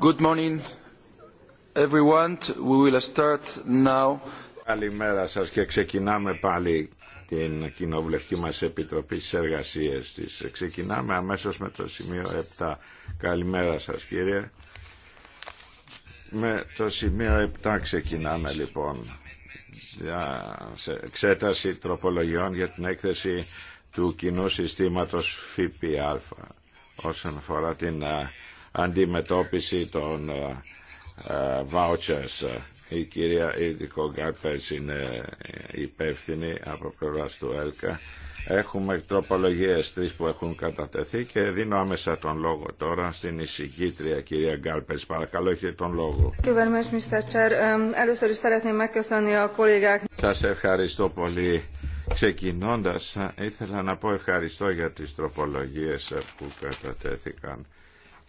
Good morning, We will start now. Καλημέρα σας και ξεκινάμε πάλι την κοινοβουλευτική μας επιτροπή στις εργασίες της. Ξεκινάμε αμέσως με το σημείο 7. Καλημέρα σας κύριε. Με το σημείο 7 ξεκινάμε λοιπόν για εξέταση τροπολογιών για την έκθεση του κοινού συστήματος ΦΠΑ όσον αφορά την αντιμετώπιση των ε, ε, vouchers. Η κυρία Ιδικό Γκάρπερς είναι υπεύθυνη από πλευρά του ΕΛΚΑ. Έχουμε τροπολογίες τρεις που έχουν κατατεθεί και δίνω άμεσα τον λόγο τώρα στην εισηγήτρια κυρία Γκάλπες Παρακαλώ έχετε τον λόγο. Um, Σας ευχαριστώ πολύ. Ξεκινώντας ήθελα να πω ευχαριστώ για τις τροπολογίες που κατατέθηκαν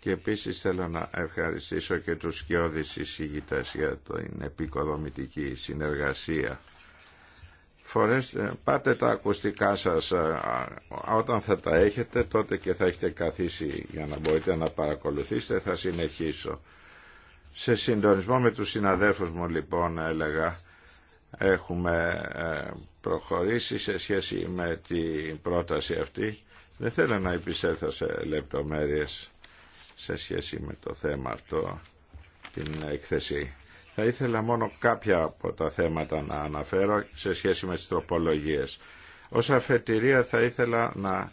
και επίσης θέλω να ευχαριστήσω και τους σκιώδεις εισηγητές για την επικοδομητική συνεργασία. Φορέστε, πάτε τα ακουστικά σας ε, όταν θα τα έχετε τότε και θα έχετε καθίσει για να μπορείτε να παρακολουθήσετε θα συνεχίσω. Σε συντονισμό με τους συναδέλφους μου λοιπόν έλεγα έχουμε ε, προχωρήσει σε σχέση με την πρόταση αυτή. Δεν θέλω να επισέλθω σε λεπτομέρειες σε σχέση με το θέμα αυτό, την έκθεση. Θα ήθελα μόνο κάποια από τα θέματα να αναφέρω σε σχέση με τις τροπολογίες. Ως αφετηρία θα ήθελα να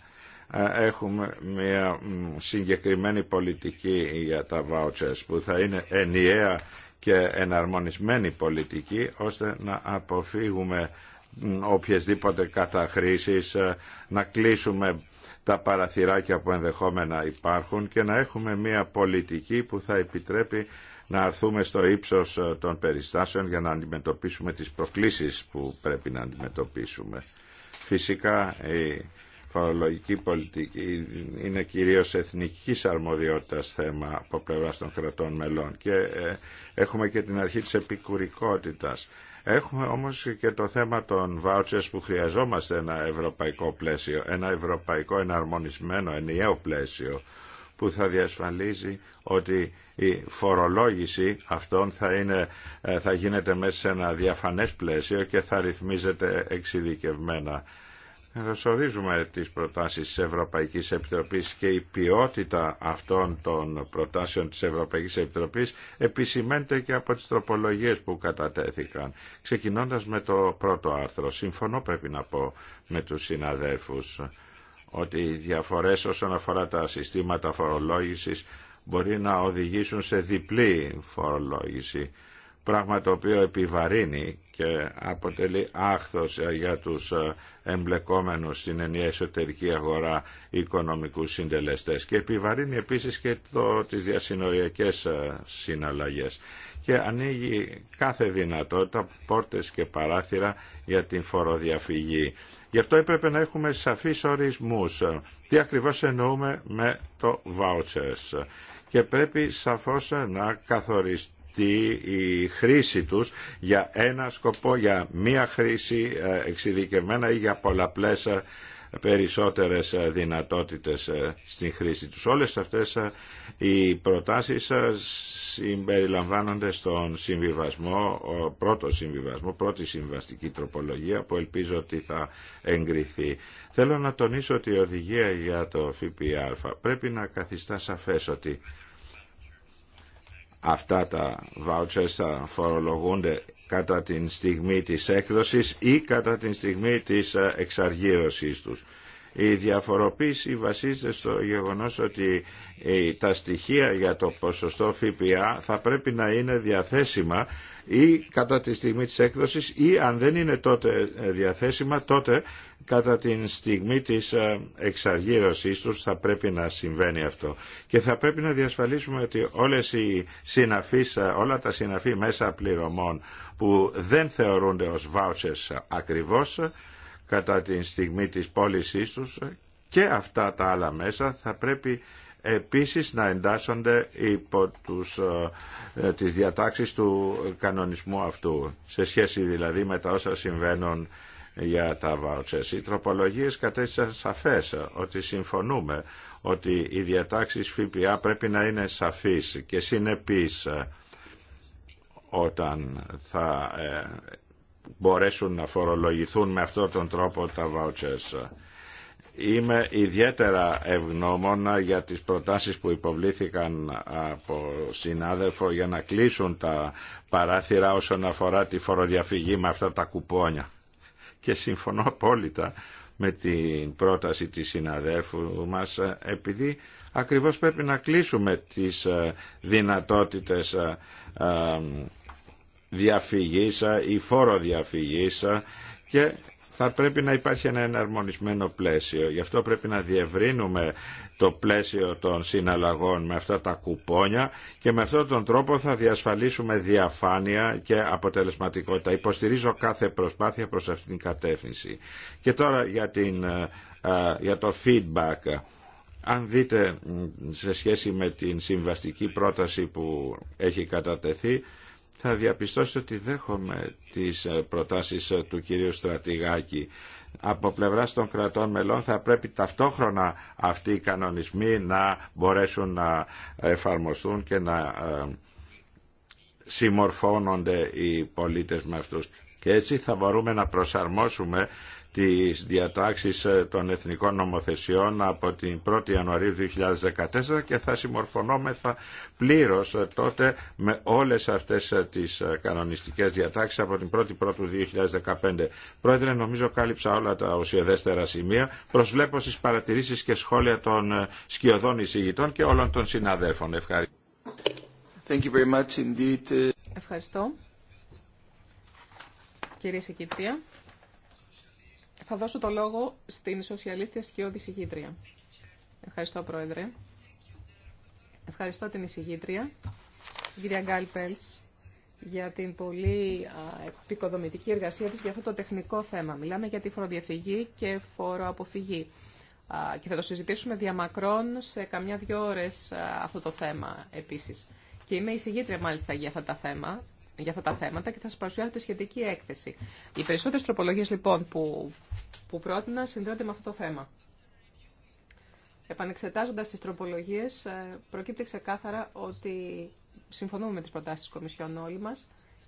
ε, έχουμε μια συγκεκριμένη πολιτική για τα vouchers που θα είναι ενιαία και εναρμονισμένη πολιτική ώστε να αποφύγουμε οποιασδήποτε καταχρήσεις, ε, να κλείσουμε τα παραθυράκια που ενδεχόμενα υπάρχουν και να έχουμε μια πολιτική που θα επιτρέπει να αρθούμε στο ύψος ε, των περιστάσεων για να αντιμετωπίσουμε τις προκλήσεις που πρέπει να αντιμετωπίσουμε. Φυσικά η φορολογική πολιτική είναι κυρίως εθνικής αρμοδιότητας θέμα από πλευράς των κρατών μελών και ε, έχουμε και την αρχή της επικουρικότητας. Έχουμε όμως και το θέμα των vouchers που χρειαζόμαστε ένα ευρωπαϊκό πλαίσιο, ένα ευρωπαϊκό εναρμονισμένο ενιαίο πλαίσιο που θα διασφαλίζει ότι η φορολόγηση αυτών θα, είναι, ε, θα γίνεται μέσα σε ένα διαφανές πλαίσιο και θα ρυθμίζεται εξειδικευμένα. Καλωσορίζουμε τις προτάσεις της Ευρωπαϊκής Επιτροπής και η ποιότητα αυτών των προτάσεων της Ευρωπαϊκής Επιτροπής επισημαίνεται και από τις τροπολογίες που κατατέθηκαν. Ξεκινώντας με το πρώτο άρθρο, συμφωνώ πρέπει να πω με τους συναδέλφους ότι οι διαφορές όσον αφορά τα συστήματα φορολόγησης μπορεί να οδηγήσουν σε διπλή φορολόγηση πράγμα το οποίο επιβαρύνει και αποτελεί άχθος ε, για τους ε, εμπλεκόμενους στην ενιαία εσωτερική αγορά οικονομικούς συντελεστές και επιβαρύνει επίσης και το, τις διασυνοριακές ε, συναλλαγές και ανοίγει κάθε δυνατότητα πόρτες και παράθυρα για την φοροδιαφυγή. Γι' αυτό έπρεπε να έχουμε σαφείς ορισμούς. Τι ακριβώς εννοούμε με το vouchers. Και πρέπει σαφώς να καθοριστεί τη η χρήση τους για ένα σκοπό, για μία χρήση ε, εξειδικευμένα ή για πολλαπλές ε, περισσότερες ε, δυνατότητες στην χρήση τους. Όλες αυτές οι προτάσεις συμπεριλαμβάνονται στον συμβιβασμό, πρώτο συμβιβασμό, πρώτη συμβαστική τροπολογία που ελπίζω ότι θα εγκριθεί. Θέλω να τονίσω ότι η οδηγία για το ΦΠΑ πρέπει να καθιστά σαφές ότι αυτά τα vouchers θα φορολογούνται κατά την στιγμή της έκδοσης ή κατά την στιγμή της ε, εξαργύρωσής τους. Η διαφοροποίηση βασίζεται στο γεγονός ότι ε, τα στοιχεία για το ποσοστό ΦΠΑ θα πρέπει να είναι διαθέσιμα ή κατά τη στιγμή της έκδοσης ή αν δεν είναι τότε ε, διαθέσιμα τότε κατά τη στιγμή της ε, εξαργύρωσής τους θα πρέπει να συμβαίνει αυτό. Και θα πρέπει να διασφαλίσουμε ότι όλες οι συναφείς, όλα τα συναφή μέσα πληρωμών που δεν θεωρούνται ως vouchers ακριβώς κατά τη στιγμή της πώλησή τους και αυτά τα άλλα μέσα θα πρέπει επίσης να εντάσσονται υπό τους, ε, τις διατάξεις του κανονισμού αυτού σε σχέση δηλαδή με τα όσα συμβαίνουν για τα βάουτσες. Οι τροπολογίες κατέστησαν σαφές ότι συμφωνούμε ότι οι διατάξεις ΦΠΑ πρέπει να είναι σαφείς και συνεπείς όταν θα ε, μπορέσουν να φορολογηθούν με αυτόν τον τρόπο τα vouchers. Είμαι ιδιαίτερα ευγνώμων για τις προτάσεις που υποβλήθηκαν από συνάδελφο για να κλείσουν τα παράθυρα όσον αφορά τη φοροδιαφυγή με αυτά τα κουπόνια. Και συμφωνώ απόλυτα με την πρόταση της συναδέλφου μας επειδή ακριβώς πρέπει να κλείσουμε τις ε, δυνατότητες ε, ε, διαφυγήσα, ή φόρο και θα πρέπει να υπάρχει ένα εναρμονισμένο πλαίσιο. Γι' αυτό πρέπει να διευρύνουμε το πλαίσιο των συναλλαγών με αυτά τα κουπόνια και με αυτόν τον τρόπο θα διασφαλίσουμε διαφάνεια και αποτελεσματικότητα. Υποστηρίζω κάθε προσπάθεια προς αυτήν την κατεύθυνση. Και τώρα για, για το feedback. Αν δείτε σε σχέση με την συμβαστική πρόταση που έχει κατατεθεί, θα διαπιστώσετε ότι δέχομαι τις ε, προτάσεις ε, του κυρίου Στρατηγάκη από πλευράς των κρατών μελών θα πρέπει ταυτόχρονα αυτοί οι κανονισμοί να μπορέσουν να εφαρμοστούν και να ε, συμμορφώνονται οι πολίτες με αυτούς. Και έτσι θα μπορούμε να προσαρμόσουμε τις διατάξεις ε, των εθνικών νομοθεσιών από την 1η Ιανουαρίου 2014 και θα συμμορφωνόμεθα πλήρως ε, τότε με όλες αυτές ε, τις κανονιστικές διατάξεις από την 1η Πρώτου 2015. Πρόεδρε, νομίζω κάλυψα όλα τα ουσιαδέστερα σημεία. Προσβλέπω στις παρατηρήσεις και σχόλια των σκιωδών εισηγητών και όλων των συναδέλφων. Ευχαριστώ. Thank you very much indeed. Ευχαριστώ. Κύριε κύριοι. Θα δώσω το λόγο στην σοσιαλίστρια Σκιώδη Συγήτρια. Ευχαριστώ, Πρόεδρε. Ευχαριστώ την εισηγήτρια, την κυρία Γκάλ για την πολύ επικοδομητική εργασία της για αυτό το τεχνικό θέμα. Μιλάμε για τη φοροδιαφυγή και φοροαποφυγή. Και θα το συζητήσουμε διαμακρών σε καμιά δύο ώρες αυτό το θέμα επίσης. Και είμαι εισηγήτρια μάλιστα για αυτά τα, θέμα, για αυτά τα θέματα και θα σα παρουσιάσω τη σχετική έκθεση. Οι περισσότερε τροπολογίε λοιπόν που, που πρότεινα συνδέονται με αυτό το θέμα. Επανεξετάζοντας τι τροπολογίε, ε, προκύπτει ξεκάθαρα ότι συμφωνούμε με τι προτάσει τη Κομισιόν όλοι μα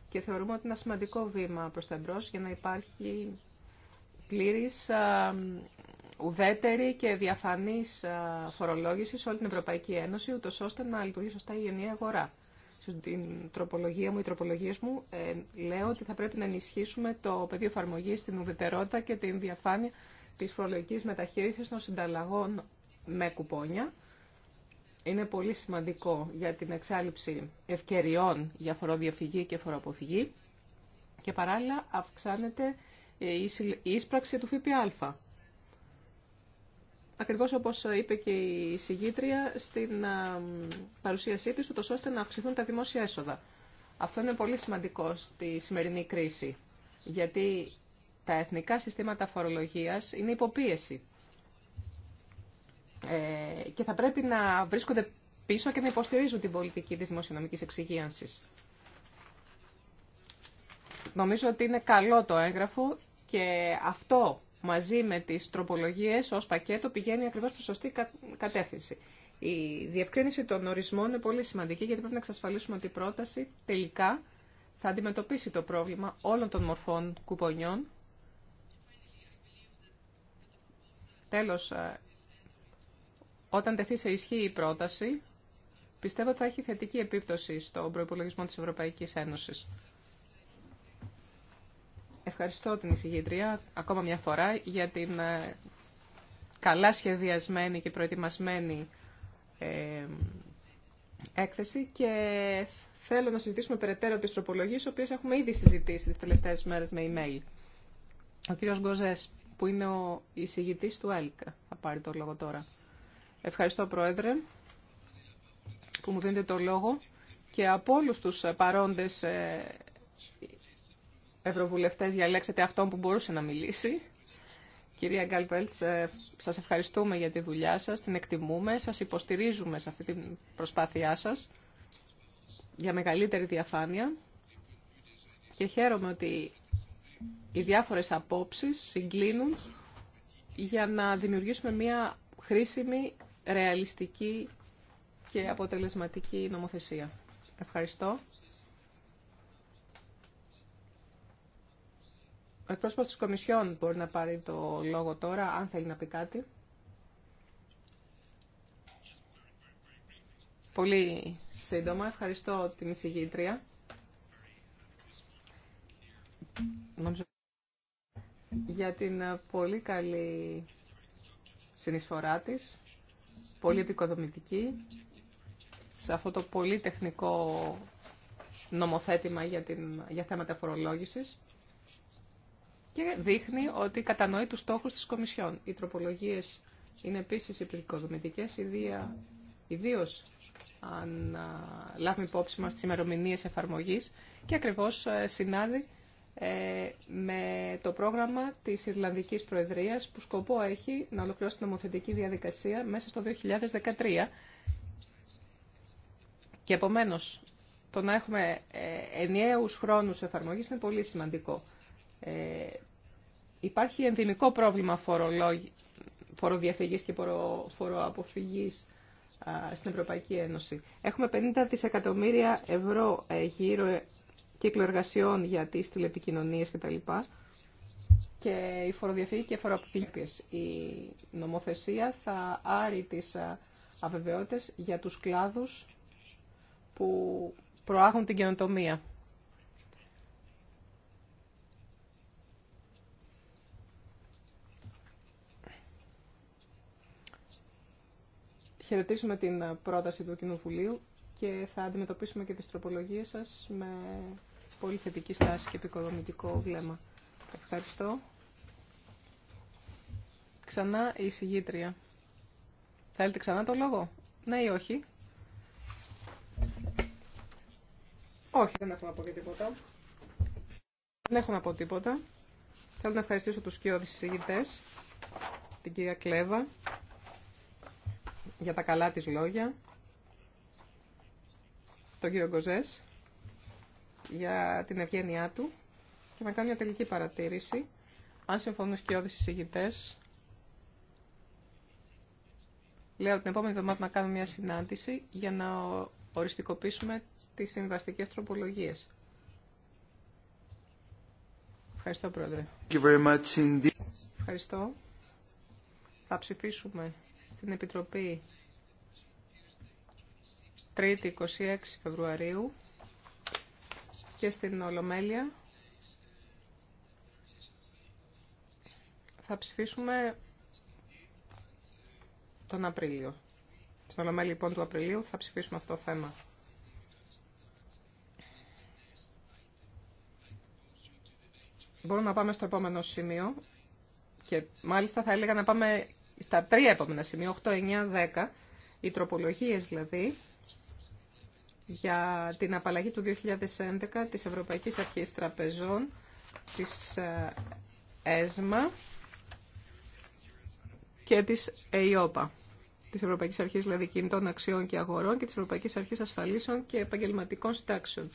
και θεωρούμε ότι είναι ένα σημαντικό βήμα προ τα Εμπρό για να υπάρχει πλήρη ε, ουδέτερη και διαφανής ε, φορολόγηση σε όλη την Ευρωπαϊκή Ένωση, ούτω ώστε να λειτουργεί σωστά η ενιαία αγορά στην τροπολογία μου, οι τροπολογίες μου, ε, λέω ότι θα πρέπει να ενισχύσουμε το πεδίο εφαρμογή την ουδετερότητα και την διαφάνεια τη φορολογική μεταχείρισης των συνταλλαγών με κουπόνια. Είναι πολύ σημαντικό για την εξάλληψη ευκαιριών για φοροδιαφυγή και φοροαποφυγή και παράλληλα αυξάνεται η ίσπραξη του ΦΠΑ ακριβώς όπως είπε και η συγγήτρια στην παρουσίασή της, ούτως ώστε να αυξηθούν τα δημόσια έσοδα. Αυτό είναι πολύ σημαντικό στη σημερινή κρίση, γιατί τα εθνικά συστήματα φορολογίας είναι υποπίεση ε, και θα πρέπει να βρίσκονται πίσω και να υποστηρίζουν την πολιτική της δημοσιονομικής εξυγίανσης. Νομίζω ότι είναι καλό το έγγραφο και αυτό μαζί με τις τροπολογίες ω πακέτο πηγαίνει ακριβώς προς σωστή κατεύθυνση. Η διευκρίνηση των ορισμών είναι πολύ σημαντική γιατί πρέπει να εξασφαλίσουμε ότι η πρόταση τελικά θα αντιμετωπίσει το πρόβλημα όλων των μορφών κουπονιών. Τέλος, ε, όταν τεθεί σε ισχύ η πρόταση, πιστεύω ότι θα έχει θετική επίπτωση στον προπολογισμό της Ευρωπαϊκής Ένωσης. Ευχαριστώ την εισηγήτρια ακόμα μια φορά για την ε, καλά σχεδιασμένη και προετοιμασμένη ε, έκθεση και θέλω να συζητήσουμε περαιτέρω τις τροπολογίες, τις οποίες έχουμε ήδη συζητήσει τις τελευταίες μέρες με email. Ο κύριος Γκοζές, που είναι ο εισηγητής του ΕΛΚΑ, θα πάρει το λόγο τώρα. Ευχαριστώ, Πρόεδρε, που μου δίνετε το λόγο και από όλους τους παρόντες ε, ευρωβουλευτές διαλέξετε αυτόν που μπορούσε να μιλήσει. Κυρία Γκάλπελτς, ε, σας ευχαριστούμε για τη δουλειά σας, την εκτιμούμε, σας υποστηρίζουμε σε αυτή την προσπάθειά σας για μεγαλύτερη διαφάνεια και χαίρομαι ότι οι διάφορες απόψεις συγκλίνουν για να δημιουργήσουμε μια χρήσιμη, ρεαλιστική και αποτελεσματική νομοθεσία. Ευχαριστώ. Ο εκπρόσωπος της Κομισιόν μπορεί να πάρει το λόγο τώρα, αν θέλει να πει κάτι. Πολύ σύντομα. Ευχαριστώ την εισηγήτρια. Για την πολύ καλή συνεισφορά της, πολύ επικοδομητική, σε αυτό το πολύ τεχνικό νομοθέτημα για, την, για θέματα φορολόγησης και δείχνει ότι κατανοεί τους στόχους της Κομισιόν. Οι τροπολογίες είναι επίσης υπηρετικοδομητικές ιδίω αν λάβουμε υπόψη μας τις ημερομηνίες εφαρμογής και ακριβώς ε, συνάδει ε, με το πρόγραμμα της Ιρλανδικής Προεδρίας που σκοπό έχει να ολοκληρώσει την νομοθετική διαδικασία μέσα στο 2013 και επομένως το να έχουμε ε, ενιαίους χρόνους εφαρμογής είναι πολύ σημαντικό υπάρχει ενδυμικό πρόβλημα φοροδιαφυγής και φοροαποφυγής στην Ευρωπαϊκή Ένωση. Έχουμε 50 δισεκατομμύρια ευρώ ε, γύρω ε, κύκλο εργασιών για τις τηλεπικοινωνίες κτλ. Και η φοροδιαφυγή και οι Η νομοθεσία θα άρει τις αβεβαιότητες για τους κλάδους που προάγουν την καινοτομία. χαιρετήσουμε την πρόταση του Κοινοβουλίου και θα αντιμετωπίσουμε και τις τροπολογίες σας με πολύ θετική στάση και επικοδομητικό βλέμμα. Ευχαριστώ. Ξανά η συγγήτρια. Θέλετε ξανά το λόγο, ναι ή όχι. Όχι, δεν έχω να πω τίποτα. Δεν έχω να πω τίποτα. Θέλω να ευχαριστήσω τους και συζητητές, την κυρία Κλέβα, για τα καλά της λόγια, τον κύριο Γκοζές, για την ευγένειά του και να κάνω μια τελική παρατήρηση. Αν συμφωνούν και οι εισηγητές, λέω την επόμενη εβδομάδα να κάνουμε μια συνάντηση για να οριστικοποιήσουμε τις συμβαστικές τροπολογίες. Ευχαριστώ, Πρόεδρε. Ευχαριστώ. Θα ψηφίσουμε στην Επιτροπή 3η 26 Φεβρουαρίου και στην Ολομέλεια θα ψηφίσουμε τον Απρίλιο. Στην Ολομέλεια λοιπόν του Απριλίου θα ψηφίσουμε αυτό το θέμα. Μπορούμε να πάμε στο επόμενο σημείο και μάλιστα θα έλεγα να πάμε στα τρία επόμενα σημεία, 8, 9, 10, οι τροπολογίες δηλαδή, για την απαλλαγή του 2011 της Ευρωπαϊκής Αρχής Τραπεζών, της ε, ΕΣΜΑ και της ΕΙΟΠΑ, της Ευρωπαϊκής Αρχής δηλαδή Κινητών Αξιών και Αγορών και της Ευρωπαϊκής Αρχής Ασφαλίσεων και Επαγγελματικών Στάξεων.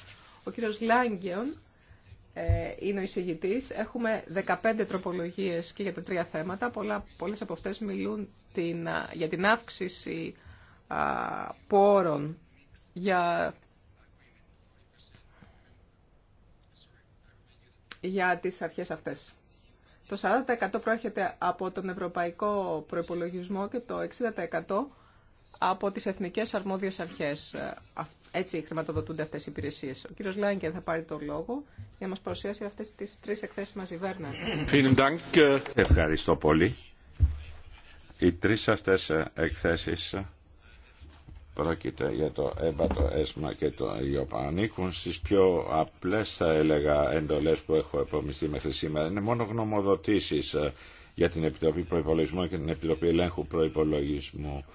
Ο κύριος Λάγκεον ε, είναι ο εισηγητή. Έχουμε 15 τροπολογίες και για τα τρία θέματα. Πολλέ πολλές από αυτές μιλούν την, για την αύξηση α, πόρων για, για τις αρχές αυτές. Το 40% προέρχεται από τον ευρωπαϊκό Προπολογισμό και το 60% από τις εθνικές αρμόδιες αρχές. Ε, έτσι χρηματοδοτούνται αυτές οι υπηρεσίες. Ο κύριος Λάγκεν θα πάρει το λόγο για να μας παρουσιάσει αυτές τις τρεις εκθέσεις μαζί. Βέρνα. Ε. Ευχαριστώ πολύ. Οι τρεις αυτές ε, εκθέσεις πρόκειται για το ΕΜΠΑ, το ΕΣΜΑ και το ΙΟΠΑ. Ανήκουν στις πιο απλές, θα έλεγα, εντολές που έχω επομιστεί μέχρι σήμερα. Είναι μόνο γνωμοδοτήσεις για την Επιτροπή Προϋπολογισμού και την Επιτροπή Ελέγχου Προϋπολογισμού.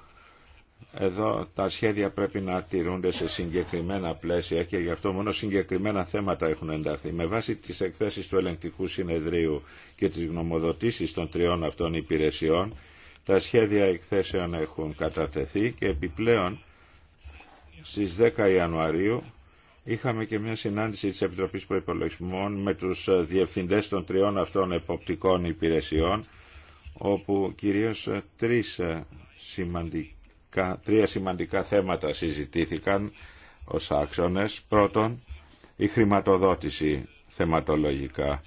Εδώ τα σχέδια πρέπει να τηρούνται σε συγκεκριμένα πλαίσια και γι' αυτό μόνο συγκεκριμένα θέματα έχουν ενταχθεί. Με βάση τις εκθέσεις του ελεγκτικού συνεδρίου και τις γνωμοδοτήσεις των τριών αυτών υπηρεσιών, τα σχέδια εκθέσεων έχουν κατατεθεί και επιπλέον στις 10 Ιανουαρίου είχαμε και μια συνάντηση της Επιτροπής Προϋπολογισμών με τους διευθυντές των τριών αυτών εποπτικών υπηρεσιών όπου κυρίως τρεις ε, σημαντικοί τρία σημαντικά θέματα συζητήθηκαν ως άξονες. Πρώτον, η χρηματοδότηση θεματολογικά.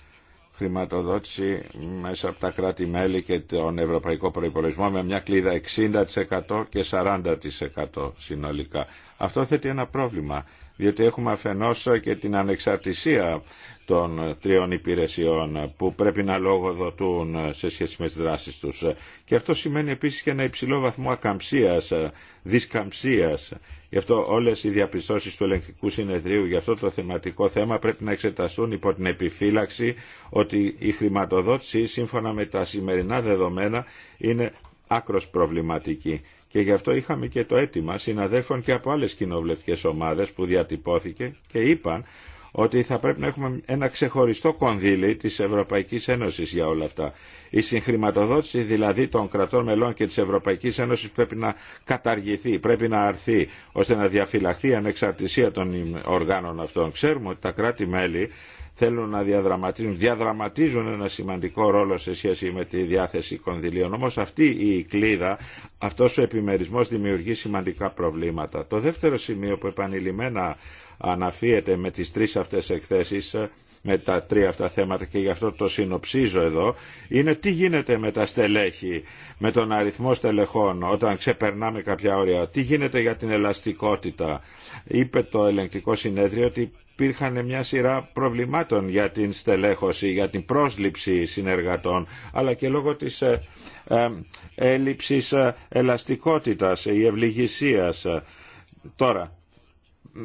Χρηματοδότηση μέσα από τα κράτη-μέλη και τον ευρωπαϊκό προϋπολογισμό με μια κλίδα 60% και 40% συνολικά. Αυτό θέτει ένα πρόβλημα, διότι έχουμε αφενός και την ανεξαρτησία των τριών υπηρεσιών που πρέπει να λογοδοτούν σε σχέση με τις δράσεις τους. Και αυτό σημαίνει επίσης και ένα υψηλό βαθμό ακαμψίας, δυσκαμψίας. Γι' αυτό όλες οι διαπιστώσεις του ελεγκτικού συνεδρίου για αυτό το θεματικό θέμα πρέπει να εξεταστούν υπό την επιφύλαξη ότι η χρηματοδότηση σύμφωνα με τα σημερινά δεδομένα είναι άκρος προβληματική. Και γι' αυτό είχαμε και το αίτημα συναδέφων και από άλλες κοινοβουλευτικές ομάδες που διατυπώθηκε και είπαν ότι θα πρέπει να έχουμε ένα ξεχωριστό κονδύλι της Ευρωπαϊκής Ένωσης για όλα αυτά. Η συγχρηματοδότηση δηλαδή των κρατών μελών και της Ευρωπαϊκής Ένωσης πρέπει να καταργηθεί, πρέπει να αρθεί, ώστε να διαφυλαχθεί η ανεξαρτησία των οργάνων αυτών. Ξέρουμε ότι τα κράτη-μέλη θέλουν να διαδραματίζουν, διαδραματίζουν ένα σημαντικό ρόλο σε σχέση με τη διάθεση κονδυλίων. Όμως αυτή η κλίδα, αυτός ο επιμερισμός δημιουργεί σημαντικά προβλήματα. Το δεύτερο σημείο που επανειλημμένα αναφύεται με τις τρεις αυτές εκθέσεις, με τα τρία αυτά θέματα και γι' αυτό το συνοψίζω εδώ, είναι τι γίνεται με τα στελέχη, με τον αριθμό στελεχών όταν ξεπερνάμε κάποια όρια, τι γίνεται για την ελαστικότητα. Είπε το ελεγκτικό συνέδριο ότι υπήρχαν μια σειρά προβλημάτων για την στελέχωση, για την πρόσληψη συνεργατών, αλλά και λόγω της ε, ε, έλλειψης ε, ελαστικότητας, η ευληγησίας. Τώρα,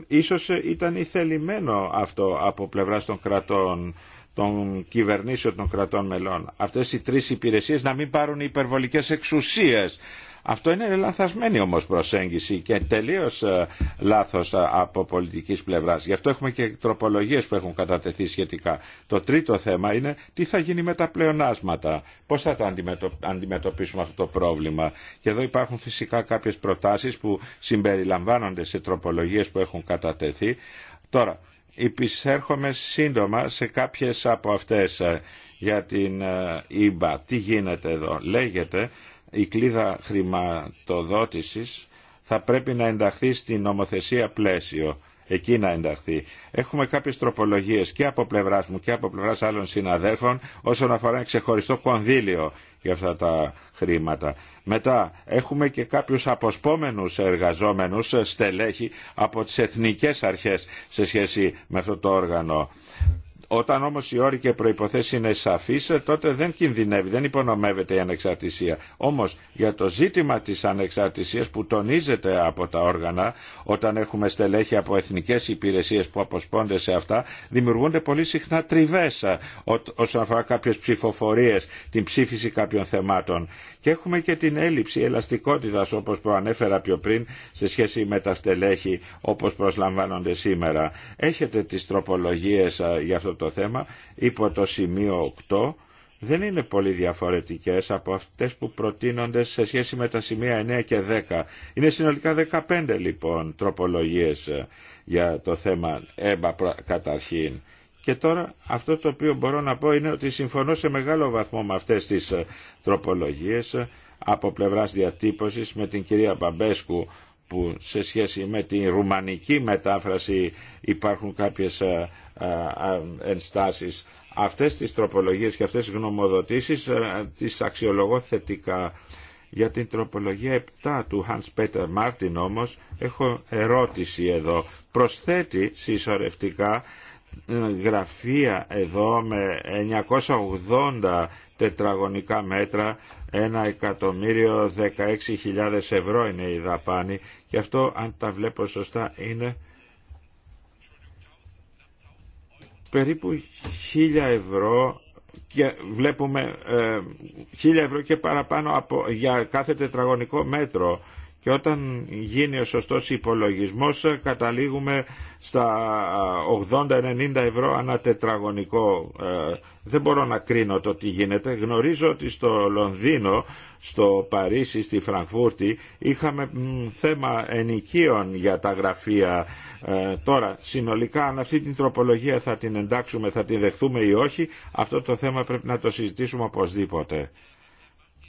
ίσως ήταν ηθελημένο αυτό από πλευράς των κρατών των κυβερνήσεων των κρατών μελών. Αυτές οι τρεις υπηρεσίες να μην πάρουν υπερβολικές εξουσίες αυτό είναι λανθασμένη όμως προσέγγιση και τελείως ε, λάθος ε, από πολιτικής πλευράς. Γι' αυτό έχουμε και τροπολογίες που έχουν κατατεθεί σχετικά. Το τρίτο θέμα είναι τι θα γίνει με τα πλεονάσματα. Πώς θα τα αντιμετωπίσουμε αυτό το πρόβλημα. Και εδώ υπάρχουν φυσικά κάποιες προτάσεις που συμπεριλαμβάνονται σε τροπολογίες που έχουν κατατεθεί. Τώρα, επισέρχομαι σύντομα σε κάποιες από αυτές ε, για την ΙΜΠΑ. Τι γίνεται εδώ. Λέγεται η κλίδα χρηματοδότησης θα πρέπει να ενταχθεί στην νομοθεσία πλαίσιο. Εκεί να ενταχθεί. Έχουμε κάποιες τροπολογίες και από πλευράς μου και από πλευράς άλλων συναδέλφων όσον αφορά ένα ξεχωριστό κονδύλιο για αυτά τα χρήματα. Μετά έχουμε και κάποιους αποσπόμενους εργαζόμενους στελέχη από τις εθνικές αρχές σε σχέση με αυτό το όργανο. Όταν όμως οι όροι και προϋποθέσεις είναι σαφείς, τότε δεν κινδυνεύει, δεν υπονομεύεται η ανεξαρτησία. Όμως για το ζήτημα της ανεξαρτησίας που τονίζεται από τα όργανα, όταν έχουμε στελέχη από εθνικές υπηρεσίες που αποσπώνται σε αυτά, δημιουργούνται πολύ συχνά τριβές όσον αφορά κάποιες ψηφοφορίες, την ψήφιση κάποιων θεμάτων. Και έχουμε και την έλλειψη ελαστικότητας, όπως προανέφερα πιο πριν, σε σχέση με τα στελέχη, όπως προσλαμβάνονται σήμερα. Έχετε τις τροπολογίες για αυτό το θέμα υπό το σημείο 8 δεν είναι πολύ διαφορετικές από αυτές που προτείνονται σε σχέση με τα σημεία 9 και 10. Είναι συνολικά 15 λοιπόν τροπολογίες ε, για το θέμα ΕΜΠΑ καταρχήν. Και τώρα αυτό το οποίο μπορώ να πω είναι ότι συμφωνώ σε μεγάλο βαθμό με αυτές τις ε, τροπολογίες ε, από πλευράς διατύπωσης με την κυρία Μπαμπέσκου που σε σχέση με τη ρουμανική μετάφραση υπάρχουν κάποιες ε, ε, ε, ενστάσεις. Αυτές τις τροπολογίες και αυτές τις γνωμοδοτήσεις τις αξιολογώ θετικά. Για την τροπολογία 7 του Hans Peter Martin όμως έχω ερώτηση εδώ. Προσθέτει συσσωρευτικά γραφεία εδώ με 980 τετραγωνικά μέτρα ένα εκατομμύριο 16.000 ευρώ είναι η δαπάνη και αυτό αν τα βλέπω σωστά είναι περίπου 1.000 ευρώ και βλέπουμε ε, ευρώ και παραπάνω από, για κάθε τετραγωνικό μέτρο και όταν γίνει ο σωστός υπολογισμός καταλήγουμε στα 80-90 ευρώ ανά τετραγωνικό. Ε, δεν μπορώ να κρίνω το τι γίνεται. Γνωρίζω ότι στο Λονδίνο, στο Παρίσι, στη Φραγκφούρτη είχαμε θέμα ενοικίων για τα γραφεία. Ε, τώρα συνολικά αν αυτή την τροπολογία θα την εντάξουμε, θα την δεχθούμε ή όχι, αυτό το θέμα πρέπει να το συζητήσουμε οπωσδήποτε.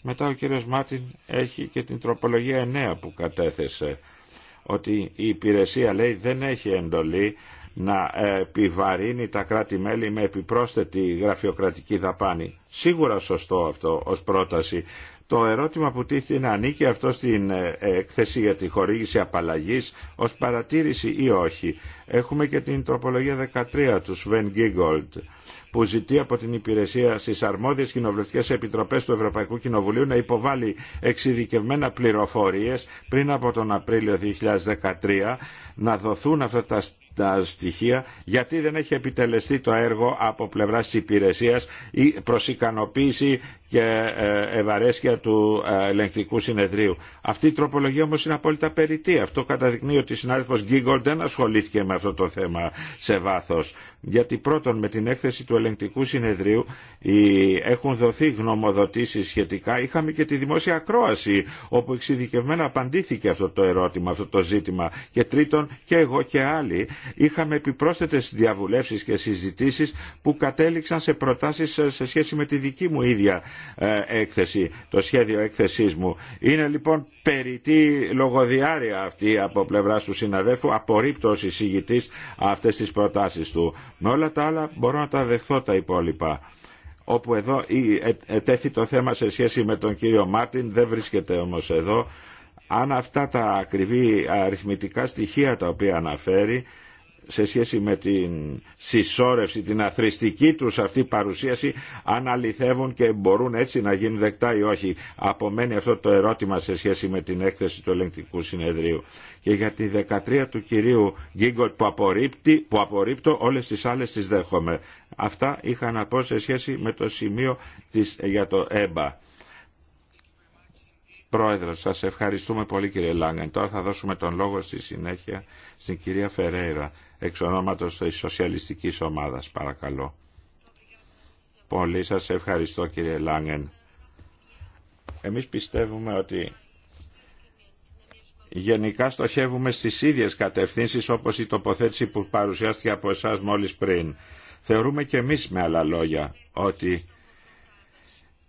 Μετά ο κύριος Μάρτιν έχει και την τροπολογία 9 που κατέθεσε ότι η υπηρεσία λέει δεν έχει εντολή να επιβαρύνει τα κράτη-μέλη με επιπρόσθετη γραφειοκρατική δαπάνη. Σίγουρα σωστό αυτό ως πρόταση το ερώτημα που τίθεται είναι ανήκει αυτό στην ε, έκθεση για τη χορήγηση απαλλαγή ω παρατήρηση ή όχι. Έχουμε και την τροπολογία 13 του Σβεν Γκίγκολτ που ζητεί από την υπηρεσία στις αρμόδιες κοινοβουλευτικές επιτροπές του Ευρωπαϊκού Κοινοβουλίου να υποβάλει εξειδικευμένα πληροφορίες πριν από τον Απρίλιο 2013 να δοθούν αυτά τα τα στοιχεία γιατί δεν έχει επιτελεστεί το έργο από πλευράς της υπηρεσίας προς ικανοποίηση και ε, ευαρέσκεια του ε, ελεγκτικού συνεδρίου. Αυτή η τροπολογία όμως είναι απόλυτα περιττή. Αυτό καταδεικνύει ότι η συνάδελφος Γκίγκολ δεν ασχολήθηκε με αυτό το θέμα σε βάθος γιατί πρώτον με την έκθεση του ελεγκτικού συνεδρίου έχουν δοθεί γνωμοδοτήσεις σχετικά. Είχαμε και τη δημόσια ακρόαση όπου εξειδικευμένα απαντήθηκε αυτό το ερώτημα, αυτό το ζήτημα. Και τρίτον και εγώ και άλλοι είχαμε επιπρόσθετες διαβουλεύσεις και συζητήσεις που κατέληξαν σε προτάσεις σε σχέση με τη δική μου ίδια ε, έκθεση, το σχέδιο έκθεσής μου. Είναι λοιπόν περιττή λογοδιάρεια αυτή από πλευρά του συναδέλφου, απορρίπτω ο αυτές τις προτάσεις του. Με όλα τα άλλα μπορώ να τα δεχθώ τα υπόλοιπα όπου εδώ ε- ετέθη το θέμα σε σχέση με τον κύριο Μάρτιν, δεν βρίσκεται όμως εδώ. Αν αυτά τα ακριβή αριθμητικά στοιχεία τα οποία αναφέρει σε σχέση με την συσσόρευση, την αθρηστική τους αυτή παρουσίαση αν αληθεύουν και μπορούν έτσι να γίνουν δεκτά ή όχι. Απομένει αυτό το ερώτημα σε σχέση με την έκθεση του ελεγκτικού συνεδρίου. Και για τη 13 του κυρίου Γκίγκολ που, απορρίπτει, που απορρίπτω όλες τις άλλες τις δέχομαι. Αυτά είχα να πω σε σχέση με το σημείο της, για το ΕΜΠΑ. Πρόεδρος, σα ευχαριστούμε πολύ κύριε Λάγκεν. Τώρα θα δώσουμε τον λόγο στη συνέχεια στην κυρία Φερέιρα, εξ ονόματο της σοσιαλιστική Ομάδας, παρακαλώ. Πολύ σας ευχαριστώ κύριε Λάγκεν. Εμείς πιστεύουμε ότι γενικά στοχεύουμε στις ίδιε κατευθύνσει, όπως η τοποθέτηση που παρουσιάστηκε από εσά μόλι πριν. Θεωρούμε και εμεί με άλλα λόγια ότι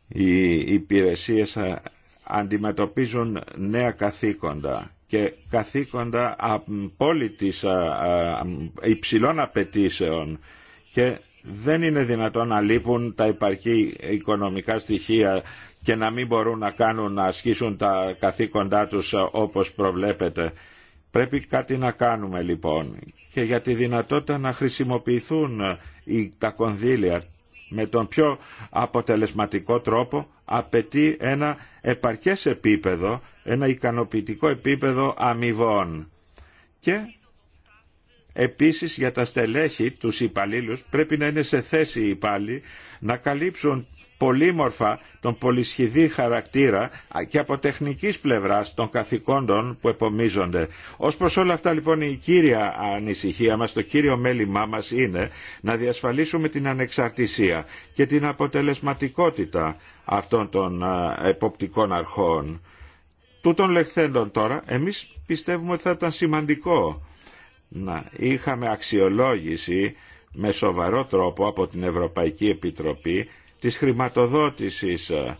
οι υπηρεσίες αντιμετωπίζουν νέα καθήκοντα και καθήκοντα απόλυτης υψηλών απαιτήσεων και δεν είναι δυνατόν να λείπουν τα υπαρκή οικονομικά στοιχεία και να μην μπορούν να κάνουν να ασκήσουν τα καθήκοντά τους όπως προβλέπεται. Πρέπει κάτι να κάνουμε λοιπόν και για τη δυνατότητα να χρησιμοποιηθούν ε, τα κονδύλια με τον πιο αποτελεσματικό τρόπο απαιτεί ένα επαρκές επίπεδο, ένα ικανοποιητικό επίπεδο αμοιβών. Και Επίσης για τα στελέχη, τους υπαλλήλους, πρέπει να είναι σε θέση οι υπάλληλοι να καλύψουν πολύμορφα τον πολυσχηδή χαρακτήρα και από τεχνικής πλευράς των καθηκόντων που επομίζονται. Ως προς όλα αυτά λοιπόν η κύρια ανησυχία μας, το κύριο μέλημά μας είναι να διασφαλίσουμε την ανεξαρτησία και την αποτελεσματικότητα αυτών των εποπτικών αρχών. Τούτων λεχθέντων τώρα, εμείς πιστεύουμε ότι θα ήταν σημαντικό να είχαμε αξιολόγηση με σοβαρό τρόπο από την Ευρωπαϊκή Επιτροπή της χρηματοδότησης ε,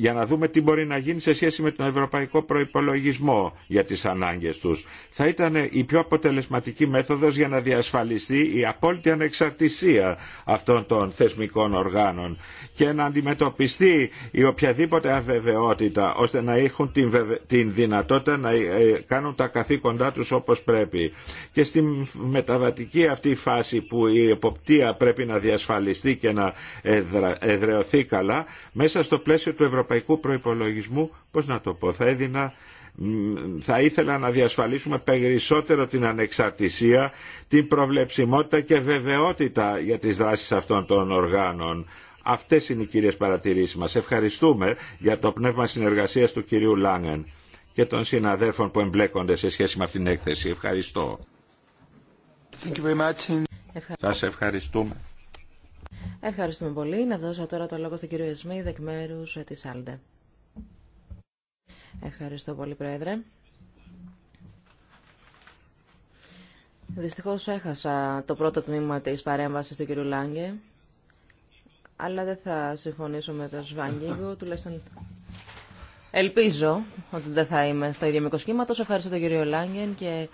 για να δούμε τι μπορεί να γίνει σε σχέση με τον ευρωπαϊκό προϋπολογισμό για τις ανάγκες τους. Θα ήταν η πιο αποτελεσματική μέθοδος για να διασφαλιστεί η απόλυτη ανεξαρτησία αυτών των θεσμικών οργάνων και να αντιμετωπιστεί η οποιαδήποτε αβεβαιότητα ώστε να έχουν την δυνατότητα να ε, ε, κάνουν τα καθήκοντά τους όπως πρέπει. Και στη μεταβατική αυτή φάση που η εποπτεία πρέπει να διασφαλιστεί και να εδρεωθεί καλά, μέσα στο πλαίσιο του Ευρωπαϊκού ευρωπαϊκού προϋπολογισμού, πώς να το πω, θα έδινα θα ήθελα να διασφαλίσουμε περισσότερο την ανεξαρτησία, την προβλεψιμότητα και βεβαιότητα για τις δράσεις αυτών των οργάνων. Αυτές είναι οι κυρίες παρατηρήσεις μας. Ευχαριστούμε για το πνεύμα συνεργασίας του κυρίου Λάγκεν και των συναδέρφων που εμπλέκονται σε σχέση με αυτήν την έκθεση. Ευχαριστώ. Σας ευχαριστούμε. Ευχαριστούμε πολύ. Να δώσω τώρα το λόγο στον κύριο Εσμή, εκ μέρου ε, τη Άλντε. Ευχαριστώ πολύ, Πρόεδρε. Δυστυχώ έχασα το πρώτο τμήμα της παρέμβασης του κύριου Λάγκε, αλλά δεν θα συμφωνήσω με τον Σβάνγκη, τουλάχιστον ελπίζω ότι δεν θα είμαι στο ίδιο μικρό Ευχαριστώ τον κύριο Λάγκεν και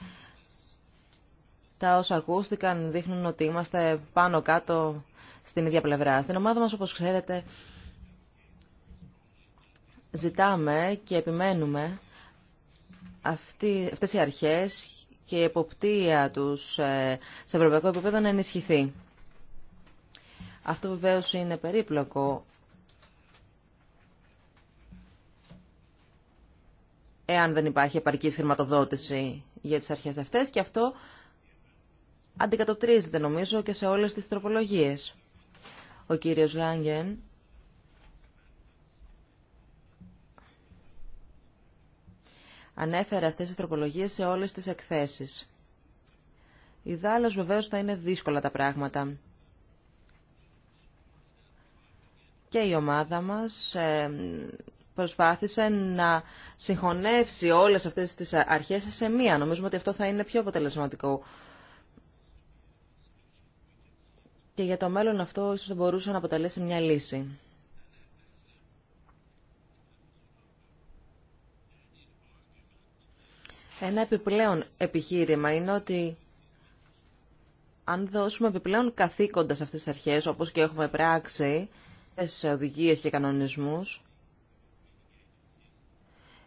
τα όσα ακούστηκαν δείχνουν ότι είμαστε πάνω κάτω στην ίδια πλευρά. Στην ομάδα μας, όπως ξέρετε, ζητάμε και επιμένουμε αυτοί, αυτές οι αρχές και η εποπτεία τους ε, σε ευρωπαϊκό επίπεδο να ενισχυθεί. Αυτό βεβαίω είναι περίπλοκο. εάν δεν υπάρχει επαρκής χρηματοδότηση για τις αρχές αυτές και αυτό αντικατοπτρίζεται νομίζω και σε όλες τις τροπολογίες. Ο κύριος Λάγγεν ανέφερε αυτές τις τροπολογίες σε όλες τις εκθέσεις. δάλος βεβαίως θα είναι δύσκολα τα πράγματα. Και η ομάδα μας προσπάθησε να συγχωνεύσει όλες αυτές τις αρχές σε μία. Νομίζουμε ότι αυτό θα είναι πιο αποτελεσματικό και για το μέλλον αυτό ίσως θα μπορούσε να αποτελέσει μια λύση. Ένα επιπλέον επιχείρημα είναι ότι αν δώσουμε επιπλέον καθήκοντα σε αυτές τις αρχές, όπως και έχουμε πράξει, σε οδηγίες και κανονισμούς,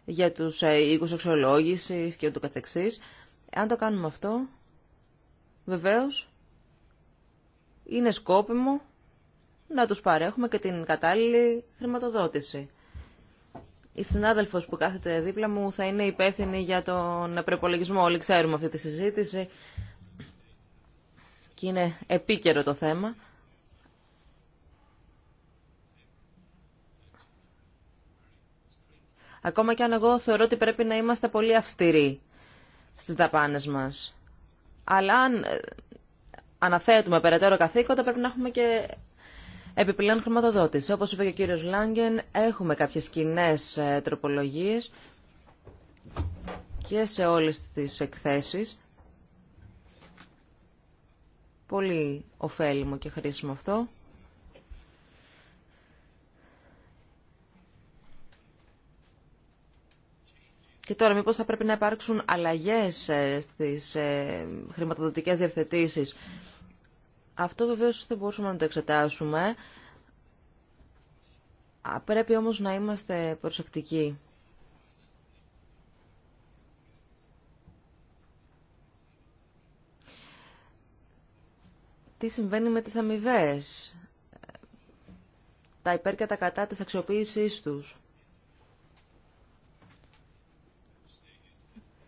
για τους ε, οίκους αξιολόγηση και ούτω καθεξής, αν το κάνουμε αυτό, βεβαίως είναι σκόπιμο να τους παρέχουμε και την κατάλληλη χρηματοδότηση. Η συνάδελφος που κάθεται δίπλα μου θα είναι υπεύθυνη για τον προπολογισμό. Όλοι ξέρουμε αυτή τη συζήτηση και είναι επίκαιρο το θέμα. Ακόμα και αν εγώ θεωρώ ότι πρέπει να είμαστε πολύ αυστηροί στις δαπάνες μας. Αλλά αν αναθέτουμε περαιτέρω καθήκοντα, πρέπει να έχουμε και επιπλέον χρηματοδότηση. Όπως είπε και ο κύριος Λάγκεν, έχουμε κάποιες κοινέ ε, τροπολογίες και σε όλες τις εκθέσεις. Πολύ ωφέλιμο και χρήσιμο αυτό. Και τώρα μήπως θα πρέπει να υπάρξουν αλλαγές ε, στις ε, χρηματοδοτικές διευθετήσεις. Αυτό βεβαίως δεν μπορούσαμε να το εξετάσουμε. Πρέπει όμως να είμαστε προσεκτικοί. Τι συμβαίνει με τις αμοιβέ, ε, τα υπέρ και τα κατά της αξιοποίησής τους.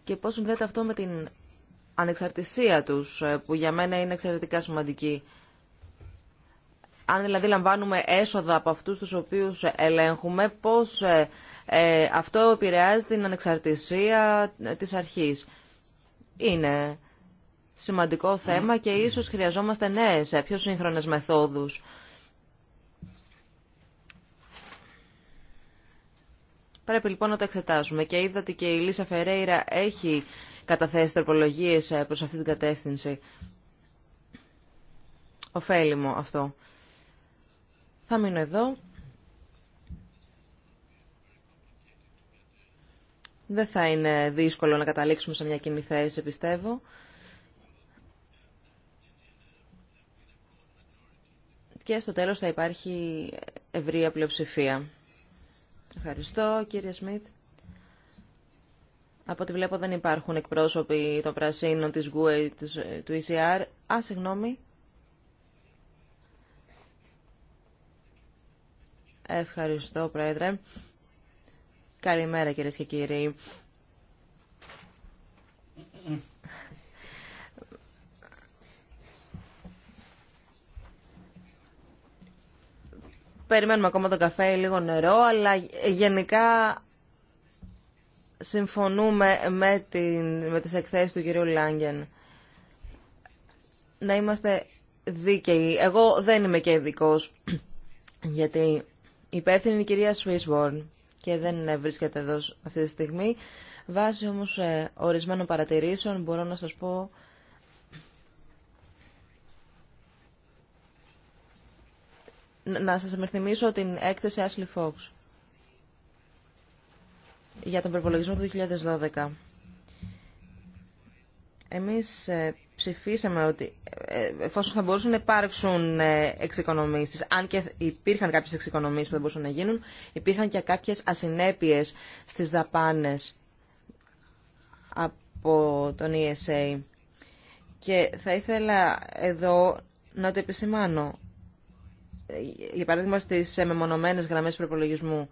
και πώς συνδέεται αυτό με την ανεξαρτησία τους, ε, που για μένα είναι εξαιρετικά σημαντική. Αν δηλαδή λαμβάνουμε έσοδα από αυτούς τους οποίους ελέγχουμε, πώς ε, ε, αυτό επηρεάζει την ανεξαρτησία της αρχής. Είναι σημαντικό θέμα και ίσως χρειαζόμαστε νέες, πιο σύγχρονες μεθόδους Πρέπει λοιπόν να τα εξετάσουμε και είδα ότι και η Λίσα Φερέιρα έχει καταθέσει τροπολογίε ε, προ αυτή την κατεύθυνση. Οφέλιμο αυτό. Θα μείνω εδώ. Δεν θα είναι δύσκολο να καταλήξουμε σε μια κοινή θέση, πιστεύω. Και στο τέλος θα υπάρχει ευρεία πλειοψηφία. Ευχαριστώ, κύριε Σμιτ. Από ό,τι βλέπω δεν υπάρχουν εκπρόσωποι των πρασίνων της GUE του ECR. Α, συγγνώμη. Ευχαριστώ, Πρόεδρε. Καλημέρα, κυρίες και κύριοι. Περιμένουμε ακόμα τον καφέ ή λίγο νερό, αλλά γενικά συμφωνούμε με, την, με τις εκθέσεις του κυρίου Λάγκεν. Να είμαστε δίκαιοι. Εγώ δεν είμαι και ειδικό γιατί υπεύθυνη είναι η κυρία Σουισβόρν και δεν βρίσκεται εδώ αυτή τη στιγμή. Βάσει όμως ε, ορισμένων παρατηρήσεων μπορώ να σας πω να σας υπενθυμίσω την έκθεση Ashley Fox για τον προπολογισμό του 2012. Εμείς ε, ψηφίσαμε ότι ε, εφόσον θα μπορούσαν να υπάρξουν ε, εξοικονομήσεις, αν και υπήρχαν κάποιες εξοικονομήσεις που δεν μπορούσαν να γίνουν, υπήρχαν και κάποιες ασυνέπειες στις δαπάνες από τον ESA. Και θα ήθελα εδώ να το επισημάνω για παράδειγμα στις μεμονωμένες γραμμές προπολογισμού.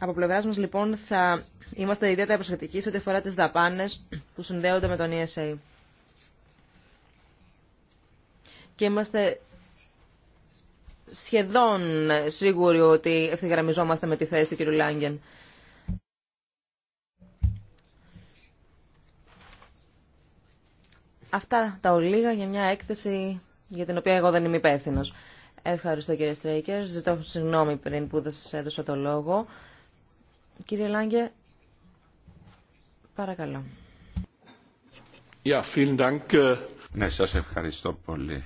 Από πλευράς μας λοιπόν θα είμαστε ιδιαίτερα προσεκτικοί σε ό,τι αφορά τις δαπάνες που συνδέονται με τον ESA. Και είμαστε σχεδόν σίγουροι ότι ευθυγραμμιζόμαστε με τη θέση του κ. Λάγκεν. Αυτά τα ολίγα για μια έκθεση για την οποία εγώ δεν είμαι υπεύθυνο. Ευχαριστώ κύριε Στρέικερ. Ζητώ συγγνώμη πριν που δεν σα έδωσα το λόγο. Κύριε Λάγκε, παρακαλώ. Ε. ναι, σα ευχαριστώ πολύ.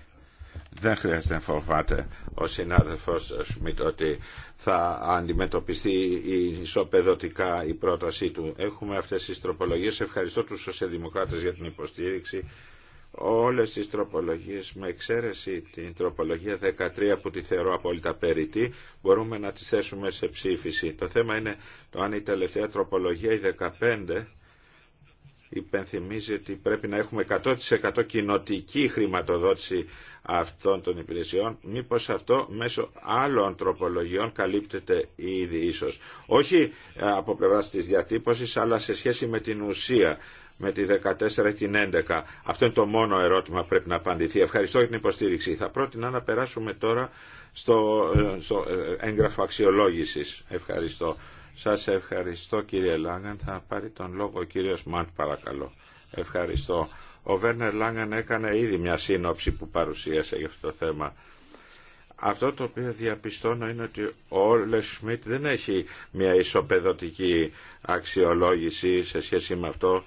Δεν χρειάζεται να φοβάται ο συνάδελφο Σμιτ ότι θα αντιμετωπιστεί ισοπεδωτικά η πρότασή του. Έχουμε αυτέ τι τροπολογίε. Ευχαριστώ του Σοσιαλδημοκράτε για την υποστήριξη όλες τις τροπολογίες με εξαίρεση την τροπολογία 13 που τη θεωρώ απόλυτα περίτη μπορούμε να τις θέσουμε σε ψήφιση. Το θέμα είναι το αν η τελευταία τροπολογία η 15 υπενθυμίζει ότι πρέπει να έχουμε 100% κοινοτική χρηματοδότηση αυτών των υπηρεσιών, μήπως αυτό μέσω άλλων τροπολογιών καλύπτεται ήδη ίσως. Όχι ε, από πλευράς της διατύπωσης, αλλά σε σχέση με την ουσία με τη 14 την 11. Αυτό είναι το μόνο ερώτημα που πρέπει να απαντηθεί. Ευχαριστώ για την υποστήριξη. Θα πρότεινα να περάσουμε τώρα στο, στο ε, έγγραφο αξιολόγησης. Ευχαριστώ. Σας ευχαριστώ κύριε Λάγκαν. Θα πάρει τον λόγο ο κύριος Μαντ παρακαλώ. Ευχαριστώ. Ο Βέρνερ Λάγκαν έκανε ήδη μια σύνοψη που παρουσίασε για αυτό το θέμα. Αυτό το οποίο διαπιστώνω είναι ότι ο Όλε δεν έχει μια ισοπεδωτική αξιολόγηση σε σχέση με αυτό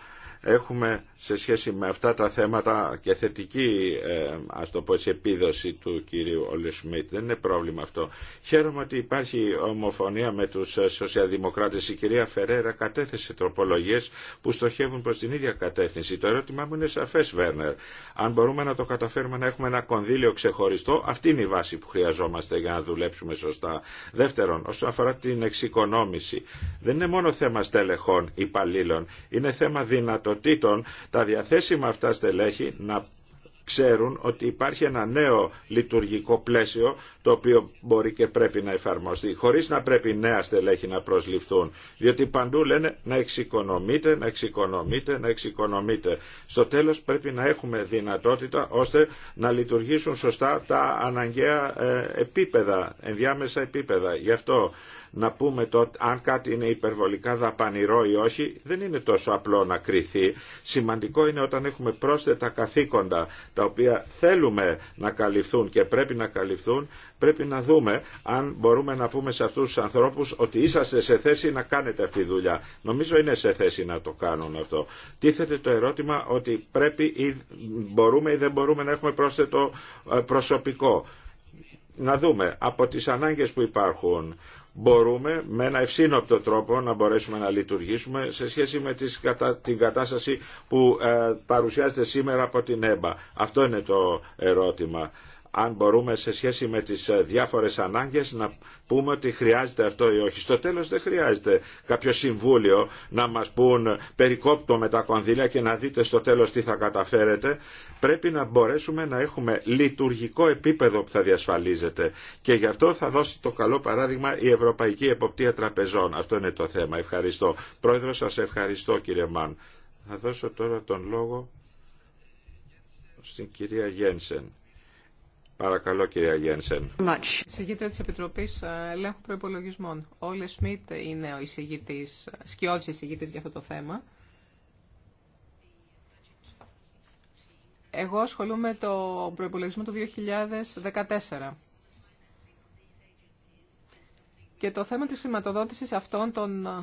έχουμε σε σχέση με αυτά τα θέματα και θετική ε, ας το πω έτσι, επίδοση του κύριου Όλε Δεν είναι πρόβλημα αυτό. Χαίρομαι ότι υπάρχει ομοφωνία με τους ε, σοσιαλδημοκράτες. Η κυρία Φερέρα κατέθεσε τροπολογίες που στοχεύουν προς την ίδια κατεύθυνση. Το ερώτημά μου είναι σαφές Βέρνερ. Αν μπορούμε να το καταφέρουμε να έχουμε ένα κονδύλιο ξεχωριστό, αυτή είναι η βάση που χρειαζόμαστε για να δουλέψουμε σωστά. Δεύτερον, όσον αφορά την εξοικονόμηση, δεν είναι μόνο θέμα στελεχών υπαλλήλων, είναι θέμα δυνατότητα τα διαθέσιμα αυτά στελέχη να ξέρουν ότι υπάρχει ένα νέο λειτουργικό πλαίσιο το οποίο μπορεί και πρέπει να εφαρμοστεί χωρίς να πρέπει νέα στελέχη να προσληφθούν διότι παντού λένε να εξοικονομείτε, να εξοικονομείτε, να εξοικονομείτε στο τέλος πρέπει να έχουμε δυνατότητα ώστε να λειτουργήσουν σωστά τα αναγκαία ε, επίπεδα, ενδιάμεσα επίπεδα γι' αυτό να πούμε το αν κάτι είναι υπερβολικά δαπανηρό ή όχι δεν είναι τόσο απλό να κρυθεί. Σημαντικό είναι όταν έχουμε πρόσθετα καθήκοντα τα οποία θέλουμε να καλυφθούν και πρέπει να καλυφθούν πρέπει να δούμε αν μπορούμε να πούμε σε αυτούς τους ανθρώπους ότι είσαστε σε θέση να κάνετε αυτή τη δουλειά. Νομίζω είναι σε θέση να το κάνουν αυτό. Τίθεται το ερώτημα ότι πρέπει ή μπορούμε ή δεν μπορούμε να έχουμε πρόσθετο ε, προσωπικό. Να δούμε από τις ανάγκες που υπάρχουν μπορούμε με ένα ευσύνοπτο τρόπο να μπορέσουμε να λειτουργήσουμε σε σχέση με την κατάσταση που ε, παρουσιάζεται σήμερα από την ΕΜΠΑ. Αυτό είναι το ερώτημα αν μπορούμε σε σχέση με τις ε, διάφορες ανάγκες να πούμε ότι χρειάζεται αυτό ή όχι. Στο τέλος δεν χρειάζεται κάποιο συμβούλιο να μας πούν περικόπτω με τα κονδύλια και να δείτε στο τέλος τι θα καταφέρετε. Πρέπει να μπορέσουμε να έχουμε λειτουργικό επίπεδο που θα διασφαλίζεται και γι' αυτό θα δώσει το καλό παράδειγμα η Ευρωπαϊκή Εποπτεία Τραπεζών. Αυτό είναι το θέμα. Ευχαριστώ. Πρόεδρο σας ευχαριστώ κύριε Μαν. Θα δώσω τώρα τον λόγο στην κυρία Γένσεν. Παρακαλώ κυρία Γένσεν. Εισηγήτρια της Επιτροπής ε, Ελέγχου Προπολογισμών. Ο Όλε Σμιτ είναι ο εισηγητή, σκιώδη εισηγητής για αυτό το θέμα. Εγώ ασχολούμαι το προπολογισμό του 2014. Και το θέμα της χρηματοδότησης αυτών των ε,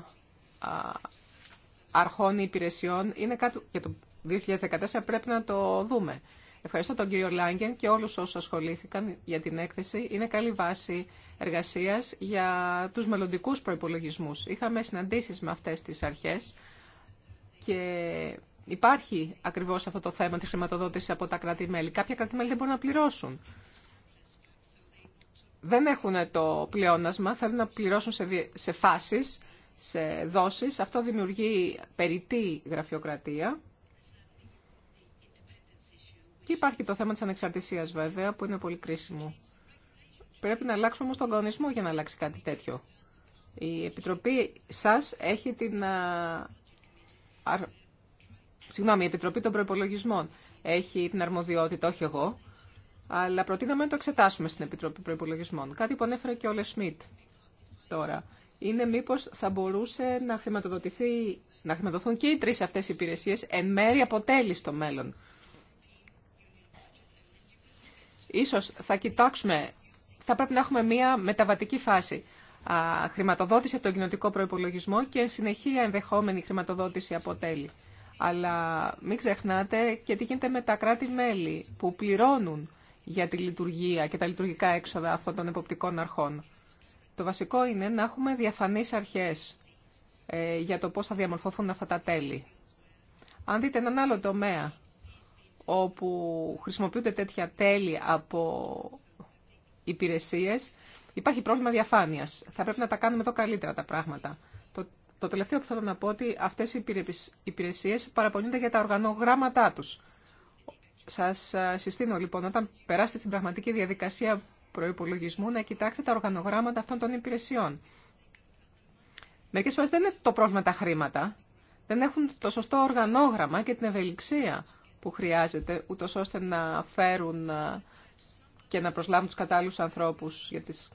αρχών υπηρεσιών είναι κάτι για το 2014 πρέπει να το δούμε. Ευχαριστώ τον κύριο Λάγκεν και όλου όσου ασχολήθηκαν για την έκθεση. Είναι καλή βάση εργασίας για τους μελλοντικού προπολογισμού. Είχαμε συναντήσεις με αυτές τις αρχές και υπάρχει ακριβώς αυτό το θέμα της χρηματοδότησης από τα κράτη-μέλη. Κάποια κράτη-μέλη δεν μπορούν να πληρώσουν. Δεν έχουν το πλεόνασμα, θέλουν να πληρώσουν σε φάσεις, σε δόσεις. Αυτό δημιουργεί περιττή γραφειοκρατία και υπάρχει το θέμα της ανεξαρτησίας βέβαια που είναι πολύ κρίσιμο. Πρέπει να αλλάξουμε όμως τον κανονισμό για να αλλάξει κάτι τέτοιο. Η Επιτροπή σας έχει την... Συγγνώμη, η Επιτροπή των Προπολογισμών έχει την αρμοδιότητα, όχι εγώ, αλλά προτείναμε να το εξετάσουμε στην Επιτροπή Προπολογισμών. Κάτι που ανέφερε και ο Λε Σμιτ τώρα. Είναι μήπω θα μπορούσε να χρηματοδοτηθεί, να χρηματοδοθούν και οι τρει αυτέ υπηρεσίε εν μέρη αποτέλει στο μέλλον. Ίσως θα κοιτάξουμε, θα πρέπει να έχουμε μία μεταβατική φάση χρηματοδότηση από τον κοινωτικό προπολογισμό και συνεχεία ενδεχόμενη χρηματοδότηση από τέλη. Αλλά μην ξεχνάτε και τι γίνεται με τα κράτη-μέλη που πληρώνουν για τη λειτουργία και τα λειτουργικά έξοδα αυτών των εποπτικών αρχών. Το βασικό είναι να έχουμε διαφανείς αρχές ε, για το πώς θα διαμορφωθούν αυτά τα τέλη. Αν δείτε έναν άλλο τομέα όπου χρησιμοποιούνται τέτοια τέλη από υπηρεσίες, υπάρχει πρόβλημα διαφάνειας. Θα πρέπει να τα κάνουμε εδώ καλύτερα τα πράγματα. Το, το τελευταίο που θέλω να πω ότι αυτές οι υπηρεσίες παραπονιούνται για τα οργανογράμματά τους. Σας συστήνω λοιπόν όταν περάσετε στην πραγματική διαδικασία προϋπολογισμού να κοιτάξετε τα οργανογράμματα αυτών των υπηρεσιών. Μερικές φορές δεν είναι το πρόβλημα τα χρήματα, δεν έχουν το σωστό οργανόγραμμα και την ευελιξία που χρειάζεται, ούτω ώστε να φέρουν ε, και να προσλάβουν τους κατάλληλους ανθρώπους για τις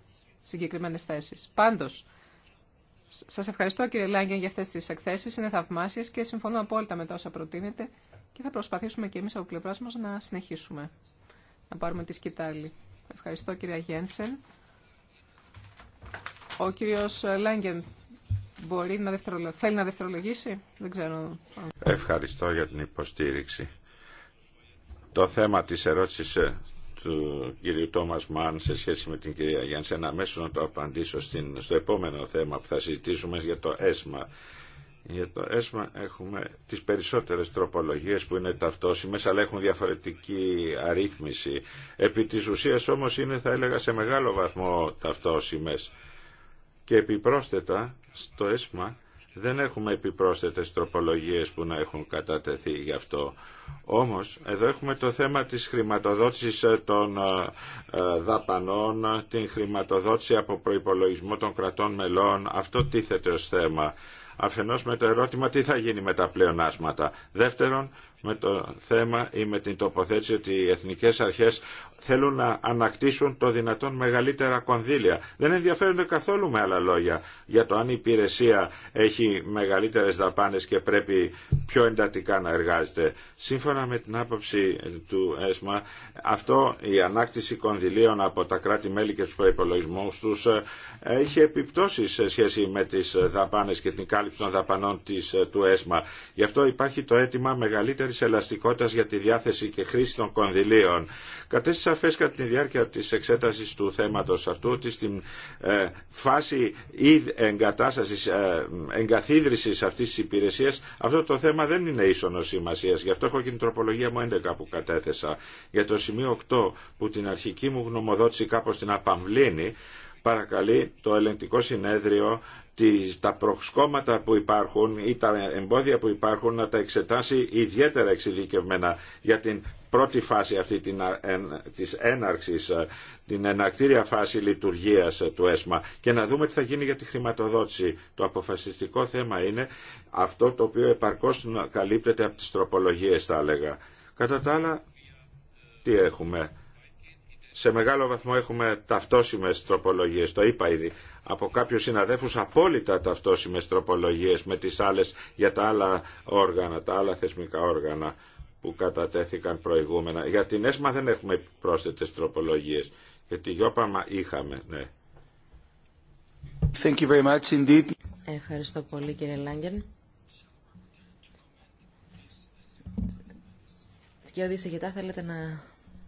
συγκεκριμένες θέσεις. Πάντως, σας ευχαριστώ κύριε Λάγκεν για αυτές τις εκθέσεις, είναι θαυμάσιες και συμφωνώ απόλυτα με τα όσα προτείνετε και θα προσπαθήσουμε και εμείς από πλευρά μας να συνεχίσουμε, να πάρουμε τη σκητάλη. Ευχαριστώ κύριε Γένσεν. Ο κύριος ε, Λάγκεν μπορεί να δευτερολο... θέλει να δευτερολογήσει, δεν ξέρω. Ευχαριστώ για την υποστήριξη. Το θέμα της ερώτησης ε, του κυρίου Τόμας Μάν σε σχέση με την κυρία Γιάννη αμέσως να το απαντήσω στην, στο επόμενο θέμα που θα συζητήσουμε για το ΕΣΜΑ. Για το ΕΣΜΑ έχουμε τις περισσότερες τροπολογίες που είναι ταυτόσιμες αλλά έχουν διαφορετική αρρύθμιση. Επί της ουσίας όμως είναι θα έλεγα σε μεγάλο βαθμό ταυτόσιμες. Και επιπρόσθετα στο ΕΣΜΑ δεν έχουμε επιπρόσθετες τροπολογίες που να έχουν κατατεθεί γι' αυτό. Όμως, εδώ έχουμε το θέμα της χρηματοδότησης ε, των ε, ε, δαπανών, την χρηματοδότηση από προϋπολογισμό των κρατών μελών. Αυτό τίθεται ως θέμα. Αφενός με το ερώτημα τι θα γίνει με τα πλεονάσματα. Δεύτερον, με το θέμα ή με την τοποθέτηση ότι οι εθνικές αρχές θέλουν να ανακτήσουν το δυνατόν μεγαλύτερα κονδύλια. Δεν ενδιαφέρονται καθόλου με άλλα λόγια για το αν η υπηρεσία έχει μεγαλύτερες δαπάνες και πρέπει πιο εντατικά να εργάζεται. Σύμφωνα με την άποψη του ΕΣΜΑ, αυτό η ανάκτηση κονδυλίων από τα κράτη-μέλη και τους προπολογισμού τους ε, έχει επιπτώσεις σε σχέση με τις δαπάνες και την κάλυψη των δαπανών της, ε, του ΕΣΜΑ. Γι' αυτό υπάρχει το αίτημα μεγαλύτερη της ελαστικότητας για τη διάθεση και χρήση των κονδυλίων. Κατέστη σαφές κατά τη διάρκεια της εξέτασης του θέματος αυτού ότι στην ε, φάση εγκατάστασης, ε, εγκαθίδρυσης αυτής της υπηρεσίας αυτό το θέμα δεν είναι ίσονος σημασία. Γι' αυτό έχω και την τροπολογία μου 11 που κατέθεσα για το σημείο 8 που την αρχική μου γνωμοδότηση κάπως την απαμβλύνει παρακαλεί το ελεγκτικό συνέδριο τα προσκόμματα που υπάρχουν ή τα εμπόδια που υπάρχουν να τα εξετάσει ιδιαίτερα εξειδικευμένα για την πρώτη φάση αυτή την, της έναρξης, την ενακτήρια φάση λειτουργίας του ΕΣΜΑ και να δούμε τι θα γίνει για τη χρηματοδότηση. Το αποφασιστικό θέμα είναι αυτό το οποίο επαρκώς καλύπτεται από τις τροπολογίες θα έλεγα. Κατά τα άλλα, τι έχουμε. Σε μεγάλο βαθμό έχουμε ταυτόσιμες τροπολογίες, το είπα ήδη από κάποιους συναδέφους απόλυτα ταυτόσιμες τροπολογίες με τις άλλες για τα άλλα όργανα, τα άλλα θεσμικά όργανα που κατατέθηκαν προηγούμενα. Για την ΕΣΜΑ δεν έχουμε πρόσθετες τροπολογίες. Για τη ΓΙΟΠΑΜΑ είχαμε, ναι. Thank you very much indeed. Ευχαριστώ πολύ κύριε Λάγκεν. Κύριε Οδησηγητά, θέλετε να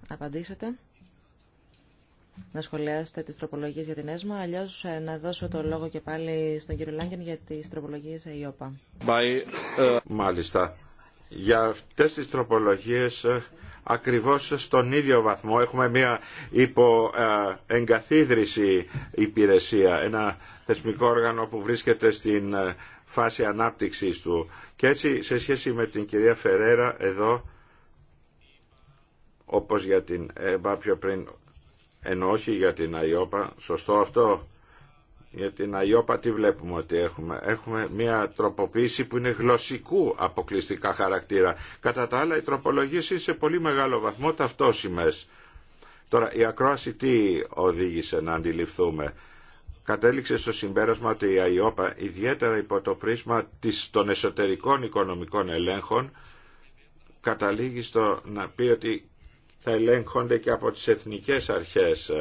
απαντήσετε να σχολιάσετε τις τροπολογίες για την ΕΣΜΑ, αλλιώς ε, να δώσω το λόγο και πάλι στον κύριο Λάγκεν για τις τροπολογίες ΕΙΟΠΑ. Ε, Μάλιστα. Για αυτές τις τροπολογίες ε, ακριβώς στον ίδιο βαθμό έχουμε μια υποεγκαθίδρυση υπηρεσία, ένα θεσμικό όργανο που βρίσκεται στην φάση ανάπτυξης του. Και έτσι σε σχέση με την κυρία Φερέρα εδώ, όπως για την ΕΜΠΑ πιο πριν, ενώ όχι για την ΑΙΟΠΑ. Σωστό αυτό. Για την ΑΙΟΠΑ τι βλέπουμε ότι έχουμε. Έχουμε μια τροποποίηση που είναι γλωσσικού αποκλειστικά χαρακτήρα. Κατά τα άλλα οι τροπολογίες είναι σε πολύ μεγάλο βαθμό ταυτόσιμες. Τώρα η ακρόαση τι οδήγησε να αντιληφθούμε. Κατέληξε στο συμπέρασμα ότι η ΑΙΟΠΑ ιδιαίτερα υπό το πρίσμα των εσωτερικών οικονομικών ελέγχων καταλήγει στο να πει ότι θα ελέγχονται και από τις εθνικές αρχές.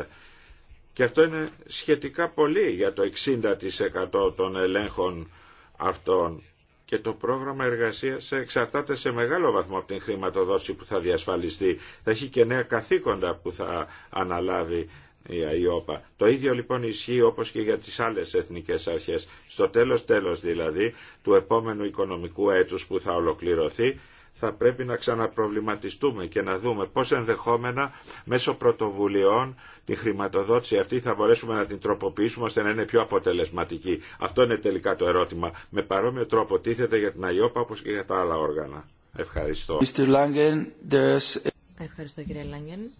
Και αυτό είναι σχετικά πολύ για το 60% των ελέγχων αυτών. Και το πρόγραμμα εργασίας εξαρτάται σε μεγάλο βαθμό από την χρηματοδότηση που θα διασφαλιστεί. Θα έχει και νέα καθήκοντα που θα αναλάβει η ΑΙΟΠΑ. Το ίδιο λοιπόν ισχύει όπως και για τις άλλες εθνικές αρχές. Στο τέλος τέλος δηλαδή του επόμενου οικονομικού έτους που θα ολοκληρωθεί θα πρέπει να ξαναπροβληματιστούμε και να δούμε πώς ενδεχόμενα μέσω πρωτοβουλειών τη χρηματοδότηση αυτή θα μπορέσουμε να την τροποποιήσουμε ώστε να είναι πιο αποτελεσματική. Αυτό είναι τελικά το ερώτημα. Με παρόμοιο τρόπο τίθεται για την ΑΙΟΠΑ όπως και για τα άλλα όργανα. Ευχαριστώ. Ευχαριστώ κύριε Λάγκεν.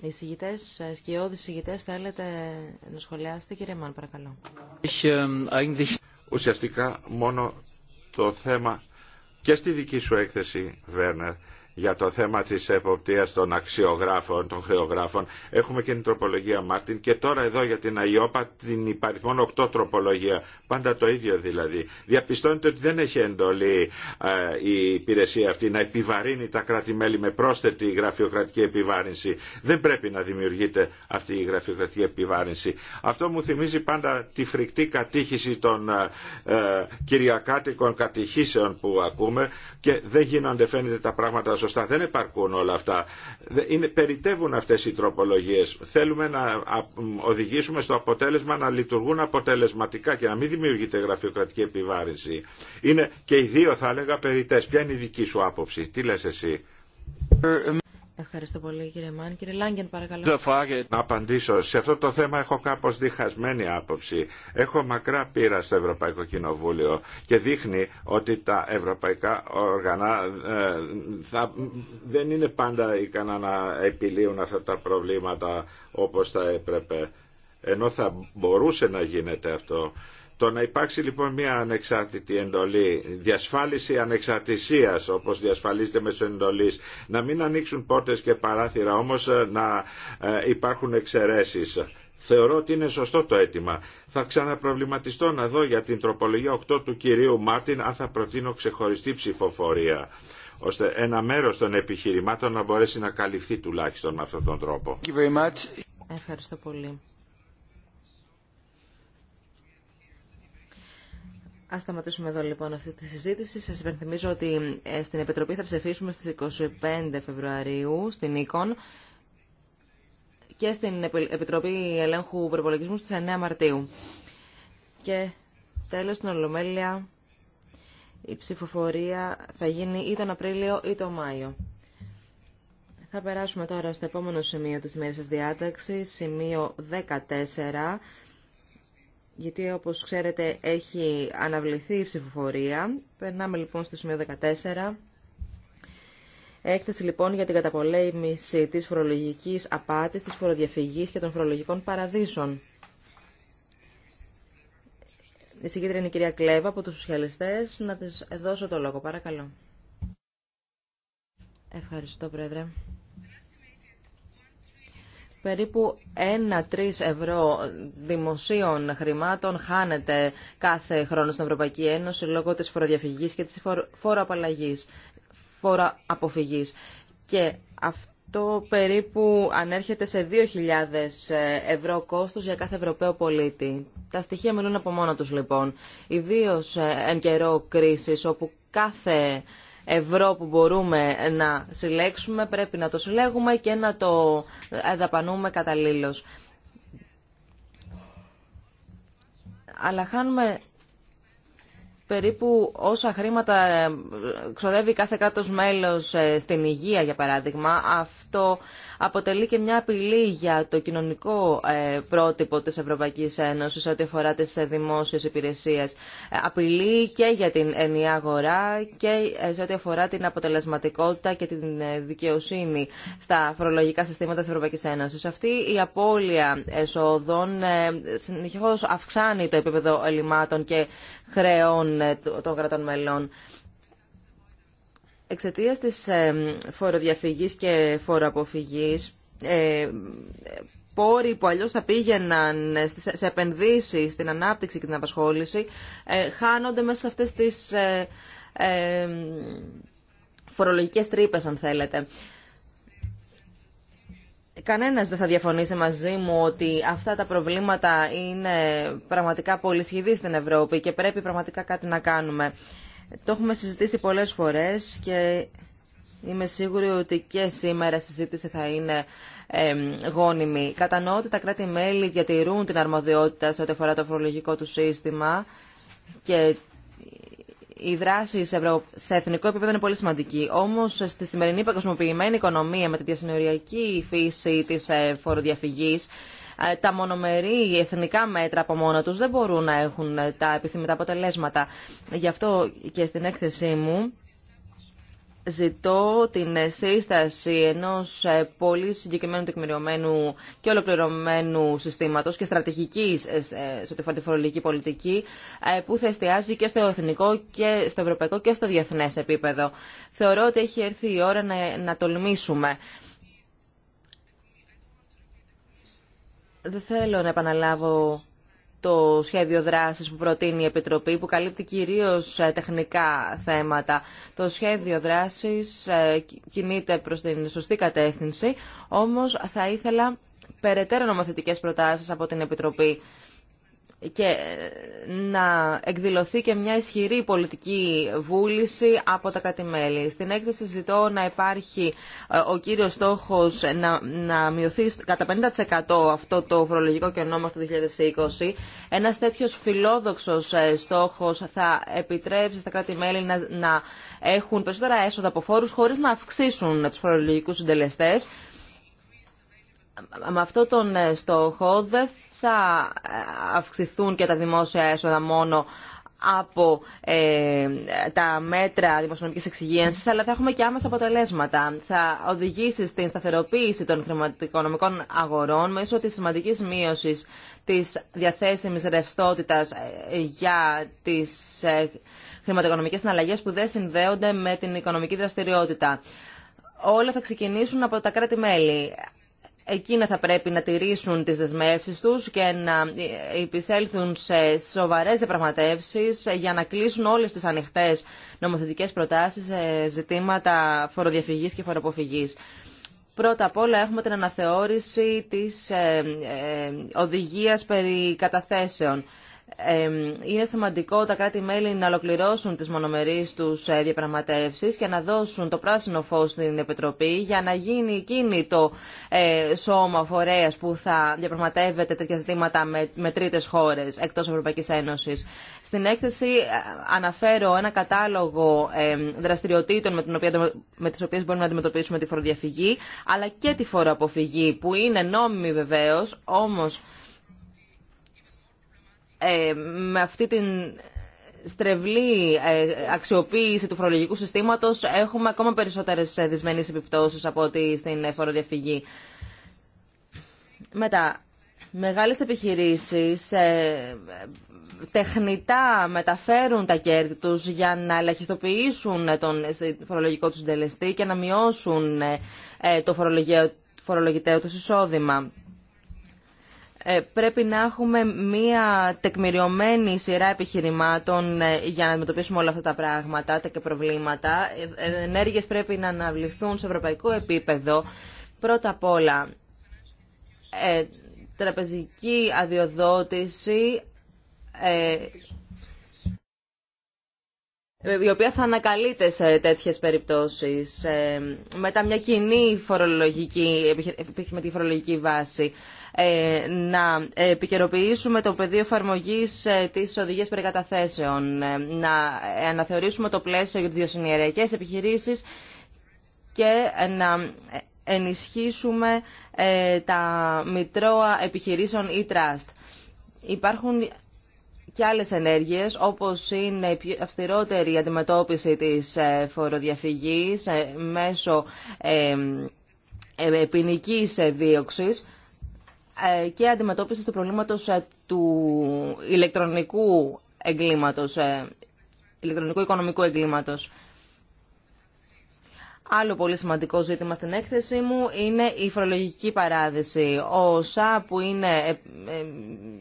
Οι συγητέ, σκιώδει θέλετε να σχολιάσετε, κύριε Μάν, παρακαλώ. Ε, Ουσιαστικά μόνο το θέμα και στη δική σου έκθεση Βέρνερ για το θέμα της εποπτείας των αξιογράφων, των χρεογράφων. Έχουμε και την τροπολογία Μάρτιν και τώρα εδώ για την ΑΙΟΠΑ την υπαριθμόν οκτώ τροπολογία. Πάντα το ίδιο δηλαδή. Διαπιστώνεται ότι δεν έχει εντολή ε, η υπηρεσία αυτή να επιβαρύνει τα κράτη-μέλη με πρόσθετη γραφειοκρατική επιβάρυνση. Δεν πρέπει να δημιουργείται αυτή η γραφειοκρατική επιβάρυνση. Αυτό μου θυμίζει πάντα τη φρικτή κατήχηση των ε, ε, κυριακάτικων κατηχήσεων που ακούμε και δεν γίνονται φαίνεται τα πράγματα σωστά. Δεν επαρκούν όλα αυτά. Είναι, περιτεύουν αυτές οι τροπολογίες. Θέλουμε να οδηγήσουμε στο αποτέλεσμα να λειτουργούν αποτελεσματικά και να μην δημιουργείται γραφειοκρατική επιβάρυνση. Είναι και οι δύο θα έλεγα περιτές. Ποια είναι η δική σου άποψη. Τι λες εσύ. Ευχαριστώ πολύ κύριε Μάν. Κύριε Λάγκεν παρακαλώ. Να απαντήσω. Σε αυτό το θέμα έχω κάπως διχασμένη άποψη. Έχω μακρά πείρα στο Ευρωπαϊκό Κοινοβούλιο και δείχνει ότι τα ευρωπαϊκά όργανα ε, δεν είναι πάντα ικανά να επιλύουν αυτά τα προβλήματα όπως θα έπρεπε. Ενώ θα μπορούσε να γίνεται αυτό. Το να υπάρξει λοιπόν μια ανεξάρτητη εντολή, διασφάλιση ανεξαρτησίας όπως διασφαλίζεται μέσω εντολής, να μην ανοίξουν πόρτες και παράθυρα όμως ε, να ε, υπάρχουν εξαιρέσει. Θεωρώ ότι είναι σωστό το αίτημα. Θα ξαναπροβληματιστώ να δω για την τροπολογία 8 του κυρίου Μάρτιν αν θα προτείνω ξεχωριστή ψηφοφορία ώστε ένα μέρος των επιχειρημάτων να μπορέσει να καλυφθεί τουλάχιστον με αυτόν τον τρόπο. Ευχαριστώ πολύ. Ας σταματήσουμε εδώ λοιπόν αυτή τη συζήτηση. Σας υπενθυμίζω ότι ε, στην Επιτροπή θα ψηφίσουμε στις 25 Φεβρουαρίου στην Ίκον και στην Επιτροπή Ελέγχου Προπολογισμού στις 9 Μαρτίου. Και τέλος στην Ολομέλεια η ψηφοφορία θα γίνει ή τον Απρίλιο ή τον Μάιο. Θα περάσουμε τώρα στο επόμενο σημείο της μέρης σας διάταξης, σημείο 14 γιατί όπως ξέρετε έχει αναβληθεί η ψηφοφορία. Περνάμε λοιπόν στο σημείο 14. Έκθεση λοιπόν για την καταπολέμηση της φορολογικής απάτης, της φοροδιαφυγής και των φορολογικών παραδείσων. Η συγκέντρια είναι η κυρία Κλέβα από τους σοσιαλιστές. Να της δώσω το λόγο, παρακαλώ. Ευχαριστώ, Πρόεδρε περίπου 1-3 ευρώ δημοσίων χρημάτων χάνεται κάθε χρόνο στην Ευρωπαϊκή Ένωση λόγω της φοροδιαφυγής και της φοροαπαλλαγής, φοροαποφυγής. Και αυτό περίπου ανέρχεται σε 2.000 ε, ευρώ κόστος για κάθε Ευρωπαίο πολίτη. Τα στοιχεία μιλούν από μόνα τους λοιπόν, ιδίως ε, εν καιρό κρίσης όπου κάθε ευρώ που μπορούμε να συλλέξουμε πρέπει να το συλλέγουμε και να το δαπανούμε καταλήλως. Αλλά χάνουμε περίπου όσα χρήματα ε, ξοδεύει κάθε κράτος μέλος ε, στην υγεία, για παράδειγμα, αυτό αποτελεί και μια απειλή για το κοινωνικό ε, πρότυπο της Ευρωπαϊκής Ένωσης ό,τι αφορά τις δημόσιες υπηρεσίες. Απειλή και για την ενιαία αγορά και σε ό,τι αφορά την αποτελεσματικότητα και την δικαιοσύνη στα φορολογικά συστήματα της Ευρωπαϊκής Ένωσης. Αυτή η απώλεια εσόδων συνεχώς αυξάνει το επίπεδο ελλημάτων και χρεών ε, των κρατών μελών. Εξαιτία τη ε, φοροδιαφυγή και φοροαποφυγή, ε, πόροι που αλλιώ θα πήγαιναν σε επενδύσει, στην ανάπτυξη και την απασχόληση, χάνονται μέσα σε αυτέ τι φορολογικέ τρύπε, αν θέλετε. Κανένας δεν θα διαφωνήσει μαζί μου ότι αυτά τα προβλήματα είναι πραγματικά πολύ στην Ευρώπη και πρέπει πραγματικά κάτι να κάνουμε. Το έχουμε συζητήσει πολλές φορές και είμαι σίγουρη ότι και σήμερα η συζήτηση θα είναι γόνιμη. Κατανοώ ότι τα κράτη-μέλη διατηρούν την αρμοδιότητα σε ό,τι αφορά το φορολογικό του σύστημα και η δράση σε εθνικό επίπεδο είναι πολύ σημαντική. Όμω στη σημερινή παγκοσμιοποιημένη οικονομία με την διασυνοριακή φύση τη ε, φοροδιαφυγή, ε, τα μονομερή εθνικά μέτρα από μόνα του δεν μπορούν να έχουν ε, τα επιθυμητά αποτελέσματα. Γι' αυτό και στην έκθεσή μου ζητώ την σύσταση ενός ε, πολύ συγκεκριμένου τεκμηριωμένου και ολοκληρωμένου συστήματος και στρατηγικής ε, σε τη φορολογική πολιτική ε, που θα εστιάζει και στο εθνικό και στο ευρωπαϊκό και στο διεθνές επίπεδο. Θεωρώ ότι έχει έρθει η ώρα να, να τολμήσουμε. Δεν θέλω να επαναλάβω το σχέδιο δράσης που προτείνει η Επιτροπή, που καλύπτει κυρίως ε, τεχνικά θέματα. Το σχέδιο δράσης ε, κινείται προς την σωστή κατεύθυνση, όμως θα ήθελα περαιτέρω νομοθετικέ προτάσεις από την Επιτροπή και ε, να εκδηλωθεί και μια ισχυρή πολιτική βούληση από τα κράτη-μέλη. Στην έκθεση ζητώ να υπάρχει ε, ο κύριος στόχος να, μειωθεί κατά 50% αυτό το φορολογικό κενό μέχρι το 2020. Ένας τέτοιος φιλόδοξος ε, στόχος θα επιτρέψει στα κράτη-μέλη να, έχουν περισσότερα έσοδα από φόρους χωρίς να αυξήσουν τους φορολογικούς συντελεστές. Με αυτόν τον στόχο δεν θα ε, αυξηθούν και τα δημόσια έσοδα μόνο από ε, τα μέτρα δημοσιονομικής εξυγίανσης, αλλά θα έχουμε και άμεσα αποτελέσματα. Θα οδηγήσει στην σταθεροποίηση των χρηματοοικονομικών αγορών μέσω της σημαντικής μείωσης της διαθέσιμης ρευστότητας ε, για τις ε, χρηματοοικονομικές συναλλαγές που δεν συνδέονται με την οικονομική δραστηριότητα. Όλα θα ξεκινήσουν από τα κράτη-μέλη εκείνα θα πρέπει να τηρήσουν τις δεσμεύσεις τους και να επισέλθουν σε σοβαρές διαπραγματεύσει για να κλείσουν όλες τις ανοιχτές νομοθετικές προτάσεις σε ζητήματα φοροδιαφυγής και φοροποφυγής. Πρώτα απ' όλα έχουμε την αναθεώρηση της ε, ε, οδηγίας περί καταθέσεων είναι σημαντικό τα κράτη-μέλη να ολοκληρώσουν τις μονομερείς τους ε, διαπραγματεύσεις και να δώσουν το πράσινο φως στην Επιτροπή για να γίνει εκείνη το ε, σώμα φορέας που θα διαπραγματεύεται τέτοια ζητήματα με, με τρίτες χώρες εκτός Ευρωπαϊκής Ένωσης. Στην έκθεση ε, αναφέρω ένα κατάλογο δραστηριοτήτων με, την οποία, με τις οποίες μπορούμε να αντιμετωπίσουμε τη φοροδιαφυγή αλλά και τη φοροαποφυγή που είναι νόμιμη βεβαίως, όμως ε, με αυτή την στρεβλή ε, αξιοποίηση του φορολογικού συστήματος έχουμε ακόμα περισσότερες ε, δυσμενείς επιπτώσεις από ότι στην φοροδιαφυγή. Μετά, μεγάλες επιχειρήσεις τεχνητά μεταφέρουν τα κέρδη τους για να ελαχιστοποιήσουν τον φορολογικό τους συντελεστή και να μειώσουν το φορολογητέο τους εισόδημα. Ε, πρέπει να έχουμε μία τεκμηριωμένη σειρά επιχειρημάτων ε, για να αντιμετωπίσουμε όλα αυτά τα πράγματα και προβλήματα. Ε, ενέργειες πρέπει να αναβληθούν σε ευρωπαϊκό επίπεδο. Πρώτα απ' όλα, τραπεζική αδειοδότηση η οποία θα ανακαλείται σε τέτοιες περιπτώσεις μετά μια κοινή φορολογική, επιχειρηματική φορολογική βάση. Ε, να επικαιροποιήσουμε το πεδίο εφαρμογή ε, τη οδηγία περικαταθέσεων, ε, να αναθεωρήσουμε το πλαίσιο για τι διασυνοριακέ επιχειρήσει και να ενισχύσουμε τα μητρώα επιχειρήσεων ή e trust. Υπάρχουν και άλλες ενέργειες όπως είναι η αυστηρότερη αντιμετώπιση της φοροδιαφυγής μέσω ποινική δίωξης ε, και αντιμετώπιση του προβλήματος ε, του ηλεκτρονικού εγκλήματος, ε, ηλεκτρονικού οικονομικού εγκλήματος. Άλλο πολύ σημαντικό ζήτημα στην έκθεσή μου είναι η φορολογική παράδειση. Ο που είναι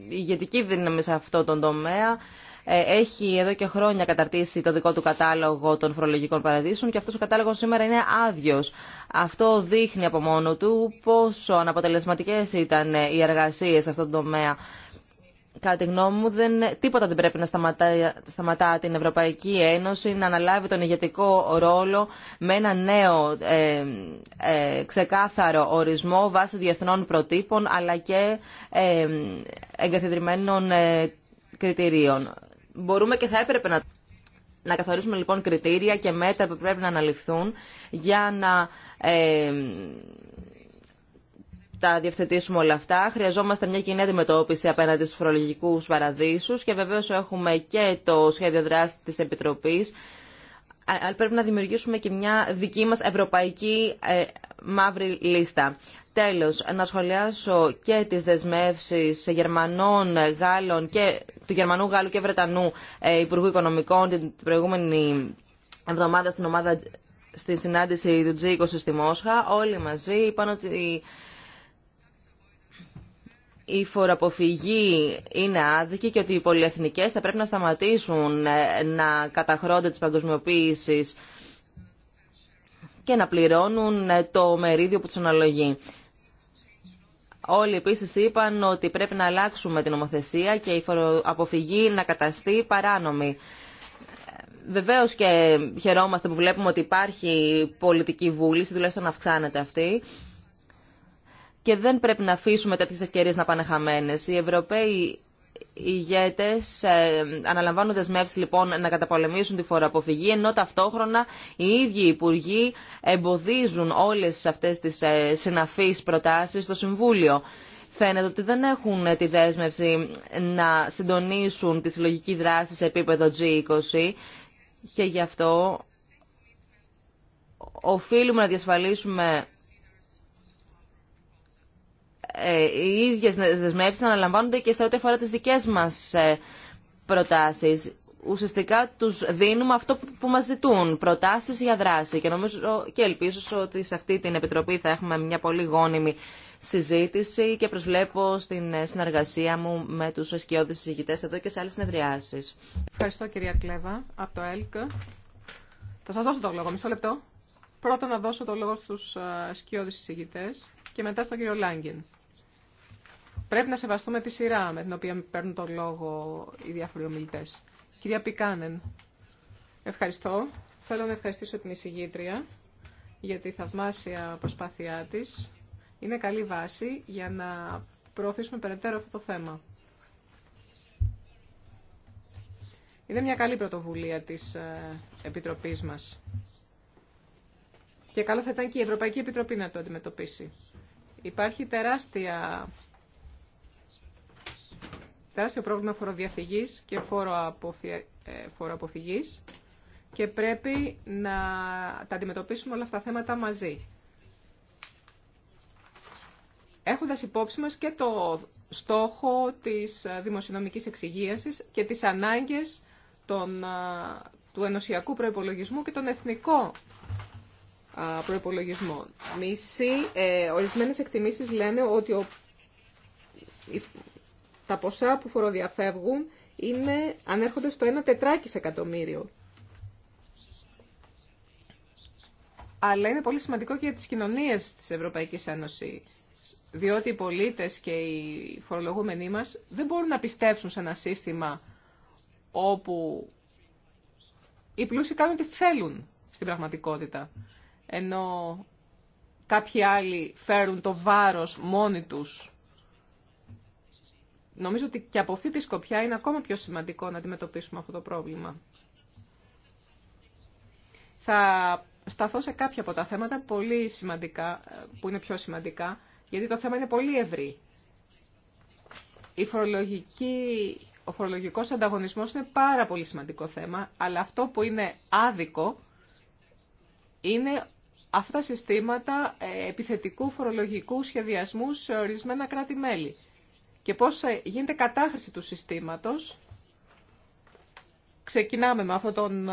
ηγετική δύναμη σε αυτό τον τομέα ε, έχει εδώ και χρόνια καταρτήσει το δικό του κατάλογο των φορολογικών παραδείσων και αυτός ο κατάλογος σήμερα είναι άδειος. Αυτό δείχνει από μόνο του πόσο αναποτελεσματικές ήταν οι εργασίες σε αυτόν τον τομέα. Κατά τη γνώμη μου, δεν, τίποτα δεν πρέπει να σταματά, σταματά την Ευρωπαϊκή Ένωση να αναλάβει τον ηγετικό ρόλο με ένα νέο ε, ε, ξεκάθαρο ορισμό βάσει διεθνών προτύπων αλλά και ε, εγκαθιδρυμένων κριτηρίων μπορούμε και θα έπρεπε να, να καθορίσουμε λοιπόν κριτήρια και μέτρα που πρέπει να αναλυφθούν για να ε, τα διευθετήσουμε όλα αυτά. Χρειαζόμαστε μια κοινή αντιμετώπιση απέναντι στους φορολογικούς παραδείσους και βεβαίως έχουμε και το σχέδιο δράσης της Επιτροπής αλλά πρέπει να δημιουργήσουμε και μια δική μας ευρωπαϊκή ε, μαύρη λίστα. Τέλος, να σχολιάσω και τις δεσμεύσεις Γερμανών, Γάλλων και του Γερμανού, Γάλλου και Βρετανού ε, Υπουργού Οικονομικών την προηγούμενη εβδομάδα στην ομάδα στη συνάντηση του G20 στη Μόσχα. Όλοι μαζί είπαν ότι η φοροαποφυγή είναι άδικη και ότι οι πολυεθνικές θα πρέπει να σταματήσουν ε, να καταχρώνται τις παγκοσμιοποίησεις και να πληρώνουν ε, το μερίδιο που τους αναλογεί. Όλοι επίση είπαν ότι πρέπει να αλλάξουμε την νομοθεσία και η αποφυγή να καταστεί παράνομη. Βεβαίως και χαιρόμαστε που βλέπουμε ότι υπάρχει πολιτική βούληση, τουλάχιστον να αυξάνεται αυτή. Και δεν πρέπει να αφήσουμε τέτοιε ευκαιρίε να πάνε χαμένε. Οι Ευρωπαίοι ηγέτες ε, αναλαμβάνουν δεσμεύσει λοιπόν να καταπολεμήσουν τη φοροαποφυγή, ενώ ταυτόχρονα οι ίδιοι υπουργοί εμποδίζουν όλες αυτές τις ε, συναφείς προτάσεις στο Συμβούλιο. Φαίνεται ότι δεν έχουν ε, τη δέσμευση να συντονίσουν τη συλλογική δράση σε επίπεδο G20 και γι' αυτό οφείλουμε να διασφαλίσουμε ε, οι ίδιες δεσμεύσεις να αναλαμβάνονται και σε ό,τι αφορά τις δικές μας ε, προτάσεις. Ουσιαστικά τους δίνουμε αυτό που μας ζητούν, προτάσεις για δράση. Και νομίζω και ελπίζω ότι σε αυτή την Επιτροπή θα έχουμε μια πολύ γόνιμη συζήτηση και προσβλέπω στην ε, συνεργασία μου με τους ασκιώδεις συζητητές εδώ και σε άλλες συνεδριάσεις. Ευχαριστώ κυρία Κλέβα από το ΕΛΚ. Θα σας δώσω το λόγο, μισό λεπτό. Πρώτα να δώσω το λόγο στους σκιώδεις συζητητές και μετά στον κύριο Λάγκεν. Πρέπει να σεβαστούμε τη σειρά με την οποία παίρνουν το λόγο οι διάφοροι ομιλητέ. Κυρία Πικάνεν, ευχαριστώ. Θέλω να ευχαριστήσω την εισηγήτρια για τη θαυμάσια προσπάθειά της. Είναι καλή βάση για να προωθήσουμε περαιτέρω αυτό το θέμα. Είναι μια καλή πρωτοβουλία της ε, Επιτροπής μας. Και καλό θα ήταν και η Ευρωπαϊκή Επιτροπή να το αντιμετωπίσει. Υπάρχει τεράστια τεράστιο πρόβλημα φοροδιαφυγής και ε, φοροαποφυγής και πρέπει να τα αντιμετωπίσουμε όλα αυτά τα θέματα μαζί. Έχοντας υπόψη μας και το στόχο της δημοσιονομικής εξυγίασης και τις ανάγκες του ενωσιακού προϋπολογισμού και τον εθνικό προϋπολογισμών. Μισή, ε, ορισμένες εκτιμήσεις λένε ότι ο, τα ποσά που φοροδιαφεύγουν είναι, ανέρχονται στο 1 σε εκατομμύριο. Αλλά είναι πολύ σημαντικό και για τις κοινωνίες της Ευρωπαϊκής Ένωσης, διότι οι πολίτες και οι φορολογούμενοι μας δεν μπορούν να πιστέψουν σε ένα σύστημα όπου οι πλούσιοι κάνουν ότι θέλουν στην πραγματικότητα, ενώ κάποιοι άλλοι φέρουν το βάρος μόνοι τους Νομίζω ότι και από αυτή τη σκοπιά είναι ακόμα πιο σημαντικό να αντιμετωπίσουμε αυτό το πρόβλημα. Θα σταθώ σε κάποια από τα θέματα πολύ σημαντικά, που είναι πιο σημαντικά, γιατί το θέμα είναι πολύ ευρύ. Η ο φορολογικός ανταγωνισμός είναι πάρα πολύ σημαντικό θέμα, αλλά αυτό που είναι άδικο είναι αυτά τα συστήματα ε, επιθετικού φορολογικού σχεδιασμού σε ορισμένα κράτη-μέλη και πώς γίνεται κατάχρηση του συστήματος. Ξεκινάμε με αυτόν τον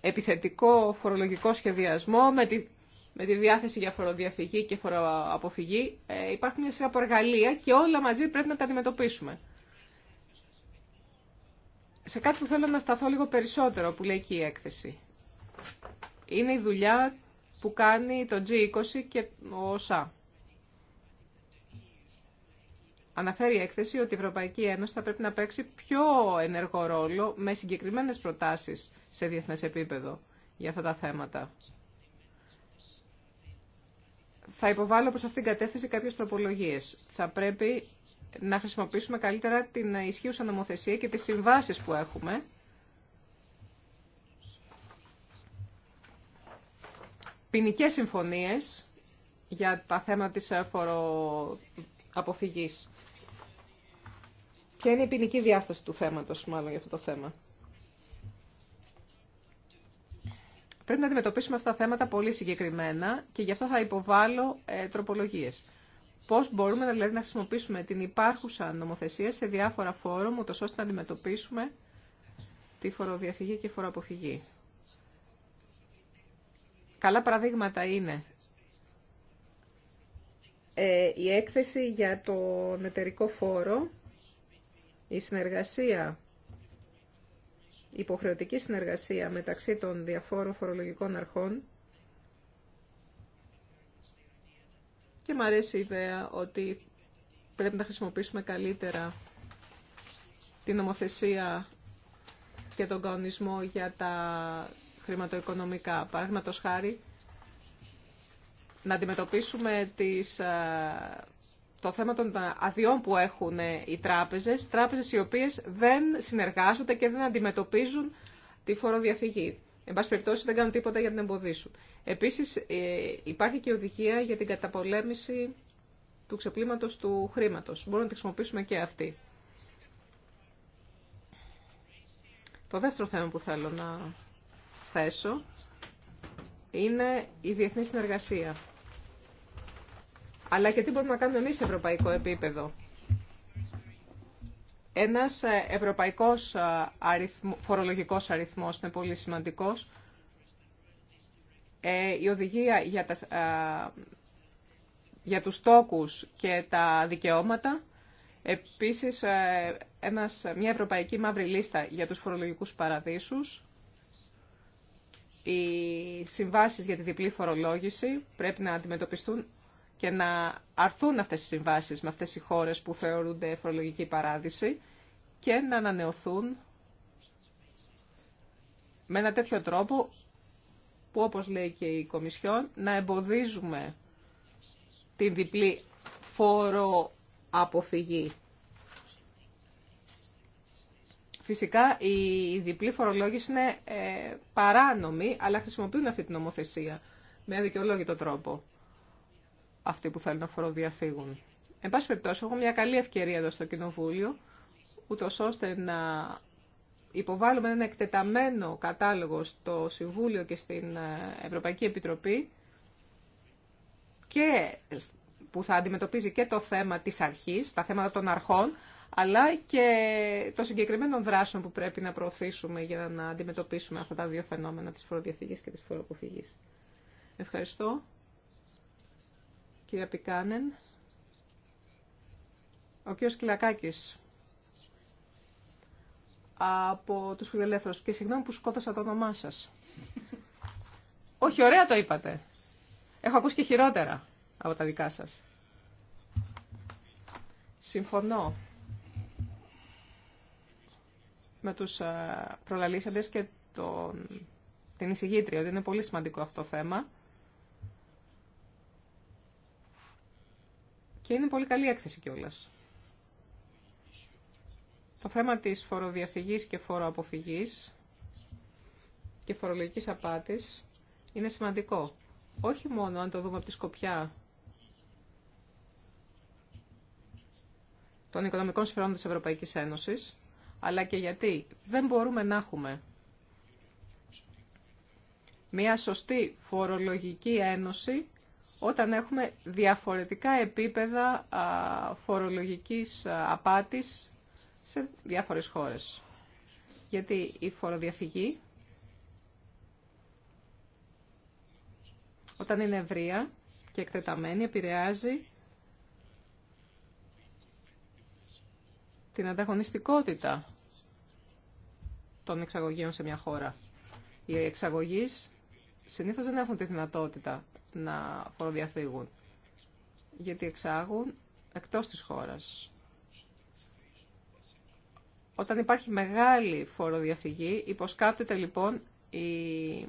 επιθετικό φορολογικό σχεδιασμό, με τη, με τη διάθεση για φοροδιαφυγή και φοροαποφυγή. Ε, υπάρχουν μια σειρά από εργαλεία και όλα μαζί πρέπει να τα αντιμετωπίσουμε. Σε κάτι που θέλω να σταθώ λίγο περισσότερο, που λέει και η έκθεση. Είναι η δουλειά που κάνει το G20 και ο Αναφέρει η έκθεση ότι η Ευρωπαϊκή Ένωση θα πρέπει να παίξει πιο ενεργό ρόλο με συγκεκριμένες προτάσεις σε διεθνές επίπεδο για αυτά τα θέματα. Θα υποβάλω προς αυτήν την κατεύθυνση κάποιες τροπολογίες. Θα πρέπει να χρησιμοποιήσουμε καλύτερα την ισχύουσα νομοθεσία και τις συμβάσεις που έχουμε. Ποινικές συμφωνίες για τα θέματα της φοροαποφυγής. Και είναι η ποινική διάσταση του θέματος, μάλλον, για αυτό το θέμα. Πρέπει να αντιμετωπίσουμε αυτά τα θέματα πολύ συγκεκριμένα και γι' αυτό θα υποβάλω ε, τροπολογίες. Πώς μπορούμε δηλαδή να χρησιμοποιήσουμε την υπάρχουσα νομοθεσία σε διάφορα φόρουμ, ούτως ώστε να αντιμετωπίσουμε τη φοροδιαφυγή και φοροαποφυγή. Καλά παραδείγματα είναι ε, η έκθεση για τον εταιρικό φόρο η συνεργασία, η υποχρεωτική συνεργασία μεταξύ των διαφόρων φορολογικών αρχών και μου αρέσει η ιδέα ότι πρέπει να χρησιμοποιήσουμε καλύτερα την νομοθεσία και τον κανονισμό για τα χρηματοοικονομικά. Παραδείγματος χάρη, να αντιμετωπίσουμε τις το θέμα των αδειών που έχουν ε, οι τράπεζες, τράπεζες οι οποίες δεν συνεργάζονται και δεν αντιμετωπίζουν τη φοροδιαφυγή. Εν πάση περιπτώσει δεν κάνουν τίποτα για την εμποδίσουν. Επίσης ε, υπάρχει και οδηγία για την καταπολέμηση του ξεπλήματος του χρήματος. Μπορούμε να τη χρησιμοποιήσουμε και αυτή. Το δεύτερο θέμα που θέλω να θέσω είναι η διεθνή συνεργασία αλλά και τι μπορούμε να κάνουμε εμείς σε ευρωπαϊκό επίπεδο. Ένας ε, ευρωπαϊκός ε, αριθμο, φορολογικός αριθμός είναι πολύ σημαντικός. Ε, η οδηγία για, τα, για τους τόκους και τα δικαιώματα. Επίσης, ένας, μια ευρωπαϊκή μαύρη λίστα για τους φορολογικούς παραδείσους. Οι συμβάσεις για τη διπλή φορολόγηση πρέπει να αντιμετωπιστούν και να αρθούν αυτές οι συμβάσεις με αυτές οι χώρες που θεωρούνται φορολογική παράδειση και να ανανεωθούν με ένα τέτοιο τρόπο που όπως λέει και η Κομισιόν να εμποδίζουμε την διπλή φόρο Φυσικά η διπλή φορολόγηση είναι ε, παράνομη, αλλά χρησιμοποιούν αυτή την νομοθεσία με αδικαιολόγητο τρόπο αυτοί που θέλουν να φοροδιαφύγουν. Εν πάση περιπτώσει, έχω μια καλή ευκαιρία εδώ στο Κοινοβούλιο, ούτω ώστε να υποβάλουμε ένα εκτεταμένο κατάλογο στο Συμβούλιο και στην ε, Ευρωπαϊκή Επιτροπή και που θα αντιμετωπίζει και το θέμα της αρχής, τα θέματα των αρχών, αλλά και το συγκεκριμένο δράσεων που πρέπει να προωθήσουμε για να αντιμετωπίσουμε αυτά τα δύο φαινόμενα της φοροδιαφυγής και της φοροποφυγής. Ευχαριστώ κυρία Πικάνεν. Ο κύριος Κυλακάκης από τους φιλελεύθερους και συγγνώμη που σκότωσα το όνομά σας. Όχι, ωραία το είπατε. Έχω ακούσει και χειρότερα από τα δικά σας. Συμφωνώ με τους ε, προλαλήσαντες και τον, την εισηγήτρια ότι είναι πολύ σημαντικό αυτό το θέμα. Και είναι πολύ καλή έκθεση κιόλα. Το θέμα της φοροδιαφυγής και φοροαποφυγής και φορολογικής απάτης είναι σημαντικό. Όχι μόνο αν το δούμε από τη σκοπιά των οικονομικών συμφερόντων της Ευρωπαϊκής Ένωσης, αλλά και γιατί δεν μπορούμε να έχουμε μια σωστή φορολογική ένωση όταν έχουμε διαφορετικά επίπεδα φορολογικής απάτης σε διάφορες χώρες. Γιατί η φοροδιαφυγή, όταν είναι ευρεία και εκτεταμένη, επηρεάζει την ανταγωνιστικότητα των εξαγωγείων σε μια χώρα. Οι εξαγωγείς συνήθως δεν έχουν τη δυνατότητα να φοροδιαφύγουν. Γιατί εξάγουν εκτός της χώρας. Όταν υπάρχει μεγάλη φοροδιαφυγή, υποσκάπτεται λοιπόν η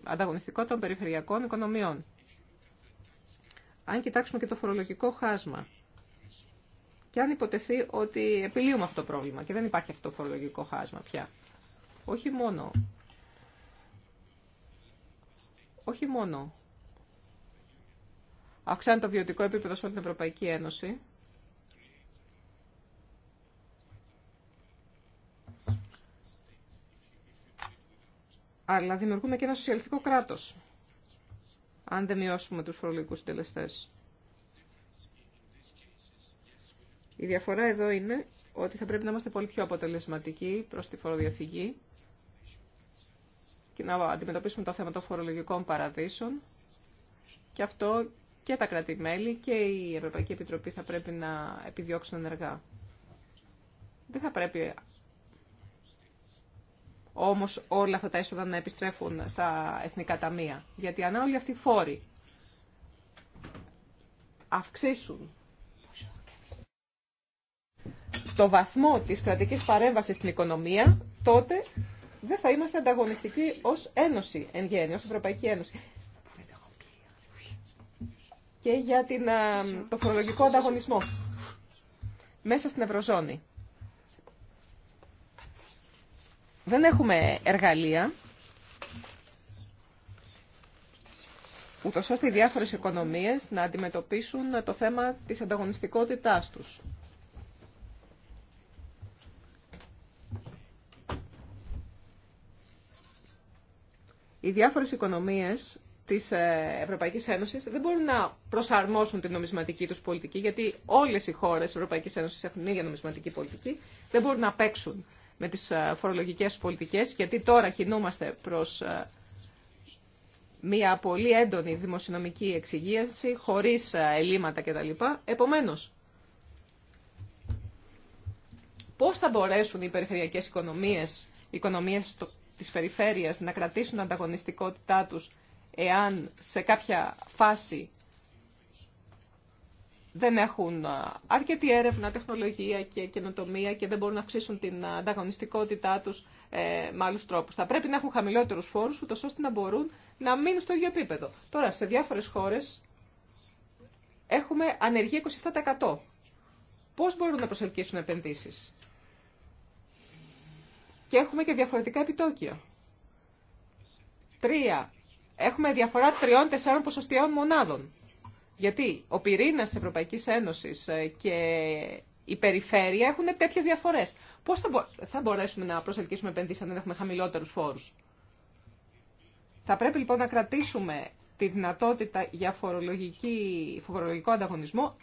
ανταγωνιστικότητα των περιφερειακών οικονομιών. Αν κοιτάξουμε και το φορολογικό χάσμα, και αν υποτεθεί ότι επιλύουμε αυτό το πρόβλημα και δεν υπάρχει αυτό το φορολογικό χάσμα πια. Όχι μόνο. Όχι μόνο αυξάνει το βιωτικό επίπεδο σε όλη την Ευρωπαϊκή Ένωση. Αλλά δημιουργούμε και ένα σοσιαλιστικό κράτος, αν δεν μειώσουμε τους φορολογικούς συντελεστές. Η διαφορά εδώ είναι ότι θα πρέπει να είμαστε πολύ πιο αποτελεσματικοί προς τη φοροδιαφυγή και να αντιμετωπίσουμε το θέμα των φορολογικών παραδείσων και αυτό και τα κρατη και η Ευρωπαϊκή Επιτροπή θα πρέπει να επιδιώξουν ενεργά. Δεν θα πρέπει όμως όλα αυτά τα έσοδα να επιστρέφουν στα εθνικά ταμεία. Γιατί αν όλοι αυτοί οι φόροι αυξήσουν το βαθμό της κρατικής παρέμβασης στην οικονομία, τότε δεν θα είμαστε ανταγωνιστικοί ως Ένωση εν γέννη, ως Ευρωπαϊκή Ένωση και για την, ε, το φορολογικό ανταγωνισμό μέσα στην Ευρωζώνη. Δεν έχουμε εργαλεία, ούτως ώστε οι διάφορες οικονομίες να αντιμετωπίσουν το θέμα της ανταγωνιστικότητάς τους. Οι διάφορες οικονομίες της ε, Ευρωπαϊκή Ένωση δεν μπορούν να προσαρμόσουν την νομισματική του πολιτική, γιατί όλε οι χώρε τη Ευρωπαϊκή Ένωση έχουν ίδια νομισματική πολιτική, δεν μπορούν να παίξουν με τις ε, φορολογικέ του πολιτικές, γιατί τώρα κινούμαστε προς ε, μια πολύ έντονη δημοσιονομική εξυγίαση, χωρίς ελλείμματα κτλ. Επομένως, πώς θα μπορέσουν οι περιφερειακές οικονομίες, οι οικονομίες της περιφέρειας να κρατήσουν ανταγωνιστικότητά τους εάν σε κάποια φάση δεν έχουν αρκετή έρευνα, τεχνολογία και καινοτομία και δεν μπορούν να αυξήσουν την ανταγωνιστικότητά τους ε, με άλλου τρόπου. Θα πρέπει να έχουν χαμηλότερου φόρου, ούτω ώστε να μπορούν να μείνουν στο ίδιο επίπεδο. Τώρα, σε διάφορε χώρε έχουμε ανεργία 27%. Πώ μπορούν να προσελκύσουν επενδύσει, Και έχουμε και διαφορετικά επιτόκια. Τρία έχουμε διαφορά τριών-τεσσάρων ποσοστιαίων μονάδων. Γιατί ο πυρήνα τη Ευρωπαϊκή Ένωση ε, και η περιφέρεια έχουν τέτοιε διαφορέ. Πώ θα, θα μπορέσουμε να προσελκύσουμε επενδύσει αν δεν έχουμε χαμηλότερου φόρου. Θα πρέπει λοιπόν να κρατήσουμε τη δυνατότητα για φορολογική, φορολογικό ανταγωνισμό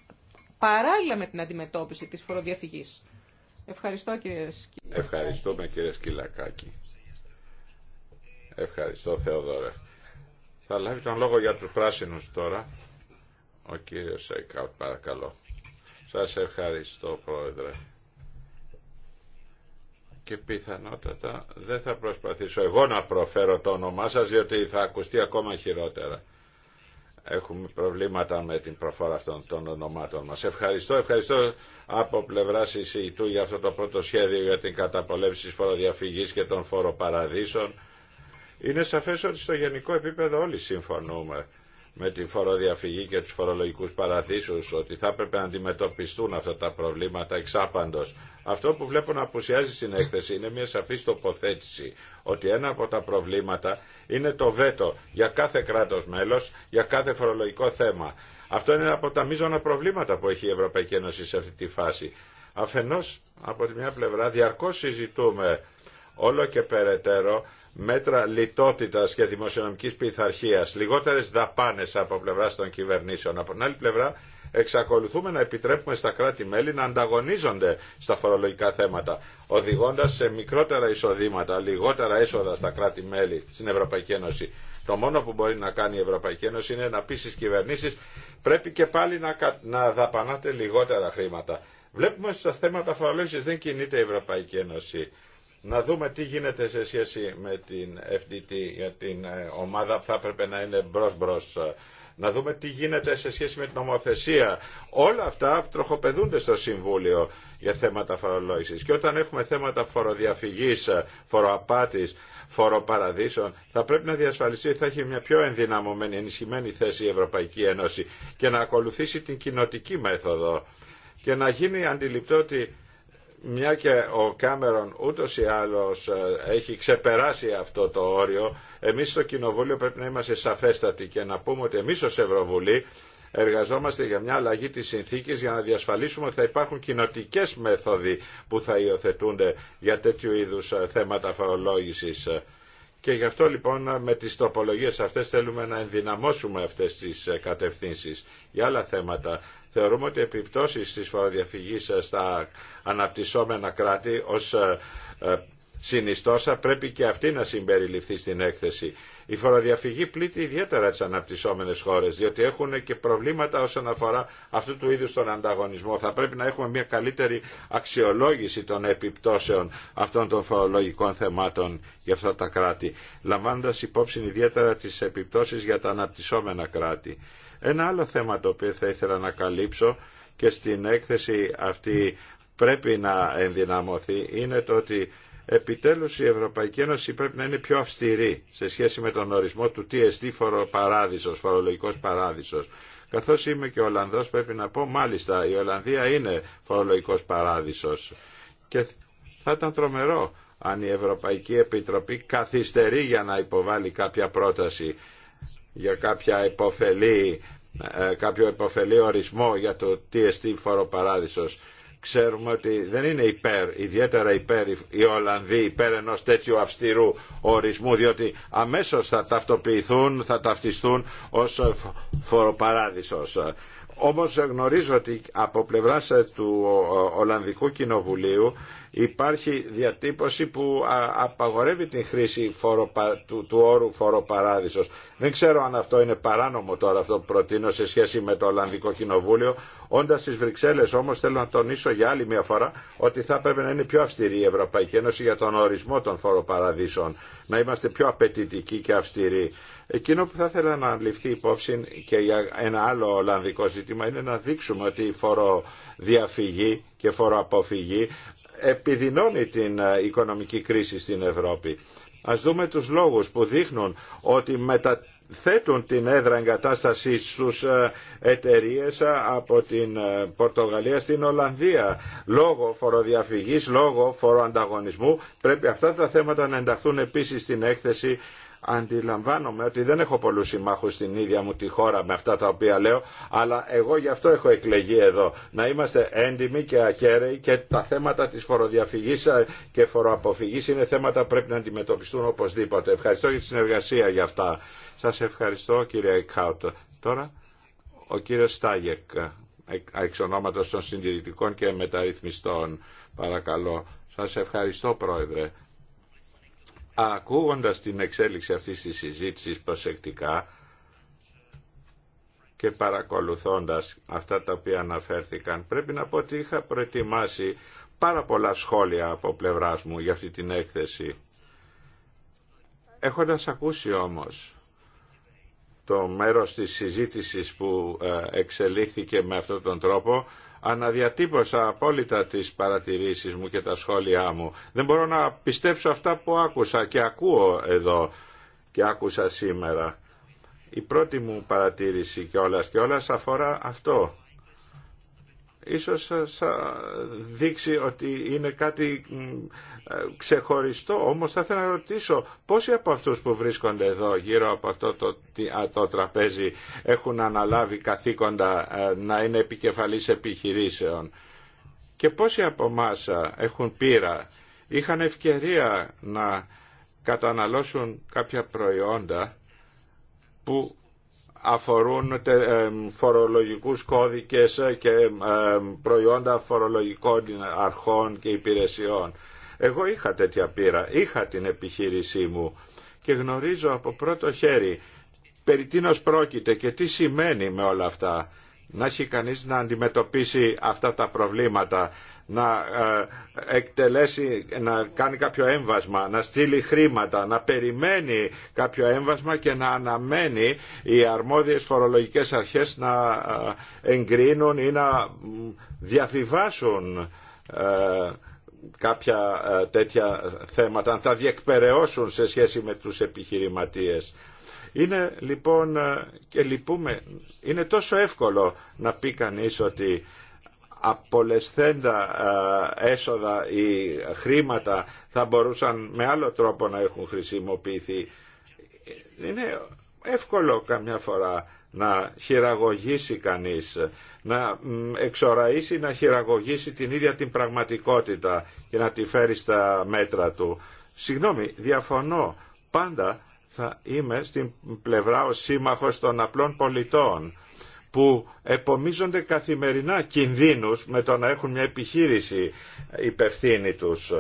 παράλληλα με την αντιμετώπιση της φοροδιαφυγής. Ευχαριστώ κύριε Σκυλακάκη. Ευχαριστούμε κύριε Σκυλακάκη. Ευχαριστώ Θεοδόρα. Θα λάβει τον λόγο για τους πράσινους τώρα. Ο κύριος Σέικαουτ, παρακαλώ. Σας ευχαριστώ, Πρόεδρε. Και πιθανότατα δεν θα προσπαθήσω εγώ να προφέρω το όνομά σας, διότι θα ακουστεί ακόμα χειρότερα. Έχουμε προβλήματα με την προφορά αυτών των ονομάτων μας. Ευχαριστώ, ευχαριστώ από πλευρά εισηγητού για αυτό το πρώτο σχέδιο για την καταπολέμηση της φοροδιαφυγής και των φοροπαραδείσων είναι σαφέ ότι στο γενικό επίπεδο όλοι συμφωνούμε με την φοροδιαφυγή και τους φορολογικούς παραδείσους ότι θα έπρεπε να αντιμετωπιστούν αυτά τα προβλήματα εξάπαντος. Αυτό που βλέπω να απουσιάζει στην έκθεση είναι μια σαφή τοποθέτηση ότι ένα από τα προβλήματα είναι το βέτο για κάθε κράτος μέλος, για κάθε φορολογικό θέμα. Αυτό είναι ένα από τα μείζωνα προβλήματα που έχει η Ευρωπαϊκή Ένωση σε αυτή τη φάση. Αφενός, από τη μια πλευρά, διαρκώς συζητούμε όλο και περαιτέρω μέτρα λιτότητα και δημοσιονομική πειθαρχία, λιγότερε δαπάνε από πλευρά των κυβερνήσεων. Από την άλλη πλευρά, εξακολουθούμε να επιτρέπουμε στα κράτη-μέλη να ανταγωνίζονται στα φορολογικά θέματα, οδηγώντα σε μικρότερα εισοδήματα, λιγότερα έσοδα στα κράτη-μέλη στην Ευρωπαϊκή Ένωση. Το μόνο που μπορεί να κάνει η Ευρωπαϊκή Ένωση είναι να πει στι κυβερνήσει πρέπει και πάλι να, να δαπανάτε λιγότερα χρήματα. Βλέπουμε στα θέματα φορολόγηση δεν κινείται η Ευρωπαϊκή Ένωση να δούμε τι γίνεται σε σχέση με την FDT για την ε, ομάδα που θα έπρεπε να είναι μπρος-μπρος να δούμε τι γίνεται σε σχέση με την νομοθεσία. Όλα αυτά τροχοπεδούνται στο Συμβούλιο για θέματα φορολόγησης Και όταν έχουμε θέματα φοροδιαφυγής φοροαπάτη, φοροπαραδείσων, θα πρέπει να διασφαλιστεί θα έχει μια πιο ενδυναμωμένη, ενισχυμένη θέση η Ευρωπαϊκή Ένωση και να ακολουθήσει την κοινοτική μέθοδο και να γίνει αντιληπτό ότι μια και ο Κάμερον ούτως ή άλλως ε, έχει ξεπεράσει αυτό το όριο, εμείς στο Κοινοβούλιο πρέπει να είμαστε σαφέστατοι και να πούμε ότι εμείς ως Ευρωβουλή εργαζόμαστε για μια αλλαγή της συνθήκης για να διασφαλίσουμε ότι θα υπάρχουν κοινοτικέ μέθοδοι που θα υιοθετούνται για τέτοιου είδους ε, θέματα φορολόγησης. Και γι' αυτό λοιπόν με τις τοπολογίες αυτές θέλουμε να ενδυναμώσουμε αυτές τις ε, κατευθύνσεις. Για άλλα θέματα θεωρούμε ότι επιπτώσεις της φοροδιαφυγής ε, στα αναπτυσσόμενα κράτη ως ε, συνιστόσα πρέπει και αυτή να συμπεριληφθεί στην έκθεση. Η φοροδιαφυγή πλήττει ιδιαίτερα τι αναπτυσσόμενε χώρε, διότι έχουν και προβλήματα όσον αφορά αυτού του είδου τον ανταγωνισμό. Θα πρέπει να έχουμε μια καλύτερη αξιολόγηση των επιπτώσεων αυτών των φορολογικών θεμάτων για αυτά τα κράτη, λαμβάνοντα υπόψη ιδιαίτερα τι επιπτώσει για τα αναπτυσσόμενα κράτη. Ένα άλλο θέμα το οποίο θα ήθελα να καλύψω και στην έκθεση αυτή πρέπει να ενδυναμωθεί είναι το ότι Επιτέλους η Ευρωπαϊκή Ένωση πρέπει να είναι πιο αυστηρή σε σχέση με τον ορισμό του TSD φοροπαράδεισος, φορολογικός παράδεισος. Καθώς είμαι και Ολλανδός πρέπει να πω μάλιστα η Ολλανδία είναι φορολογικός παράδεισος. Και θα ήταν τρομερό αν η Ευρωπαϊκή Επιτροπή καθυστερεί για να υποβάλει κάποια πρόταση για ε, κάποιο υποφελή ορισμό για το TST φοροπαράδεισος ξέρουμε ότι δεν είναι υπέρ, ιδιαίτερα υπέρ οι Ολλανδοί υπέρ ενός τέτοιου αυστηρού ορισμού διότι αμέσως θα ταυτοποιηθούν, θα ταυτιστούν ως φοροπαράδεισος. Όμως ε, γνωρίζω ότι από πλευράς ε, του ε, Ολλανδικού Κοινοβουλίου υπάρχει διατύπωση που απαγορεύει την χρήση του, του όρου φοροπαράδεισος. Δεν ξέρω αν αυτό είναι παράνομο τώρα αυτό που προτείνω σε σχέση με το Ολλανδικό Κοινοβούλιο. Όντας στις Βρυξέλλες όμως θέλω να τονίσω για άλλη μια φορά ότι θα πρέπει να είναι πιο αυστηρή η Ευρωπαϊκή Ένωση για τον ορισμό των φοροπαραδείσων. Να είμαστε πιο απαιτητικοί και αυστηροί. Εκείνο που θα ήθελα να ληφθεί υπόψη και για ένα άλλο Ολλανδικό ζήτημα είναι να δείξουμε ότι η φοροδιαφυγή και φοροαποφυγή επιδεινώνει την ε, οικονομική κρίση στην Ευρώπη. Ας δούμε τους λόγους που δείχνουν ότι μεταθέτουν την έδρα εγκατάσταση στους ε, εταιρείε ε, από την Πορτογαλία στην Ολλανδία. Λόγω φοροδιαφυγής, λόγω φοροανταγωνισμού πρέπει αυτά τα θέματα να ενταχθούν επίσης στην έκθεση αντιλαμβάνομαι ότι δεν έχω πολλούς συμμάχους στην ίδια μου τη χώρα με αυτά τα οποία λέω, αλλά εγώ γι' αυτό έχω εκλεγεί εδώ. Να είμαστε έντιμοι και ακέραιοι και τα θέματα της φοροδιαφυγής και φοροαποφυγής είναι θέματα που πρέπει να αντιμετωπιστούν οπωσδήποτε. Ευχαριστώ για τη συνεργασία για αυτά. Σας ευχαριστώ κύριε Κάουτ. Τώρα ο κύριος Στάγεκ, εξ των συντηρητικών και μεταρρυθμιστών. Παρακαλώ. Σας ευχαριστώ πρόεδρε. Ακούγοντας την εξέλιξη αυτής της συζήτησης προσεκτικά και παρακολουθώντας αυτά τα οποία αναφέρθηκαν, πρέπει να πω ότι είχα προετοιμάσει πάρα πολλά σχόλια από πλευράς μου για αυτή την έκθεση. Έχοντας ακούσει όμως το μέρος της συζήτησης που ε, εξελίχθηκε με αυτόν τον τρόπο, Αναδιατύπωσα απόλυτα τις παρατηρήσεις μου και τα σχόλιά μου. Δεν μπορώ να πιστέψω αυτά που άκουσα και ακούω εδώ και άκουσα σήμερα. Η πρώτη μου παρατήρηση κιόλας κιόλας αφορά αυτό ίσως σας δείξει ότι είναι κάτι ξεχωριστό. Όμως θα ήθελα να ρωτήσω πόσοι από αυτούς που βρίσκονται εδώ γύρω από αυτό το, τραπέζι έχουν αναλάβει καθήκοντα να είναι επικεφαλής επιχειρήσεων και πόσοι από εμά έχουν πείρα, είχαν ευκαιρία να καταναλώσουν κάποια προϊόντα που αφορούν ε, φορολογικούς κώδικες και ε, προϊόντα φορολογικών αρχών και υπηρεσιών. Εγώ είχα τέτοια πείρα, είχα την επιχείρησή μου και γνωρίζω από πρώτο χέρι περί τίνος πρόκειται και τι σημαίνει με όλα αυτά να έχει κανείς να αντιμετωπίσει αυτά τα προβλήματα να ε, εκτελέσει, να κάνει κάποιο έμβασμα, να στείλει χρήματα, να περιμένει κάποιο έμβασμα και να αναμένει οι αρμόδιες φορολογικές αρχές να ε, εγκρίνουν ή να διαφυβάσουν ε, κάποια τέτοια θέματα, να θα διεκπαιρεώσουν σε σχέση με τους επιχειρηματίες. Είναι λοιπόν και λυπούμε, είναι τόσο εύκολο να πει κανείς ότι απολεσθέντα ε, έσοδα ή χρήματα θα μπορούσαν με άλλο τρόπο να έχουν χρησιμοποιηθεί. Είναι εύκολο καμιά φορά να χειραγωγήσει κανείς, να εξοραίσει, να χειραγωγήσει την ίδια την πραγματικότητα και να τη φέρει στα μέτρα του. Συγγνώμη, διαφωνώ. Πάντα θα είμαι στην πλευρά ο σύμμαχος των απλών πολιτών που επομίζονται καθημερινά κινδύνους με το να έχουν μια επιχείρηση υπευθύνη τους.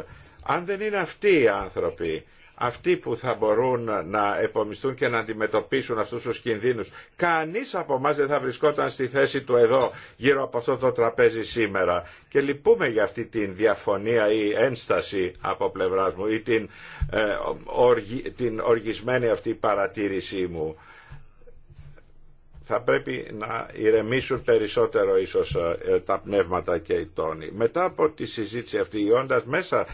Αν δεν είναι αυτοί οι άνθρωποι αυτοί που θα μπορούν να επομιστούν και να αντιμετωπίσουν αυτούς τους κινδύνους. Κανείς από εμά δεν θα βρισκόταν στη θέση του εδώ, γύρω από αυτό το τραπέζι σήμερα. Και λυπούμε για αυτή την διαφωνία ή ένσταση από πλευράς μου ή την, ε, την οργισμένη αυτή παρατήρησή μου θα πρέπει να ηρεμήσουν περισσότερο ίσως ε, τα πνεύματα και οι τόνοι. Μετά από τη συζήτηση αυτή, όντας μέσα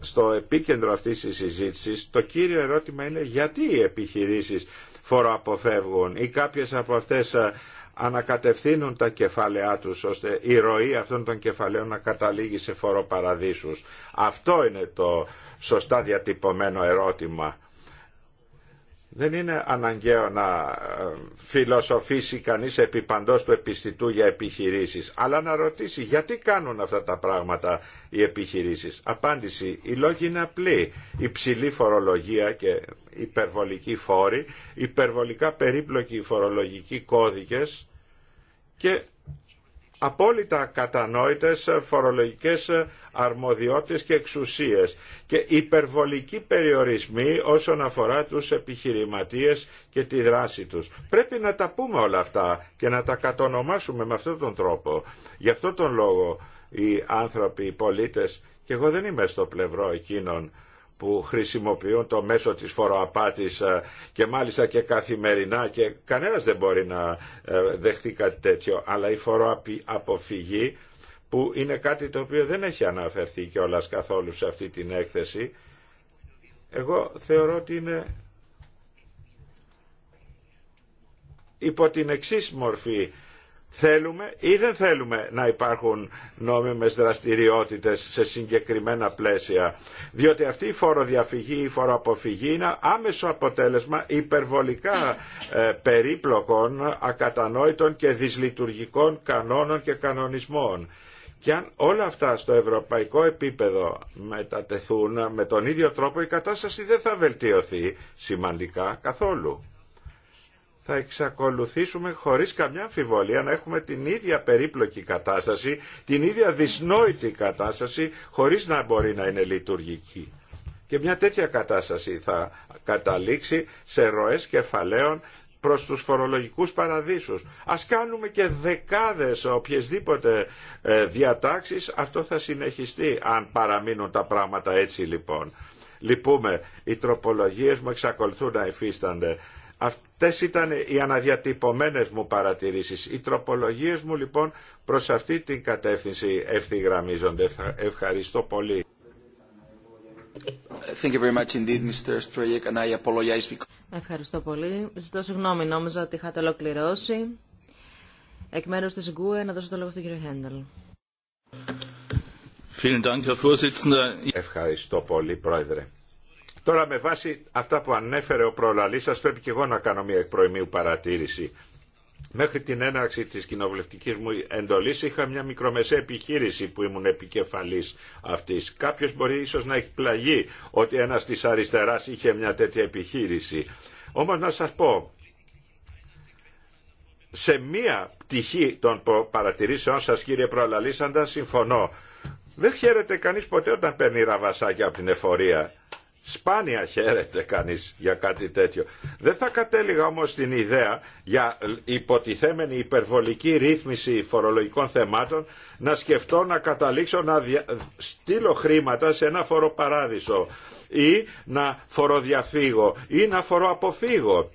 στο επίκεντρο αυτής της συζήτησης, το κύριο ερώτημα είναι γιατί οι επιχειρήσεις φοροαποφεύγουν ή κάποιες από αυτές ε, ανακατευθύνουν τα κεφάλαιά τους ώστε η ροή αυτών των κεφαλαίων να καταλήγει σε φοροπαραδείσους. Αυτό είναι το σωστά διατυπωμένο ερώτημα δεν είναι αναγκαίο να ε, φιλοσοφήσει κανείς επί παντός του επιστητού για επιχειρήσεις, αλλά να ρωτήσει γιατί κάνουν αυτά τα πράγματα οι επιχειρήσεις. Απάντηση, η λόγοι είναι απλή. Υψηλή φορολογία και υπερβολική φόρη, υπερβολικά περίπλοκοι φορολογικοί κώδικες και απόλυτα κατανόητες ε, φορολογικές ε, αρμοδιότητες και εξουσίες και υπερβολικοί περιορισμοί όσον αφορά τους επιχειρηματίες και τη δράση τους. Πρέπει να τα πούμε όλα αυτά και να τα κατονομάσουμε με αυτόν τον τρόπο. Γι' αυτόν τον λόγο οι άνθρωποι, οι πολίτες, και εγώ δεν είμαι στο πλευρό εκείνων που χρησιμοποιούν το μέσο της φοροαπάτης ε, και μάλιστα και καθημερινά και κανένας δεν μπορεί να ε, δεχθεί κάτι τέτοιο αλλά η φοροαποφυγή που είναι κάτι το οποίο δεν έχει αναφερθεί κιόλα καθόλου σε αυτή την έκθεση εγώ θεωρώ ότι είναι υπό την εξή μορφή Θέλουμε ή δεν θέλουμε να υπάρχουν νόμιμες δραστηριότητες σε συγκεκριμένα πλαίσια. Διότι αυτή η φοροδιαφυγή ή η φοροαποφυγή είναι άμεσο αποτέλεσμα υπερβολικά ε, περίπλοκων, ακατανόητων και δυσλειτουργικών κανόνων και κανονισμών. Και αν όλα αυτά στο ευρωπαϊκό επίπεδο μετατεθούν με τον ίδιο τρόπο η κατάσταση δεν θα βελτιωθεί σημαντικά καθόλου θα εξακολουθήσουμε χωρίς καμιά αμφιβολία να έχουμε την ίδια περίπλοκη κατάσταση, την ίδια δυσνόητη κατάσταση, χωρίς να μπορεί να είναι λειτουργική. Και μια τέτοια κατάσταση θα καταλήξει σε ροές κεφαλαίων προς τους φορολογικούς παραδείσους. Ας κάνουμε και δεκάδες οποιασδήποτε ε, διατάξεις, αυτό θα συνεχιστεί αν παραμείνουν τα πράγματα έτσι λοιπόν. Λυπούμε, οι τροπολογίες μου εξακολουθούν να υφίστανται Αυτές ήταν οι αναδιατυπωμένες μου παρατηρήσεις. Οι τροπολογίες μου λοιπόν προς αυτή την κατεύθυνση ευθυγραμμίζονται. Ευχαριστώ πολύ. Thank you very much indeed, Mr. and I because... Ευχαριστώ πολύ. Ζητώ συγγνώμη, νόμιζα ότι είχατε ολοκληρώσει. Εκ μέρου τη ΓΚΟΕ να δώσω το λόγο στον κύριο Χέντελ. Ευχαριστώ πολύ, Πρόεδρε. Τώρα με βάση αυτά που ανέφερε ο προλαλής σας πρέπει και εγώ να κάνω μια εκπροημίου παρατήρηση. Μέχρι την έναρξη της κοινοβουλευτική μου εντολής είχα μια μικρομεσαία επιχείρηση που ήμουν επικεφαλής αυτής. Κάποιος μπορεί ίσως να έχει πλαγεί ότι ένας της αριστεράς είχε μια τέτοια επιχείρηση. Όμως να σας πω, σε μία πτυχή των παρατηρήσεών σας κύριε αν συμφωνώ. Δεν χαίρεται κανείς ποτέ όταν παίρνει ραβασάκια από την εφορία. Σπάνια χαίρεται κανείς για κάτι τέτοιο. Δεν θα κατέληγα όμως την ιδέα για υποτιθέμενη υπερβολική ρύθμιση φορολογικών θεμάτων να σκεφτώ να καταλήξω να στείλω χρήματα σε ένα φοροπαράδεισο ή να φοροδιαφύγω ή να φοροαποφύγω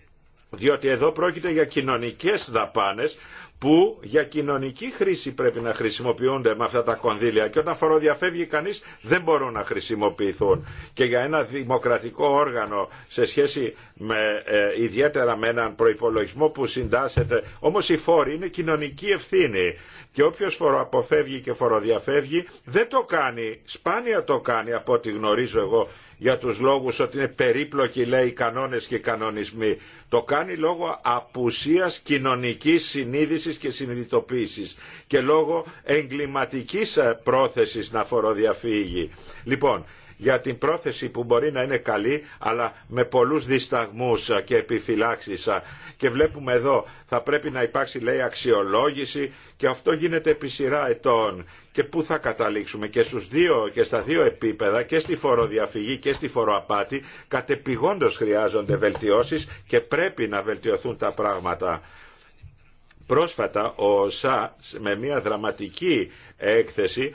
διότι εδώ πρόκειται για κοινωνικές δαπάνες που για κοινωνική χρήση πρέπει να χρησιμοποιούνται με αυτά τα κονδύλια και όταν φοροδιαφεύγει κανείς δεν μπορούν να χρησιμοποιηθούν. Και για ένα δημοκρατικό όργανο σε σχέση με, ε, ιδιαίτερα με έναν προϋπολογισμό που συντάσσεται, όμως οι φόροι είναι κοινωνική ευθύνη και όποιος φοροαποφεύγει και φοροδιαφεύγει δεν το κάνει, σπάνια το κάνει από ό,τι γνωρίζω εγώ για τους λόγους ότι είναι περίπλοκοι λέει οι κανόνες και οι κανονισμοί. Το κάνει λόγω απουσίας κοινωνικής συνείδησης και συνειδητοποίησης και λόγω εγκληματικής ε, πρόθεσης να φοροδιαφύγει. Λοιπόν, για την πρόθεση που μπορεί να είναι καλή αλλά με πολλούς δισταγμούς και επιφυλάξεις. Και βλέπουμε εδώ θα πρέπει να υπάρξει λέει αξιολόγηση και αυτό γίνεται επί σειρά ετών και πού θα καταλήξουμε και, στους δύο, και στα δύο επίπεδα και στη φοροδιαφυγή και στη φοροαπάτη κατεπηγόντως χρειάζονται βελτιώσεις και πρέπει να βελτιωθούν τα πράγματα. Πρόσφατα ο ΣΑ με μια δραματική έκθεση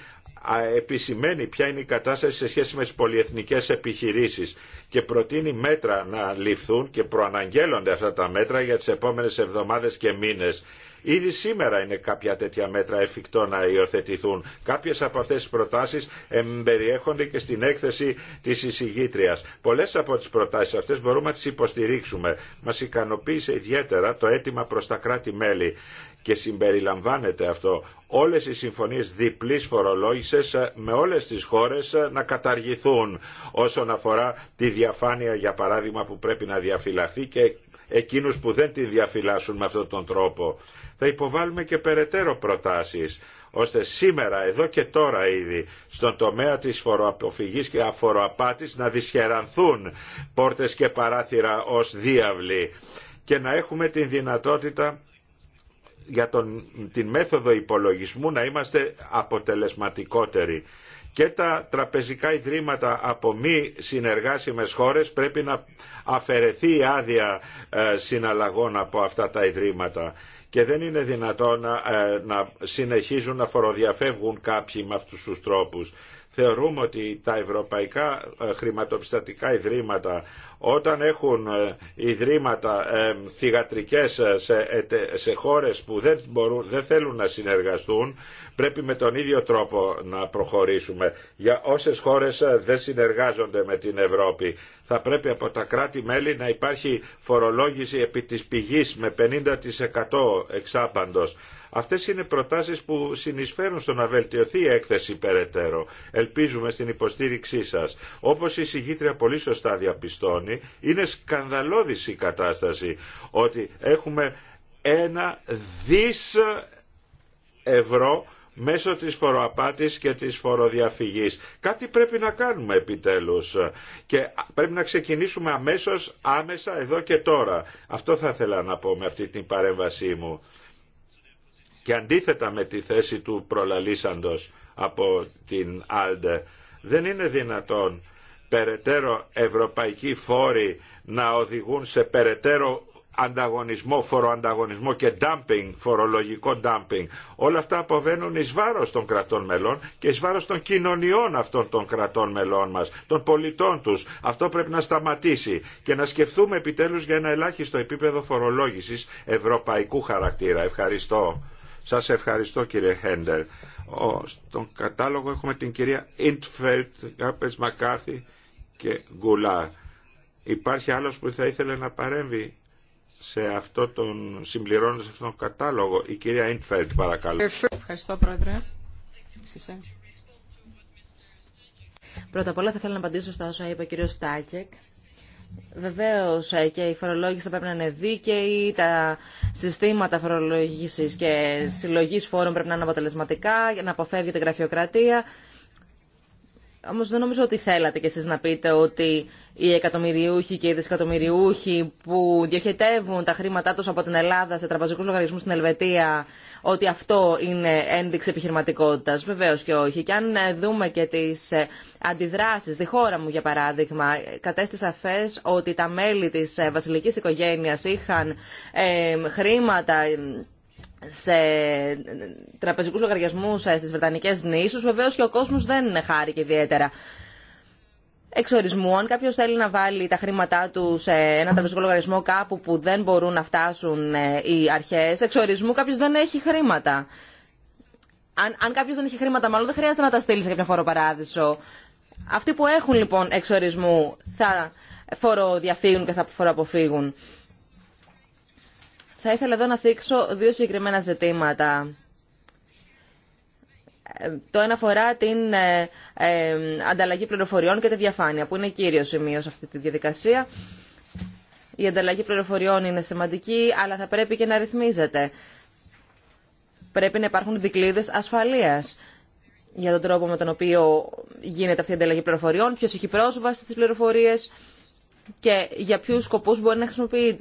επισημαίνει ποια είναι η κατάσταση σε σχέση με τις πολυεθνικές επιχειρήσεις και προτείνει μέτρα να ληφθούν και προαναγγέλλονται αυτά τα μέτρα για τις επόμενες εβδομάδες και μήνες. Ήδη σήμερα είναι κάποια τέτοια μέτρα εφικτό να υιοθετηθούν. Κάποιες από αυτές τις προτάσεις εμπεριέχονται και στην έκθεση της εισηγήτριας. Πολλές από τις προτάσεις αυτές μπορούμε να τις υποστηρίξουμε. Μας ικανοποίησε ιδιαίτερα το αίτημα προς τα κράτη-μέλη και συμπεριλαμβάνεται αυτό όλες οι συμφωνίες διπλής φορολόγησης ε, με όλες τις χώρες ε, να καταργηθούν όσον αφορά τη διαφάνεια για παράδειγμα που πρέπει να διαφυλαχθεί και εκείνους που δεν τη διαφυλάσσουν με αυτόν τον τρόπο. Θα υποβάλουμε και περαιτέρω προτάσεις ώστε σήμερα, εδώ και τώρα ήδη, στον τομέα της φοροαποφυγής και αφοροαπάτης να δυσχερανθούν πόρτες και παράθυρα ως διάβλη και να έχουμε την δυνατότητα για τον, την μέθοδο υπολογισμού να είμαστε αποτελεσματικότεροι. Και τα τραπεζικά ιδρύματα από μη συνεργάσιμες χώρες πρέπει να αφαιρεθεί η άδεια ε, συναλλαγών από αυτά τα ιδρύματα. Και δεν είναι δυνατόν να, ε, να συνεχίζουν να φοροδιαφεύγουν κάποιοι με αυτούς τους τρόπους. Θεωρούμε ότι τα ευρωπαϊκά ε, χρηματοπιστατικά ιδρύματα όταν έχουν ε, ιδρύματα ε, θυγατρικές ε, σε χώρες που δεν, μπορούν, δεν θέλουν να συνεργαστούν πρέπει με τον ίδιο τρόπο να προχωρήσουμε για όσες χώρες δεν συνεργάζονται με την Ευρώπη θα πρέπει από τα κράτη-μέλη να υπάρχει φορολόγηση επί της πηγής με 50% εξάπαντος. Αυτές είναι προτάσεις που συνεισφέρουν στο να βελτιωθεί η έκθεση περαιτέρω. Ελπίζουμε στην υποστήριξή σας. Όπως η συγγήτρια πολύ σωστά διαπιστώνει, είναι σκανδαλώδης η κατάσταση ότι έχουμε ένα δις ευρώ μέσω της φοροαπάτης και της φοροδιαφυγής. Κάτι πρέπει να κάνουμε επιτέλους και πρέπει να ξεκινήσουμε αμέσως, άμεσα, εδώ και τώρα. Αυτό θα ήθελα να πω με αυτή την παρέμβασή μου. Και αντίθετα με τη θέση του προλαλήσαντος από την Άλντε, δεν είναι δυνατόν περαιτέρω ευρωπαϊκοί φόροι να οδηγούν σε περαιτέρω ανταγωνισμό, φοροανταγωνισμό και dumping, φορολογικό dumping. Όλα αυτά αποβαίνουν εις βάρος των κρατών μελών και εις βάρος των κοινωνιών αυτών των κρατών μελών μας, των πολιτών τους. Αυτό πρέπει να σταματήσει και να σκεφτούμε επιτέλους για ένα ελάχιστο επίπεδο φορολόγησης ευρωπαϊκού χαρακτήρα. Ευχαριστώ. Σας ευχαριστώ κύριε Χέντερ. Στον κατάλογο έχουμε την κυρία Ιντφελτ, Γκάπες Μακάρθη και Γκουλάρ. Υπάρχει άλλος που θα ήθελε να παρέμβει σε αυτό τον συμπληρώνω σε αυτόν τον κατάλογο. Η κυρία Ιντφέλτ παρακαλώ. Ευχαριστώ πρόεδρε. Ε. Πρώτα απ' όλα θα ήθελα να απαντήσω στα όσα είπε ο κύριος Στάκεκ. Βεβαίω ε, και οι φορολόγηση θα πρέπει να είναι δίκαιοι, τα συστήματα φορολόγηση και συλλογή φόρων πρέπει να είναι αποτελεσματικά, να αποφεύγεται γραφειοκρατία. Όμω δεν νομίζω ότι θέλατε κι εσεί να πείτε ότι οι εκατομμυριούχοι και οι δισεκατομμυριούχοι που διοχετεύουν τα χρήματά του από την Ελλάδα σε τραπεζικούς λογαριασμούς στην Ελβετία, ότι αυτό είναι ένδειξη επιχειρηματικότητας. Βεβαίως και όχι. Και αν ε, δούμε και τις ε, αντιδράσεις, στη χώρα μου για παράδειγμα, κατέστη σαφέ ότι τα μέλη τη ε, βασιλική οικογένεια είχαν χρήματα σε τραπεζικούς λογαριασμούς στις Βρετανικές νήσους, βεβαίως και ο κόσμος δεν και ιδιαίτερα. Εξορισμού, αν κάποιο θέλει να βάλει τα χρήματά του σε ένα τραπεζικό λογαριασμό κάπου που δεν μπορούν να φτάσουν ε, οι αρχέ, εξορισμού κάποιο δεν έχει χρήματα. Αν, αν κάποιο δεν έχει χρήματα, μάλλον δεν χρειάζεται να τα στείλει σε κάποιο φοροπαράδεισο. Αυτοί που έχουν λοιπόν εξορισμού θα φοροδιαφύγουν και θα φοροαποφύγουν. Θα ήθελα εδώ να θίξω δύο συγκεκριμένα ζητήματα. Ε, το ένα αφορά την ε, ε, ανταλλαγή πληροφοριών και τη διαφάνεια, που είναι κύριο σημείο σε αυτή τη διαδικασία. Η ανταλλαγή πληροφοριών είναι σημαντική, αλλά θα πρέπει και να ρυθμίζεται. Πρέπει να υπάρχουν δικλείδες ασφαλείας για τον τρόπο με τον οποίο γίνεται αυτή η ανταλλαγή πληροφοριών, ποιος έχει πρόσβαση στις πληροφορίες και για ποιου σκοπού μπορεί να,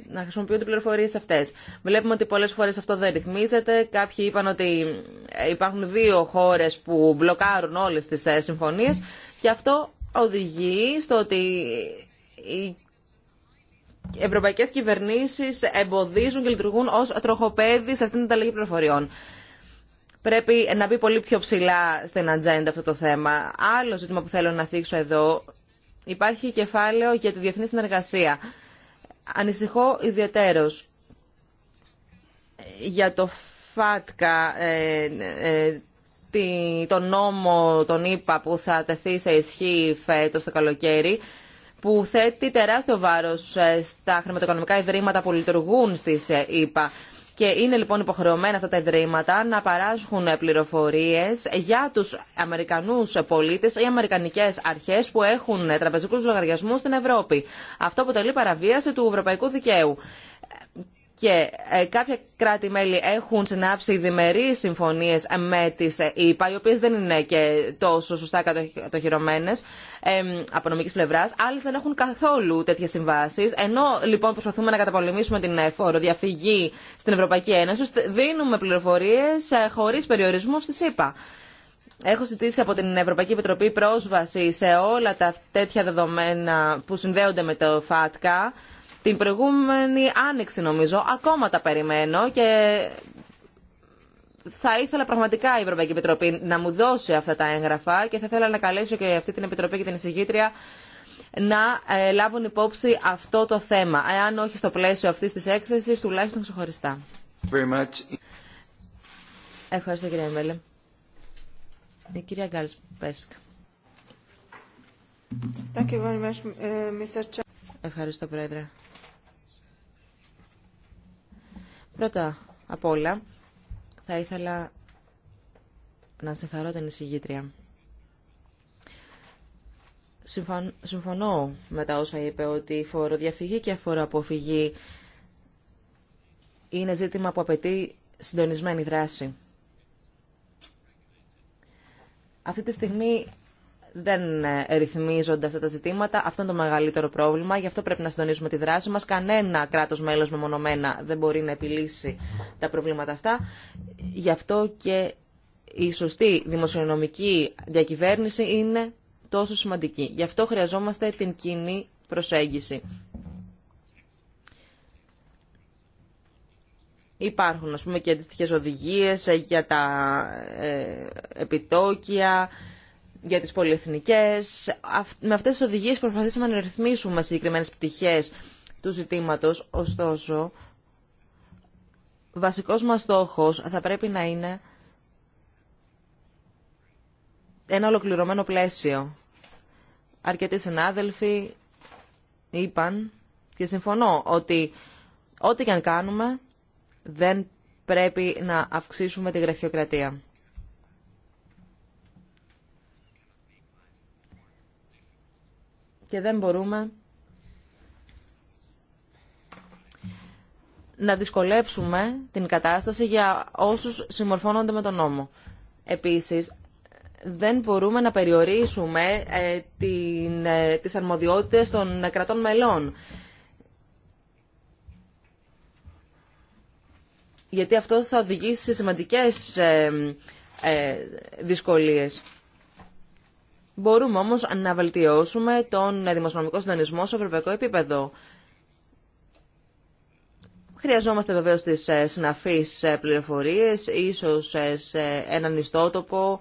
να χρησιμοποιούνται οι πληροφορίε αυτέ. Βλέπουμε ότι πολλέ φορέ αυτό δεν ρυθμίζεται. Κάποιοι είπαν ότι ε, υπάρχουν δύο χώρε που μπλοκάρουν όλε τι ε, συμφωνίε και αυτό οδηγεί στο ότι οι ευρωπαϊκέ κυβερνήσει εμποδίζουν και λειτουργούν ω τροχοπέδι σε αυτήν την ανταλλαγή πληροφοριών. Πρέπει να μπει πολύ πιο ψηλά στην ατζέντα αυτό το θέμα. Άλλο ζήτημα που θέλω να θίξω εδώ Υπάρχει κεφάλαιο για τη διεθνή συνεργασία. Ανησυχώ ιδιαίτερω για το ΦΑΤΚΑ, ε, ε τον νόμο, τον ΙΠΑ που θα τεθεί σε ισχύ φέτος το καλοκαίρι, που θέτει τεράστιο βάρος ε, στα χρηματοοικονομικά ιδρύματα που λειτουργούν στις ε, ΙΠΑ. Και είναι λοιπόν υποχρεωμένα αυτά τα ιδρύματα να παράσχουν πληροφορίε για του Αμερικανού πολίτε ή Αμερικανικέ αρχέ που έχουν τραπεζικού λογαριασμού στην Ευρώπη. Αυτό αποτελεί παραβίαση του ευρωπαϊκού δικαίου. Και ε, κάποια κράτη-μέλη έχουν συνάψει διμερείς συμφωνίες ε, με τις ΕΥΠΑ, οι οποίες δεν είναι και τόσο σωστά κατοχυρωμένες από νομικής πλευράς. Άλλοι δεν έχουν καθόλου τέτοιες συμβάσεις. Ενώ λοιπόν προσπαθούμε να καταπολεμήσουμε την φόρο διαφυγή στην Ευρωπαϊκή Ένωση, δίνουμε πληροφορίες ε, χωρίς περιορισμού στις ΕΥΠΑ. Έχω ζητήσει από την Ευρωπαϊκή Επιτροπή πρόσβαση σε όλα τα τέτοια δεδομένα που συνδέονται με το ΦΑΤΚΑ την προηγούμενη άνοιξη νομίζω, ακόμα τα περιμένω και θα ήθελα πραγματικά η Ευρωπαϊκή Επιτροπή να μου δώσει αυτά τα έγγραφα και θα ήθελα να καλέσω και αυτή την Επιτροπή και την εισηγήτρια να ε, λάβουν υπόψη αυτό το θέμα. Εάν όχι στο πλαίσιο αυτής της έκθεσης, τουλάχιστον ξεχωριστά. Very much. Ευχαριστώ κυρία Μέλε. Η κυρία Γκάλς Πέσκ. Ε, Ευχαριστώ πρόεδρε. Πρώτα απ' όλα, θα ήθελα να συγχαρώ την εισηγήτρια. Συμφωνώ με τα όσα είπε ότι η φοροδιαφυγή και η φοροαποφυγή είναι ζήτημα που απαιτεί συντονισμένη δράση. Αυτή τη στιγμή δεν ε, ρυθμίζονται αυτά τα ζητήματα. Αυτό είναι το μεγαλύτερο πρόβλημα. Γι' αυτό πρέπει να συντονίσουμε τη δράση μα. Κανένα κράτο μέλο μεμονωμένα δεν μπορεί να επιλύσει τα προβλήματα αυτά. Γι' αυτό και η σωστή δημοσιονομική διακυβέρνηση είναι τόσο σημαντική. Γι' αυτό χρειαζόμαστε την κοινή προσέγγιση. Υπάρχουν, ας πούμε, και αντιστοιχές οδηγίες ε, για τα ε, επιτόκια, για τις πολυεθνικές. Με αυτές τις οδηγίες προσπαθήσαμε να ρυθμίσουμε συγκεκριμένες πτυχές του ζητήματος. Ωστόσο, βασικός μας στόχος θα πρέπει να είναι ένα ολοκληρωμένο πλαίσιο. Αρκετοί συνάδελφοι είπαν και συμφωνώ ότι ό,τι και αν κάνουμε δεν πρέπει να αυξήσουμε τη γραφειοκρατία. και δεν μπορούμε να δυσκολέψουμε την κατάσταση για όσους συμμορφώνονται με τον νόμο. Επίσης, δεν μπορούμε να περιορίσουμε ε, την, ε, τις αρμοδιότητες των κρατών μελών. Γιατί αυτό θα οδηγήσει σε σημαντικές ε, δυσκολίες. Μπορούμε όμως να βελτιώσουμε τον δημοσιονομικό συντονισμό σε ευρωπαϊκό επίπεδο. Χρειαζόμαστε βεβαίως τις ε, συναφείς ε, πληροφορίες, ίσως ε, σε έναν ιστότοπο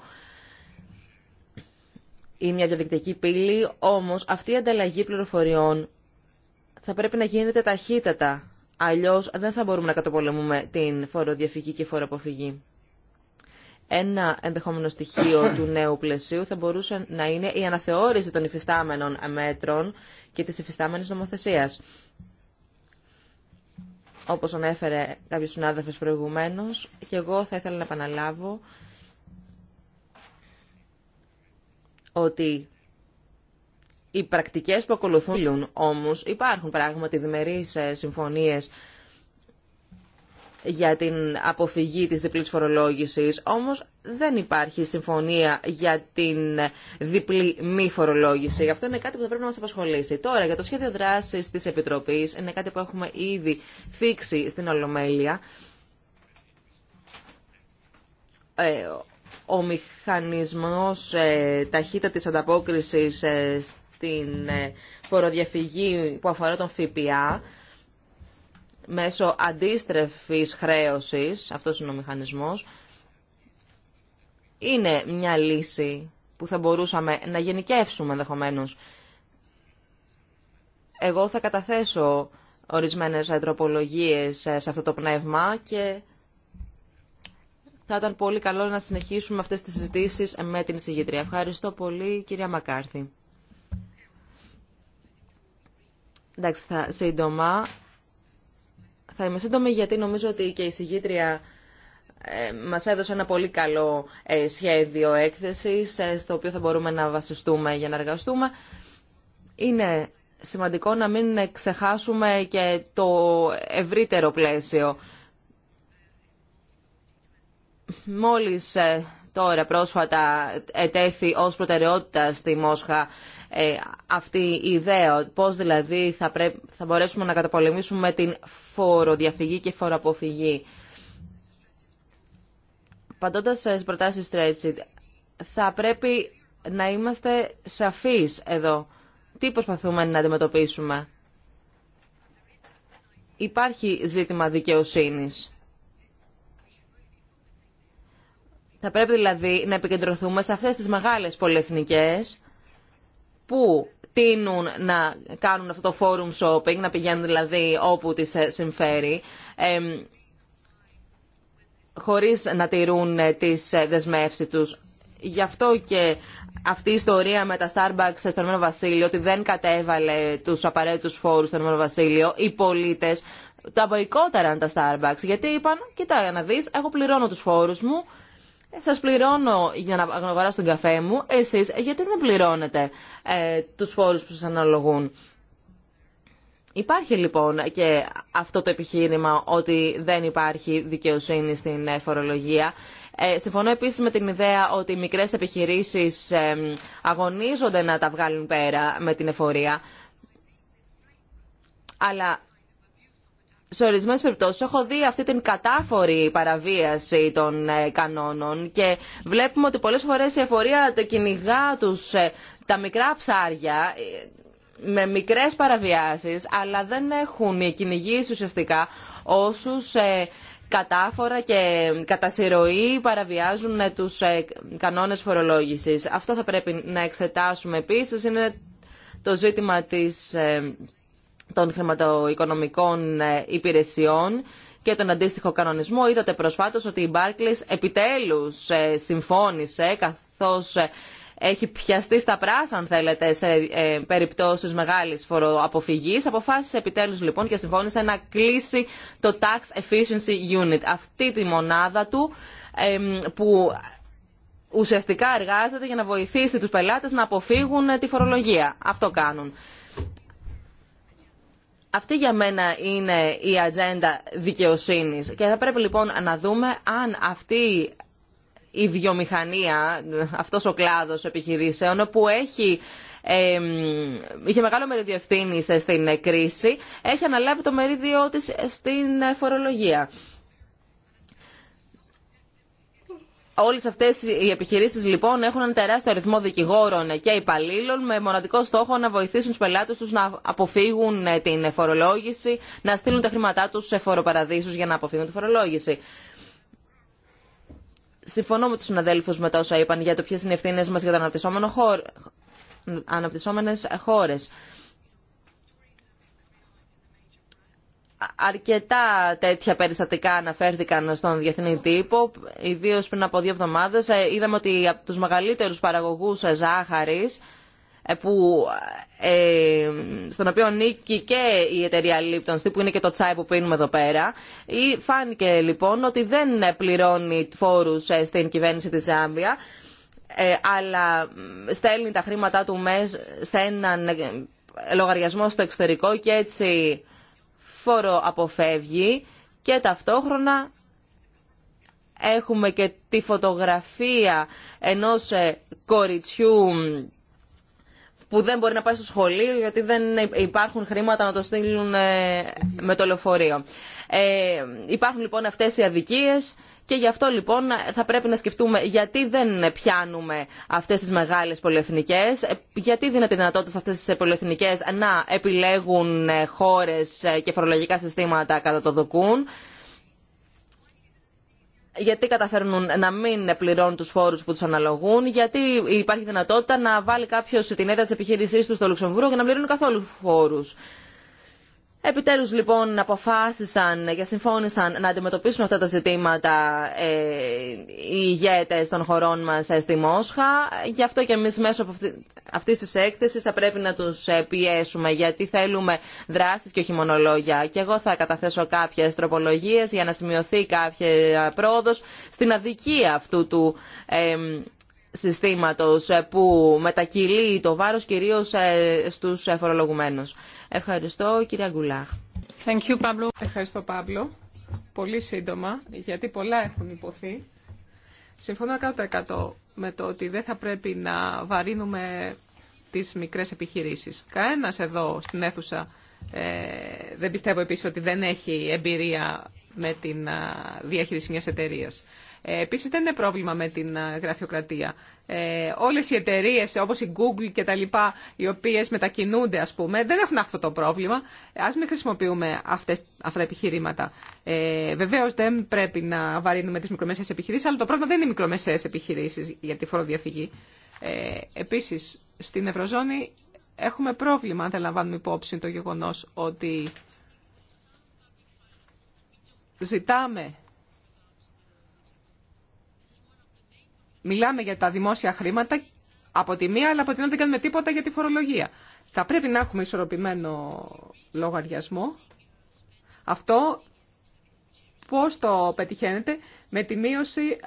ή μια διαδικτυακή πύλη, όμως αυτή η ανταλλαγή πληροφοριών θα πρέπει να γίνεται ταχύτατα. Αλλιώς δεν θα μπορούμε να καταπολεμούμε την φοροδιαφυγή και φοροαποφυγή. Ένα ενδεχόμενο στοιχείο του νέου πλαισίου θα μπορούσε να είναι η αναθεώρηση των υφιστάμενων μέτρων και της υφιστάμενης νομοθεσίας. Όπως ανέφερε κάποιος συνάδελφος προηγουμένως, και εγώ θα ήθελα να επαναλάβω ότι οι πρακτικές που ακολουθούν όμως υπάρχουν πράγματι διμερείς ε, συμφωνίες για την αποφυγή της διπλής φορολόγησης, όμως δεν υπάρχει συμφωνία για την διπλή μη φορολόγηση. αυτό είναι κάτι που θα πρέπει να μας απασχολήσει. Τώρα, για το σχέδιο δράσης της Επιτροπής, είναι κάτι που έχουμε ήδη θίξει στην Ολομέλεια. Ε, ο μηχανισμός ε, ταχύτατης ανταπόκρισης ε, στην φοροδιαφυγή που αφορά τον ΦΠΑ μέσω αντίστρεφης χρέωσης, αυτός είναι ο μηχανισμός, είναι μια λύση που θα μπορούσαμε να γενικεύσουμε ενδεχομένω. Εγώ θα καταθέσω ορισμένες αντροπολογίες σε αυτό το πνεύμα και θα ήταν πολύ καλό να συνεχίσουμε αυτές τις συζητήσεις με την συγγετρία. Ευχαριστώ πολύ κυρία Μακάρθη. Εντάξει, θα, σύντομα θα είμαι σύντομη γιατί νομίζω ότι και η συγγήτρια ε, μας έδωσε ένα πολύ καλό ε, σχέδιο έκθεσης ε, στο οποίο θα μπορούμε να βασιστούμε για να εργαστούμε. Είναι σημαντικό να μην ξεχάσουμε και το ευρύτερο πλαίσιο. Μόλις τώρα πρόσφατα ετέθη ως προτεραιότητα στη Μόσχα ε, αυτή η ιδέα, πώς δηλαδή θα, θα μπορέσουμε να καταπολεμήσουμε την φοροδιαφυγή και φοροαποφυγή. Παντώντας στις προτάσεις Stretchit, θα πρέπει να είμαστε σαφείς εδώ. Τι προσπαθούμε να αντιμετωπίσουμε. Υπάρχει ζήτημα δικαιοσύνης. Θα πρέπει δηλαδή να επικεντρωθούμε σε αυτές τις μεγάλες πολυεθνικές που τείνουν να κάνουν αυτό το forum shopping, να πηγαίνουν δηλαδή όπου τις ε, συμφέρει, χωρίς να τηρούν ε, τις ε, δεσμεύσεις τους. Γι' αυτό και αυτή η ιστορία με τα Starbucks στον Ηνωμένο Βασίλειο, ότι δεν κατέβαλε τους απαραίτητους φόρους στον Ηνωμένο Βασίλειο, οι πολίτες τα μποϊκόταραν τα Starbucks, γιατί είπαν, κοιτά να δεις, εγώ πληρώνω τους φόρους μου, ε, σα πληρώνω για να αγοράσω τον καφέ μου, εσείς γιατί δεν πληρώνετε ε, τους φόρους που σα αναλογούν. Υπάρχει λοιπόν και αυτό το επιχείρημα ότι δεν υπάρχει δικαιοσύνη στην ε, φορολογία. Ε, συμφωνώ επίσης με την ιδέα ότι οι μικρές επιχειρήσεις ε, αγωνίζονται να τα βγάλουν πέρα με την εφορία. Αλλά σε ορισμένε περιπτώσει έχω δει αυτή την κατάφορη παραβίαση των ε, κανόνων και βλέπουμε ότι πολλέ φορέ η εφορία κυνηγά του ε, τα μικρά ψάρια ε, με μικρές παραβιάσεις, αλλά δεν έχουν κυνηγήσει ουσιαστικά όσου κατάφορα και κατά συρροή παραβιάζουν τους κανόνες φορολόγησης. Αυτό θα πρέπει να εξετάσουμε επίσης. Είναι το ζήτημα της των χρηματοοικονομικών ε, υπηρεσιών και τον αντίστοιχο κανονισμό. Είδατε προσφάτως ότι η Barclays επιτέλους ε, συμφώνησε καθώς ε, έχει πιαστεί στα πράσα, αν θέλετε, σε περιπτώσεις μεγάλης φοροαποφυγής. Αποφάσισε επιτέλους λοιπόν και συμφώνησε να κλείσει το Tax Efficiency Unit, αυτή τη μονάδα του που ουσιαστικά εργάζεται για να βοηθήσει τους πελάτε να αποφύγουν τη φορολογία. Αυτό κάνουν. Αυτή για μένα είναι η ατζέντα δικαιοσύνης και θα πρέπει λοιπόν να δούμε αν αυτή η βιομηχανία, αυτός ο κλάδος επιχειρήσεων που έχει ε, είχε μεγάλο μερίδιο ευθύνη στην κρίση, έχει αναλάβει το μερίδιο της στην φορολογία. Όλε αυτές οι επιχειρήσεις λοιπόν έχουν ένα τεράστιο αριθμό δικηγόρων και υπαλλήλων με μοναδικό στόχο να βοηθήσουν του πελάτε τους να αποφύγουν ε, την φορολόγηση, να στείλουν τα χρήματά τους σε φοροπαραδείσους για να αποφύγουν τη φορολόγηση. Συμφωνώ με του συναδέλφου με τα όσα είπαν για το ποιε είναι οι ευθύνε μα για τα αναπτυσσόμενε χώρε. αρκετά τέτοια περιστατικά αναφέρθηκαν στον διεθνή τύπο. Ιδίω πριν από δύο εβδομάδε ε, είδαμε ότι από του μεγαλύτερου παραγωγού ζάχαρη, ε, που, ε, στον οποίο νίκη και η εταιρεία Lipton, που είναι και το τσάι που πίνουμε εδώ πέρα, φάνηκε λοιπόν ότι δεν πληρώνει φόρου ε, στην κυβέρνηση τη Ζάμπια. αλλά στέλνει τα χρήματά του σε έναν λογαριασμό στο εξωτερικό και έτσι φόρο αποφεύγει και ταυτόχρονα έχουμε και τη φωτογραφία ενός ε, κοριτσιού που δεν μπορεί να πάει στο σχολείο γιατί δεν ε, υπάρχουν χρήματα να το στείλουν ε, με το λεωφορείο. Ε, υπάρχουν λοιπόν αυτές οι αδικίες και γι' αυτό λοιπόν θα πρέπει να σκεφτούμε γιατί δεν πιάνουμε αυτές τις μεγάλες πολυεθνικές, γιατί δίνεται δυνατότητα σε αυτές τι πολυεθνικές να επιλέγουν ε, χώρες ε, και φορολογικά συστήματα κατά το δοκούν, γιατί καταφέρνουν να μην πληρώνουν τους φόρους που τους αναλογούν, γιατί υπάρχει δυνατότητα να βάλει κάποιο την έδρα τη επιχείρησή του στο Λουξεμβούργο για να πληρώνουν καθόλου φόρους. Επιτέλους λοιπόν αποφάσισαν και συμφώνησαν να αντιμετωπίσουν αυτά τα ζητήματα ε, οι ηγέτες των χωρών μας ε, στη Μόσχα. Γι' αυτό και εμείς μέσω αυτής της έκθεσης θα πρέπει να τους ε, πιέσουμε γιατί θέλουμε δράσεις και όχι μονολόγια. Και εγώ θα καταθέσω κάποιες τροπολογίες για να σημειωθεί κάποια πρόοδος στην αδικία αυτού του συστήματος ε, που μετακυλεί το βάρος κυρίως ε, στους ε, φορολογουμένους. Ευχαριστώ κυρία Γκουλάχ. Thank you, Pablo. Ευχαριστώ Παύλο. Πολύ σύντομα, γιατί πολλά έχουν υποθεί. Συμφωνώ 100% με το ότι δεν θα πρέπει να βαρύνουμε τις μικρές επιχειρήσεις. Κανένας εδώ στην αίθουσα δεν πιστεύω επίσης ότι δεν έχει εμπειρία με την διαχείριση μιας εταιρείας. Ε, επίσης δεν είναι πρόβλημα με την ε, γραφειοκρατία. Ε, όλες οι εταιρείε, όπως η Google και τα λοιπά, οι οποίες μετακινούνται ας πούμε, δεν έχουν αυτό το πρόβλημα. Ας μην χρησιμοποιούμε αυτές, αυτά τα επιχειρήματα. Ε, βεβαίως δεν πρέπει να βαρύνουμε τις μικρομεσαίες επιχειρήσεις, αλλά το πρόβλημα δεν είναι οι μικρομεσαίες επιχειρήσεις για τη φοροδιαφυγή. Ε, επίσης, στην Ευρωζώνη έχουμε πρόβλημα, αν δεν λαμβάνουμε υπόψη το γεγονός ότι ζητάμε μιλάμε για τα δημόσια χρήματα από τη μία, αλλά από την άλλη δεν κάνουμε τίποτα για τη φορολογία. Θα πρέπει να έχουμε ισορροπημένο λογαριασμό. Αυτό πώς το πετυχαίνεται με τη μείωση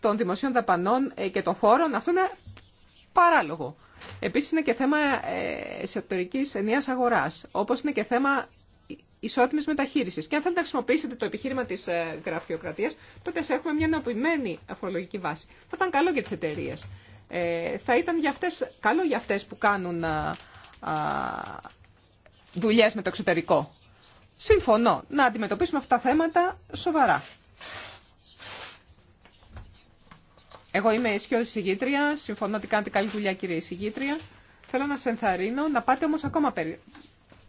των δημοσίων δαπανών ε, και των φόρων. Αυτό είναι παράλογο. Επίσης είναι και θέμα ε, εσωτερικής ενίας αγοράς, όπως είναι και θέμα ισότιμης μεταχείρισης. Και αν θέλετε να χρησιμοποιήσετε το επιχείρημα της ε, γραφειοκρατίας, τότε θα έχουμε μια νοοποιημένη αφορολογική βάση. Θα ήταν καλό για τις εταιρείε. Ε, θα ήταν για αυτές, καλό για αυτές που κάνουν ε, α, δουλειές με το εξωτερικό. Συμφωνώ να αντιμετωπίσουμε αυτά τα θέματα σοβαρά. Εγώ είμαι ισχυρή εισηγήτρια. Συμφωνώ ότι κάνετε καλή δουλειά, κύριε εισηγήτρια. Θέλω να σε ενθαρρύνω να πάτε όμω ακόμα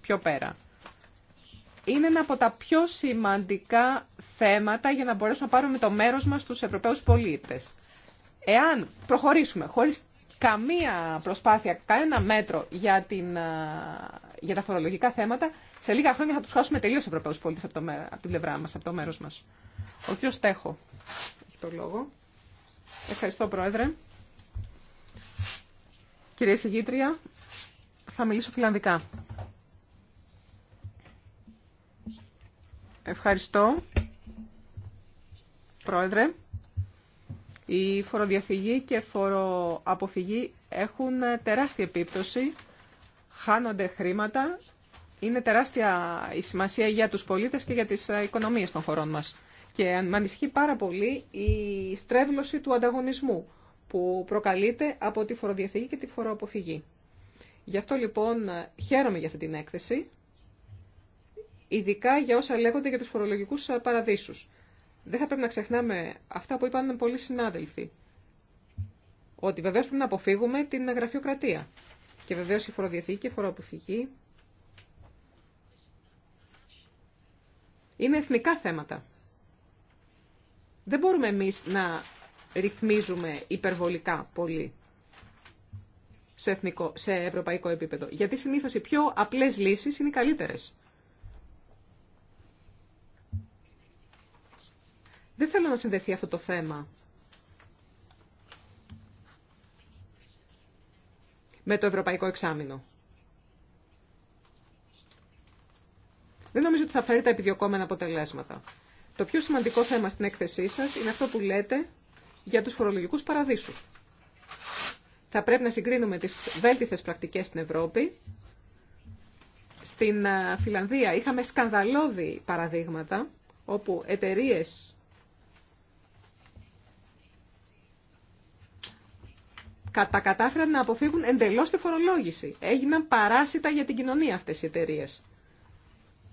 πιο πέρα είναι ένα από τα πιο σημαντικά θέματα για να μπορέσουμε να πάρουμε το μέρος μας στους Ευρωπαίους πολίτες. Εάν προχωρήσουμε χωρίς καμία προσπάθεια, κανένα μέτρο για, την, για τα φορολογικά θέματα, σε λίγα χρόνια θα τους χάσουμε τελείως Ευρωπαίους πολίτες από, το, από την πλευρά μας, από το μέρος μας. Ο κ. Στέχο έχει το λόγο. Ευχαριστώ, Πρόεδρε. Κυρία Συγήτρια, θα μιλήσω φιλανδικά. Ευχαριστώ, Πρόεδρε. Η φοροδιαφυγή και φοροαποφυγή έχουν τεράστια επίπτωση, χάνονται χρήματα, είναι τεράστια η σημασία για τους πολίτες και για τις οικονομίες των χωρών μας. Και με ανησυχεί πάρα πολύ η στρέβλωση του ανταγωνισμού που προκαλείται από τη φοροδιαφυγή και τη φοροαποφυγή. Γι' αυτό λοιπόν χαίρομαι για αυτή την έκθεση ειδικά για όσα λέγονται για τους φορολογικούς παραδείσους. Δεν θα πρέπει να ξεχνάμε αυτά που είπαν πολλοί συνάδελφοι. Ότι βεβαίως πρέπει να αποφύγουμε την γραφειοκρατία. Και βεβαίως η φοροδιαθήκη και η φοροαποφυγή είναι εθνικά θέματα. Δεν μπορούμε εμείς να ρυθμίζουμε υπερβολικά πολύ σε, εθνικό, σε ευρωπαϊκό επίπεδο. Γιατί συνήθως οι πιο απλές λύσεις είναι οι καλύτερες. Δεν θέλω να συνδεθεί αυτό το θέμα με το ευρωπαϊκό εξάμεινο. Δεν νομίζω ότι θα φέρει τα επιδιωκόμενα αποτελέσματα. Το πιο σημαντικό θέμα στην έκθεσή σας είναι αυτό που λέτε για τους φορολογικούς παραδείσους. Θα πρέπει να συγκρίνουμε τις βέλτιστες πρακτικές στην Ευρώπη. Στην ε, Φιλανδία είχαμε σκανδαλώδη παραδείγματα, όπου εταιρείε τα κατάφεραν να αποφύγουν εντελώς τη φορολόγηση. Έγιναν παράσιτα για την κοινωνία αυτές οι εταιρείε.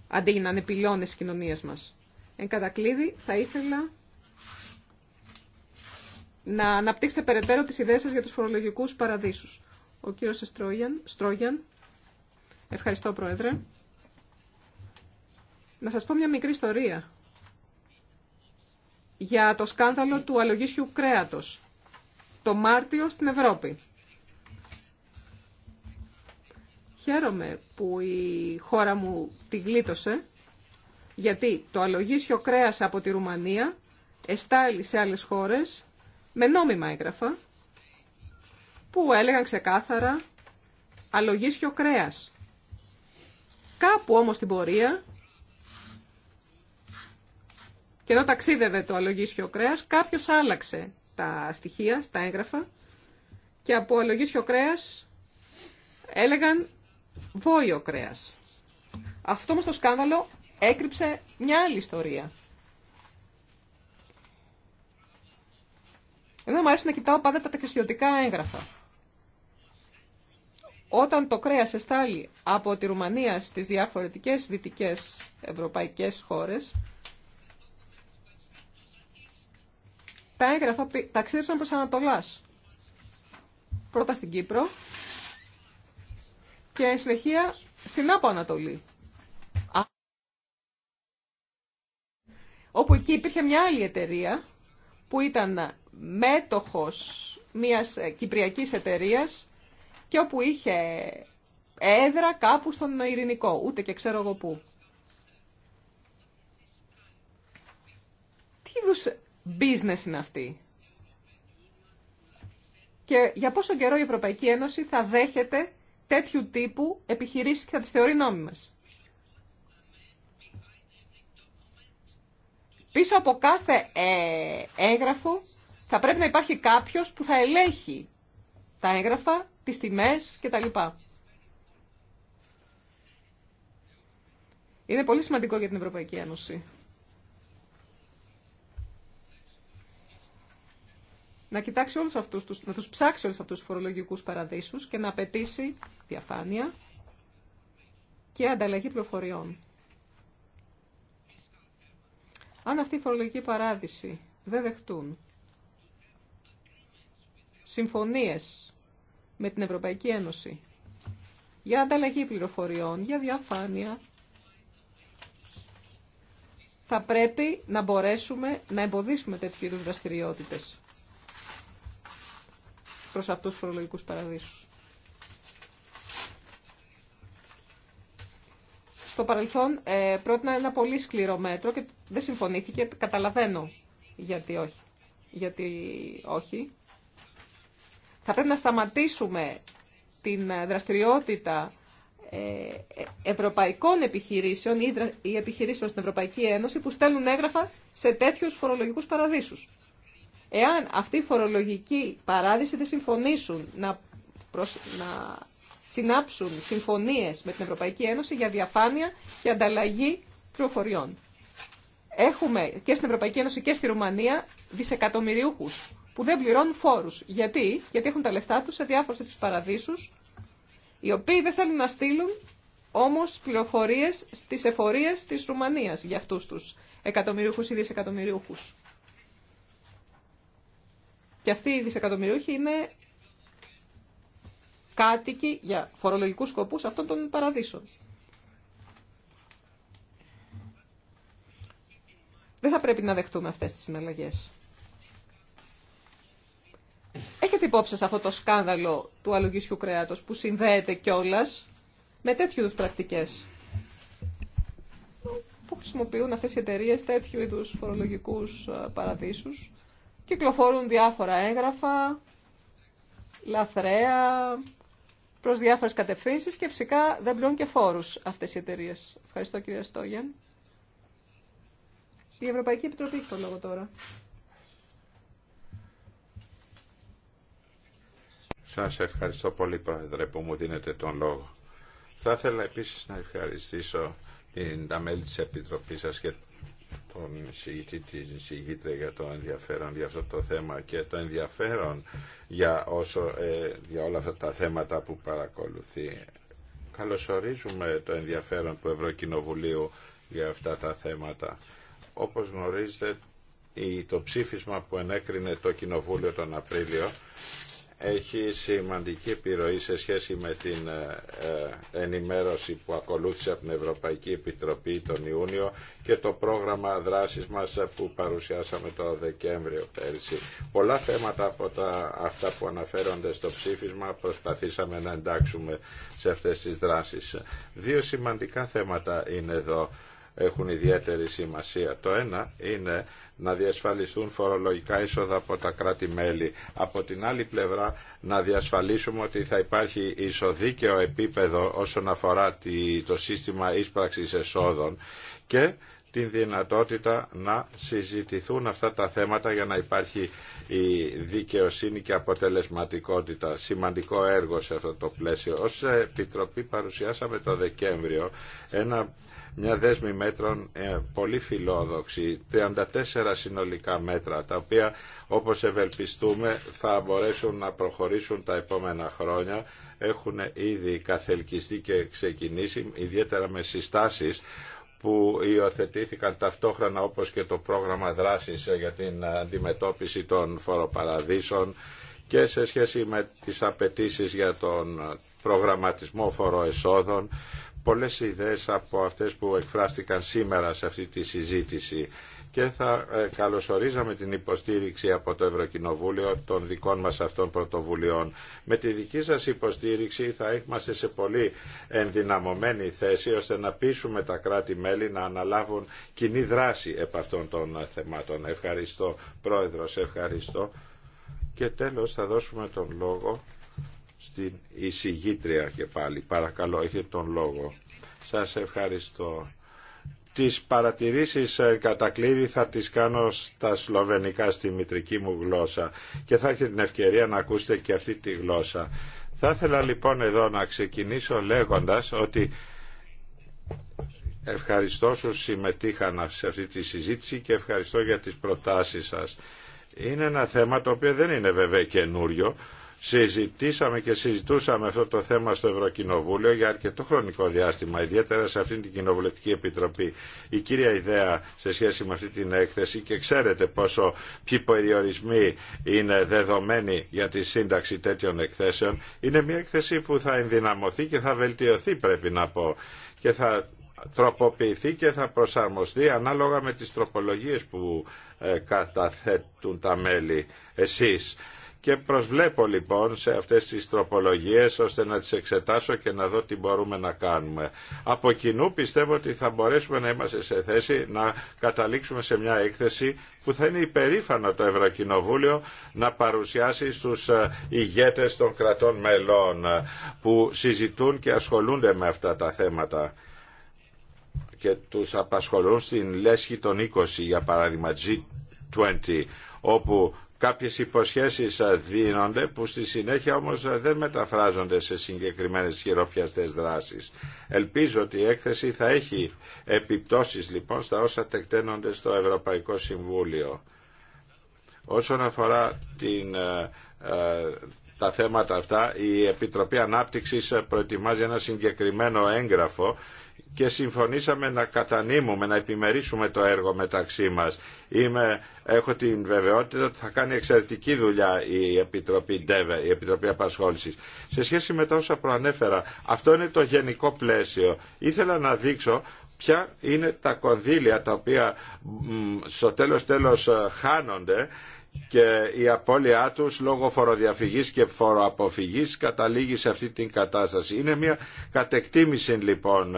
Αντί να είναι πυλώνες κοινωνίας μας. Εν κατακλείδη θα ήθελα να αναπτύξετε περαιτέρω τις ιδέες σας για τους φορολογικούς παραδείσους. Ο κύριος Στρόγιαν, Στρόγιαν. Ευχαριστώ Πρόεδρε. Να σας πω μια μικρή ιστορία για το σκάνδαλο του αλογίσιου κρέατος το Μάρτιο στην Ευρώπη. Χαίρομαι που η χώρα μου τη γλίτωσε, γιατί το αλογίσιο κρέας από τη Ρουμανία εστάλει σε άλλες χώρες με νόμιμα έγγραφα, που έλεγαν ξεκάθαρα αλογίσιο κρέας. Κάπου όμως την πορεία, και ενώ ταξίδευε το αλογίσιο κρέας, κάποιος άλλαξε τα στοιχεία, στα έγγραφα και από αλογίσιο κρέας έλεγαν βόλιο κρέας. Αυτό μας το σκάνδαλο έκρυψε μια άλλη ιστορία. Εμένα μου αρέσει να κοιτάω πάντα τα ταξιδιωτικά έγγραφα. Όταν το κρέας εστάλει από τη Ρουμανία στις διαφορετικές δυτικές ευρωπαϊκές χώρες, τα έγγραφα ταξίδευσαν προς Ανατολάς. Πρώτα στην Κύπρο και συνεχεία στην Άπο Ανατολή. Όπου εκεί υπήρχε μια άλλη εταιρεία που ήταν μέτοχος μιας ε, κυπριακής εταιρείας και όπου είχε έδρα κάπου στον Ειρηνικό, ούτε και ξέρω εγώ πού. Τι είδους business είναι αυτή. Και για πόσο καιρό η Ευρωπαϊκή Ένωση θα δέχεται τέτοιου τύπου επιχειρήσεις και θα τις θεωρεί νόμιμες. Πίσω από κάθε ε, έγγραφο θα πρέπει να υπάρχει κάποιος που θα ελέγχει τα έγγραφα, τις τιμές κτλ. Είναι πολύ σημαντικό για την Ευρωπαϊκή Ένωση. να κοιτάξει όλους αυτούς τους, να τους ψάξει όλους αυτούς τους φορολογικούς παραδείσους και να απαιτήσει διαφάνεια και ανταλλαγή πληροφοριών. Αν αυτή η φορολογική παράδειση δεν δεχτούν συμφωνίες με την Ευρωπαϊκή Ένωση για ανταλλαγή πληροφοριών, για διαφάνεια, θα πρέπει να μπορέσουμε να εμποδίσουμε τέτοιου είδους δραστηριότητες προς αυτούς τους φορολογικούς παραδείσους. Στο παρελθόν ε, πρότεινα ένα πολύ σκληρό μέτρο και δεν συμφωνήθηκε. Καταλαβαίνω γιατί όχι. Γιατί όχι. Θα πρέπει να σταματήσουμε την δραστηριότητα ε, ευρωπαϊκών επιχειρήσεων ή επιχειρήσεων στην Ευρωπαϊκή Ένωση που στέλνουν έγγραφα σε τέτοιους φορολογικούς παραδείσους. Εάν αυτοί οι φορολογικοί παράδεισοι δεν συμφωνήσουν να, συνάψουν συμφωνίες με την Ευρωπαϊκή Ένωση για διαφάνεια και ανταλλαγή πληροφοριών. Έχουμε και στην Ευρωπαϊκή Ένωση και στη Ρουμανία δισεκατομμυριούχους που δεν πληρώνουν φόρους. Γιατί, Γιατί έχουν τα λεφτά τους σε διάφορες τους παραδείσους, οι οποίοι δεν θέλουν να στείλουν όμως πληροφορίες στις εφορίες της Ρουμανίας για αυτούς τους εκατομμυριούχους ή δισεκατομμυριούχους. Και αυτοί οι δισεκατομμυρίουχοι είναι κάτοικοι για φορολογικούς σκοπούς αυτών των παραδείσων. Δεν θα πρέπει να δεχτούμε αυτές τις συναλλαγές. Έχετε υπόψη σε αυτό το σκάνδαλο του αλογίσιου κρέατος που συνδέεται κιόλα με τέτοιου είδου πρακτικές που χρησιμοποιούν αυτέ οι εταιρείε τέτοιου είδου φορολογικούς παραδείσους Κυκλοφορούν διάφορα έγγραφα, λαθρέα, προς διάφορες κατευθύνσεις και φυσικά δεν πληρώνουν και φόρους αυτές οι εταιρείε. Ευχαριστώ κυρία Στόγιαν. Η Ευρωπαϊκή Επιτροπή έχει τον λόγο τώρα. Σας ευχαριστώ πολύ Πρόεδρε που μου δίνετε τον λόγο. Θα ήθελα επίσης να ευχαριστήσω τα μέλη της Επιτροπής σας και τον εισηγητή της εισηγήτρια για το ενδιαφέρον για αυτό το θέμα και το ενδιαφέρον για, όσο, ε, για όλα αυτά τα θέματα που παρακολουθεί. Καλωσορίζουμε το ενδιαφέρον του Ευρωκοινοβουλίου για αυτά τα θέματα. Όπως γνωρίζετε, το ψήφισμα που ενέκρινε το Κοινοβούλιο τον Απρίλιο έχει σημαντική επιρροή σε σχέση με την ε, ε, ενημέρωση που ακολούθησε από την Ευρωπαϊκή Επιτροπή τον Ιούνιο και το πρόγραμμα δράσης μας που παρουσιάσαμε το Δεκέμβριο πέρσι. Πολλά θέματα από αυτά που αναφέρονται στο ψήφισμα προσπαθήσαμε να εντάξουμε σε αυτές τις δράσεις. Δύο σημαντικά θέματα είναι εδώ έχουν ιδιαίτερη σημασία. Το ένα είναι να διασφαλιστούν φορολογικά είσοδα από τα κράτη-μέλη. Από την άλλη πλευρά να διασφαλίσουμε ότι θα υπάρχει ισοδίκαιο επίπεδο όσον αφορά το σύστημα ίσπραξης εσόδων και την δυνατότητα να συζητηθούν αυτά τα θέματα για να υπάρχει η δικαιοσύνη και αποτελεσματικότητα. Σημαντικό έργο σε αυτό το πλαίσιο. Ως Επιτροπή παρουσιάσαμε το Δεκέμβριο ένα μια δέσμη μέτρων ε, πολύ φιλόδοξη, 34 συνολικά μέτρα, τα οποία όπως ευελπιστούμε θα μπορέσουν να προχωρήσουν τα επόμενα χρόνια έχουν ήδη καθελκιστεί και ξεκινήσει, ιδιαίτερα με συστάσεις που υιοθετήθηκαν ταυτόχρονα όπως και το πρόγραμμα δράσης για την αντιμετώπιση των φοροπαραδείσων και σε σχέση με τις απαιτήσει για τον προγραμματισμό φοροεσόδων πολλές ιδέες από αυτές που εκφράστηκαν σήμερα σε αυτή τη συζήτηση και θα ε, καλωσορίζαμε την υποστήριξη από το Ευρωκοινοβούλιο των δικών μας αυτών πρωτοβουλειών. Με τη δική σας υποστήριξη θα είμαστε σε πολύ ενδυναμωμένη θέση ώστε να πείσουμε τα κράτη-μέλη να αναλάβουν κοινή δράση επ' αυτών των θεμάτων. Ευχαριστώ Πρόεδρος, ευχαριστώ. Και τέλος θα δώσουμε τον λόγο στην εισηγήτρια και πάλι. Παρακαλώ, έχετε τον λόγο. Σας ευχαριστώ. Τις παρατηρήσεις ε, κλείδι θα τις κάνω στα σλοβενικά στη μητρική μου γλώσσα και θα έχετε την ευκαιρία να ακούσετε και αυτή τη γλώσσα. Θα ήθελα λοιπόν εδώ να ξεκινήσω λέγοντας ότι ευχαριστώ σου συμμετείχαν σε αυτή τη συζήτηση και ευχαριστώ για τις προτάσεις σας. Είναι ένα θέμα το οποίο δεν είναι βέβαια καινούριο. Συζητήσαμε και συζητούσαμε αυτό το θέμα στο Ευρωκοινοβούλιο για αρκετό χρονικό διάστημα, ιδιαίτερα σε αυτήν την Κοινοβουλευτική Επιτροπή. Η κύρια ιδέα σε σχέση με αυτή την έκθεση και ξέρετε πόσο ποιοι περιορισμοί είναι δεδομένοι για τη σύνταξη τέτοιων εκθέσεων, είναι μια έκθεση που θα ενδυναμωθεί και θα βελτιωθεί πρέπει να πω και θα τροποποιηθεί και θα προσαρμοστεί ανάλογα με τις τροπολογίες που ε, καταθέτουν τα μέλη εσείς και προσβλέπω λοιπόν σε αυτές τις τροπολογίες ώστε να τις εξετάσω και να δω τι μπορούμε να κάνουμε. Από κοινού πιστεύω ότι θα μπορέσουμε να είμαστε σε θέση να καταλήξουμε σε μια έκθεση που θα είναι υπερήφανο το Ευρωκοινοβούλιο να παρουσιάσει στους ε, ηγέτες των κρατών μελών ε, που συζητούν και ασχολούνται με αυτά τα θέματα και τους απασχολούν στην λέσχη των 20 για παράδειγμα G20 όπου Κάποιες υποσχέσεις ε, δίνονται που στη συνέχεια όμως ε, δεν μεταφράζονται σε συγκεκριμένες χειροπιαστές δράσεις. Ελπίζω ότι η έκθεση θα έχει επιπτώσεις λοιπόν στα όσα τεκταίνονται στο Ευρωπαϊκό Συμβούλιο. Όσον αφορά την, ε, τα θέματα αυτά, η Επιτροπή Ανάπτυξης προετοιμάζει ένα συγκεκριμένο έγγραφο και συμφωνήσαμε να κατανείμουμε, να επιμερίσουμε το έργο μεταξύ μας. Είμαι, έχω την βεβαιότητα ότι θα κάνει εξαιρετική δουλειά η Επιτροπή η Επιτροπή Απασχόλησης. Σε σχέση με τα όσα προανέφερα, αυτό είναι το γενικό πλαίσιο. Ήθελα να δείξω ποια είναι τα κονδύλια τα οποία στο τέλος τέλος χάνονται και η απώλειά τους λόγω φοροδιαφυγής και φοροαποφυγής καταλήγει σε αυτή την κατάσταση. Είναι μια κατεκτήμηση λοιπόν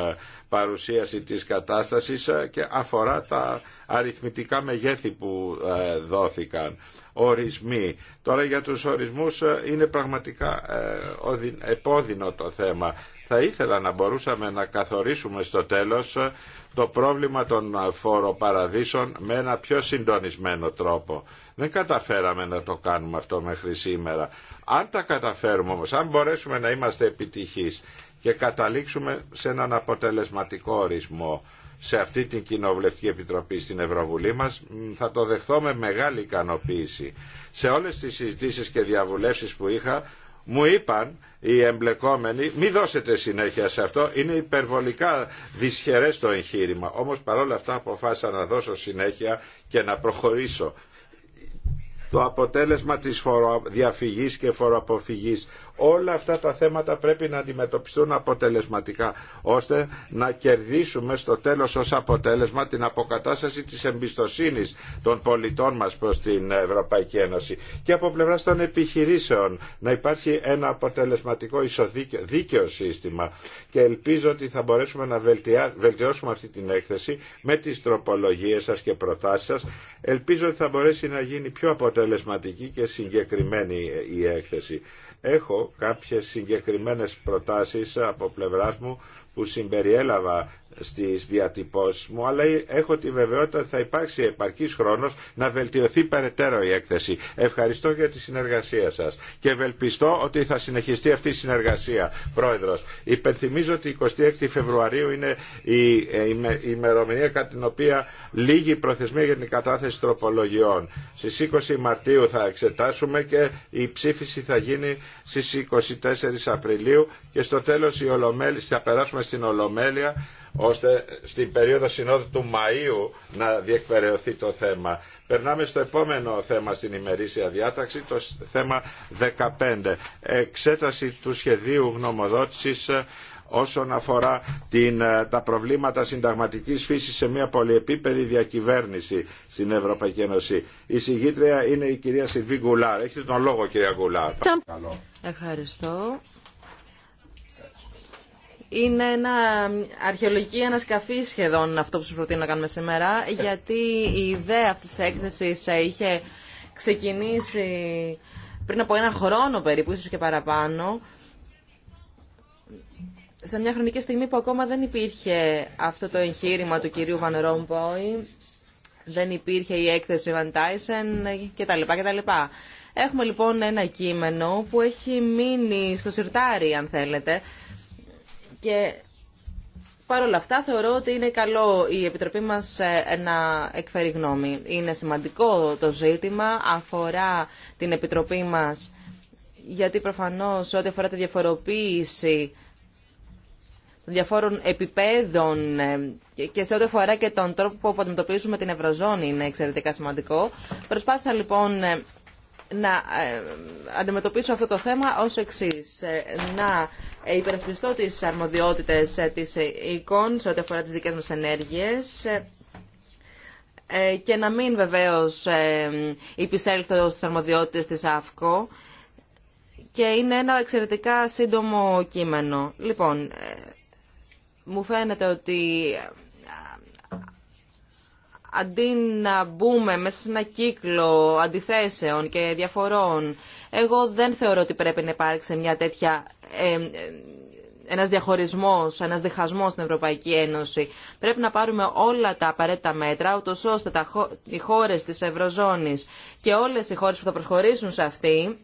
παρουσίαση της κατάστασης και αφορά τα αριθμητικά μεγέθη που ε, δόθηκαν. Ορισμοί. Τώρα για τους ορισμούς ε, είναι πραγματικά ε, επώδυνο το θέμα. Θα ήθελα να μπορούσαμε να καθορίσουμε στο τέλος το πρόβλημα των φοροπαραδείσων με ένα πιο συντονισμένο τρόπο δεν καταφέραμε να το κάνουμε αυτό μέχρι σήμερα. Αν τα καταφέρουμε όμως, αν μπορέσουμε να είμαστε επιτυχείς και καταλήξουμε σε έναν αποτελεσματικό ορισμό σε αυτή την Κοινοβουλευτική Επιτροπή στην Ευρωβουλή μας θα το δεχθώ με μεγάλη ικανοποίηση. Σε όλες τις συζητήσεις και διαβουλεύσεις που είχα μου είπαν οι εμπλεκόμενοι μη δώσετε συνέχεια σε αυτό είναι υπερβολικά δυσχερές το εγχείρημα όμως παρόλα αυτά αποφάσισα να δώσω συνέχεια και να προχωρήσω το αποτέλεσμα της φοροδιαφυγής και φοροαποφυγής. Όλα αυτά τα θέματα πρέπει να αντιμετωπιστούν αποτελεσματικά, ώστε να κερδίσουμε στο τέλος ως αποτέλεσμα την αποκατάσταση της εμπιστοσύνης των πολιτών μας προς την Ευρωπαϊκή Ένωση και από πλευρά των επιχειρήσεων να υπάρχει ένα αποτελεσματικό ισοδίκαιο δίκαιο σύστημα και ελπίζω ότι θα μπορέσουμε να βελτιώσουμε αυτή την έκθεση με τις τροπολογίες σας και προτάσεις σας. Ελπίζω ότι θα μπορέσει να γίνει πιο αποτελεσματική και συγκεκριμένη η έκθεση έχω κάποιες συγκεκριμένες προτάσεις από πλευράς μου που συμπεριέλαβα στις διατυπώσεις μου, αλλά έχω τη βεβαιότητα ότι θα υπάρξει επαρκής χρόνος να βελτιωθεί περαιτέρω η έκθεση. Ευχαριστώ για τη συνεργασία σας και ευελπιστώ ότι θα συνεχιστεί αυτή η συνεργασία. Πρόεδρος, υπενθυμίζω ότι 26 Φεβρουαρίου είναι ε, η ημερομηνία κατά την οποία η προθεσμία για την κατάθεση τροπολογιών. Στις 20 Μαρτίου θα εξετάσουμε και η ψήφιση θα γίνει στις 24 Απριλίου και στο τέλο η θα περάσουμε στην Ολομέλεια ώστε στην περίοδο συνόδου του Μαΐου να διεκπαιρεωθεί το θέμα. Περνάμε στο επόμενο θέμα στην ημερήσια διάταξη, το θέμα 15. Εξέταση του σχεδίου γνωμοδότησης ε, όσον αφορά την, ε, τα προβλήματα συνταγματικής φύσης σε μια πολυεπίπεδη διακυβέρνηση στην Ευρωπαϊκή Ένωση. Η συγγήτρια είναι η κυρία Σιλβί Γκουλάρ. Έχετε τον λόγο κυρία Γκουλάρ. Ευχαριστώ είναι ένα αρχαιολογική ανασκαφή σχεδόν αυτό που σας προτείνω να κάνουμε σήμερα, γιατί η ιδέα αυτή της έκθεσης είχε ξεκινήσει πριν από ένα χρόνο περίπου, ίσω και παραπάνω, σε μια χρονική στιγμή που ακόμα δεν υπήρχε αυτό το εγχείρημα του κυρίου Βαν Ρόμποϊ, δεν υπήρχε η έκθεση Βαν Τάισεν κτλ. κτλ. Έχουμε λοιπόν ένα κείμενο που έχει μείνει στο σιρτάρι, αν θέλετε, και Παρ' όλα αυτά θεωρώ ότι είναι καλό η Επιτροπή μας ε, να εκφέρει γνώμη. Είναι σημαντικό το ζήτημα, αφορά την Επιτροπή μας, γιατί προφανώς ό,τι αφορά τη διαφοροποίηση των διαφόρων επιπέδων ε, και σε ό,τι αφορά και τον τρόπο που αντιμετωπίζουμε την Ευρωζώνη είναι εξαιρετικά σημαντικό. Προσπάθησα λοιπόν ε, να ε, αντιμετωπίσω αυτό το θέμα ως εξής. Ε, να υπερασπιστώ τις αρμοδιότητες ε, της εικόν σε ό,τι αφορά τις δικές μας ενέργειες και να μην βεβαίως υπησέλθω στις αρμοδιότητες της ΑΦΚΟ και είναι ένα εξαιρετικά σύντομο κείμενο. Λοιπόν, μου φαίνεται ότι αντί να μπούμε μέσα σε ένα κύκλο αντιθέσεων και διαφορών, εγώ δεν θεωρώ ότι πρέπει να υπάρξει μια τέτοια, ε, ε ένας διαχωρισμός, ένας διχασμός στην Ευρωπαϊκή Ένωση. Πρέπει να πάρουμε όλα τα απαραίτητα μέτρα, ούτως ώστε τα, οι χώρες της Ευρωζώνης και όλες οι χώρες που θα προσχωρήσουν σε αυτή,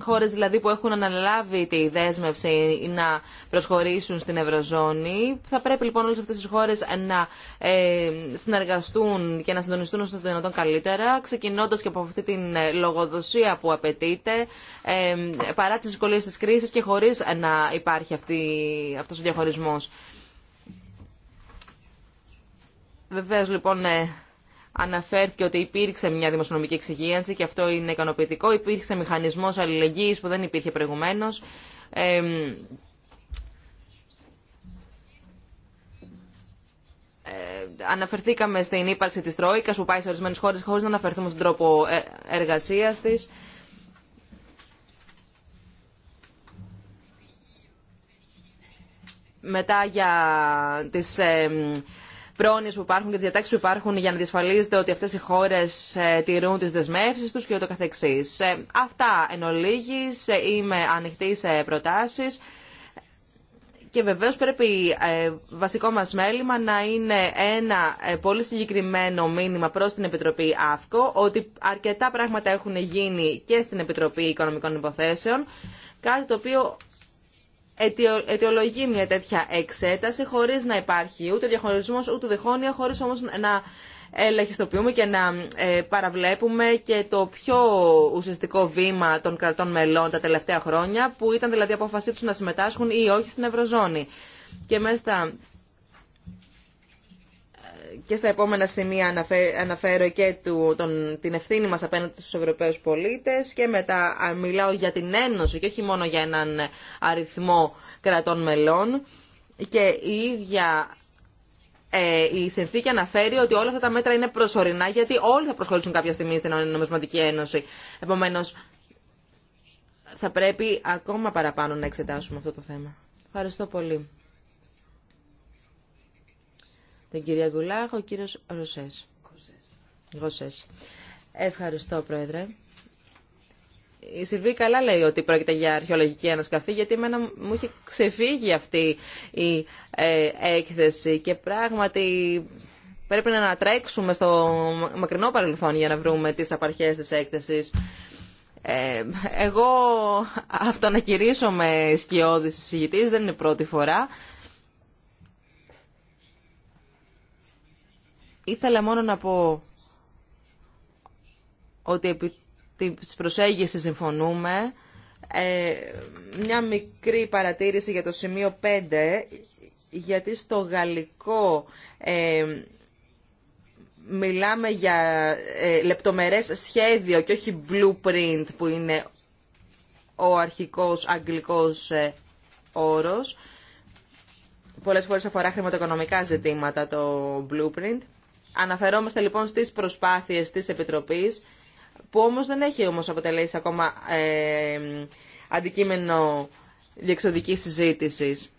χώρες δηλαδή που έχουν αναλάβει τη δέσμευση να προσχωρήσουν στην Ευρωζώνη. Θα πρέπει λοιπόν όλε αυτές τις χώρες να ε, συνεργαστούν και να συντονιστούν όσο το δυνατόν καλύτερα, ξεκινώντα και από αυτή την ε, λογοδοσία που απαιτείται, ε, παρά τι δυσκολίε της κρίσης και χωρίς να υπάρχει αυτό ο διαχωρισμό. Βεβαίω λοιπόν... Αναφέρθηκε ότι υπήρξε μια δημοσιονομική εξυγίανση και αυτό είναι ικανοποιητικό. Υπήρξε μηχανισμός αλληλεγγύης που δεν υπήρχε προηγουμένως. Ε, αναφερθήκαμε στην ύπαρξη της Τρόικας που πάει σε ορισμένες χώρες χωρίς να αναφερθούμε στον τρόπο ε, εργασίας της. Μετά για τις πρόνοιες που υπάρχουν και τι διατάξεις που υπάρχουν για να διασφαλίζεται ότι αυτέ οι χώρες ε, τηρούν τι δεσμεύσει του και ούτω καθεξής. Ε, αυτά εν ολίγης, ε, είμαι ανοιχτή σε προτάσει. Και βεβαίως πρέπει βασικό μας μέλημα να είναι ένα πολύ συγκεκριμένο μήνυμα προς την Επιτροπή ΑΦΚΟ ότι αρκετά πράγματα έχουν γίνει και στην Επιτροπή Οικονομικών Υποθέσεων κάτι το οποίο αιτιολογεί μια τέτοια εξέταση χωρίς να υπάρχει ούτε διαχωρισμός ούτε διχόνοια, χωρίς όμως να ελαχιστοποιούμε και να ε, παραβλέπουμε και το πιο ουσιαστικό βήμα των κρατών μελών τα τελευταία χρόνια, που ήταν δηλαδή η απόφασή να συμμετάσχουν ή όχι στην Ευρωζώνη. Και μέσα στα και στα επόμενα σημεία αναφέρω και του, τον, την ευθύνη μας απέναντι στους Ευρωπαίους πολίτες και μετά μιλάω για την Ένωση και όχι μόνο για έναν αριθμό κρατών μελών και η ίδια ε, η συνθήκη αναφέρει ότι όλα αυτά τα μέτρα είναι προσωρινά γιατί όλοι θα προσχωρήσουν κάποια στιγμή στην Νομισματική Ένωση. Επομένως, θα πρέπει ακόμα παραπάνω να εξετάσουμε αυτό το θέμα. Ευχαριστώ πολύ την κυρία Γκουλάχ, ο κύριος Ρωσές. Ευχαριστώ, Πρόεδρε. Η Σιλβή καλά λέει ότι πρόκειται για αρχαιολογική ανασκαφή, γιατί εμένα μου είχε ξεφύγει αυτή η ε, έκθεση και πράγματι πρέπει να τρέξουμε στο μακρινό παρελθόν για να βρούμε τις απαρχές της έκθεσης. Ε, εγώ με σκιώδης συζητής, δεν είναι πρώτη φορά. Ήθελα μόνο να πω ότι επί της προσέγγισης συμφωνούμε. Ε, μια μικρή παρατήρηση για το σημείο 5, γιατί στο γαλλικό ε, μιλάμε για ε, λεπτομερές σχέδιο και όχι blueprint που είναι ο αρχικός αγγλικός ε, όρος. Πολλές φορές αφορά χρηματοοικονομικά ζητήματα το blueprint. Αναφερόμαστε λοιπόν στις προσπάθειες της Επιτροπής, που όμως δεν έχει όμως αποτελέσει ακόμα ε, αντικείμενο διεξοδικής συζήτησης.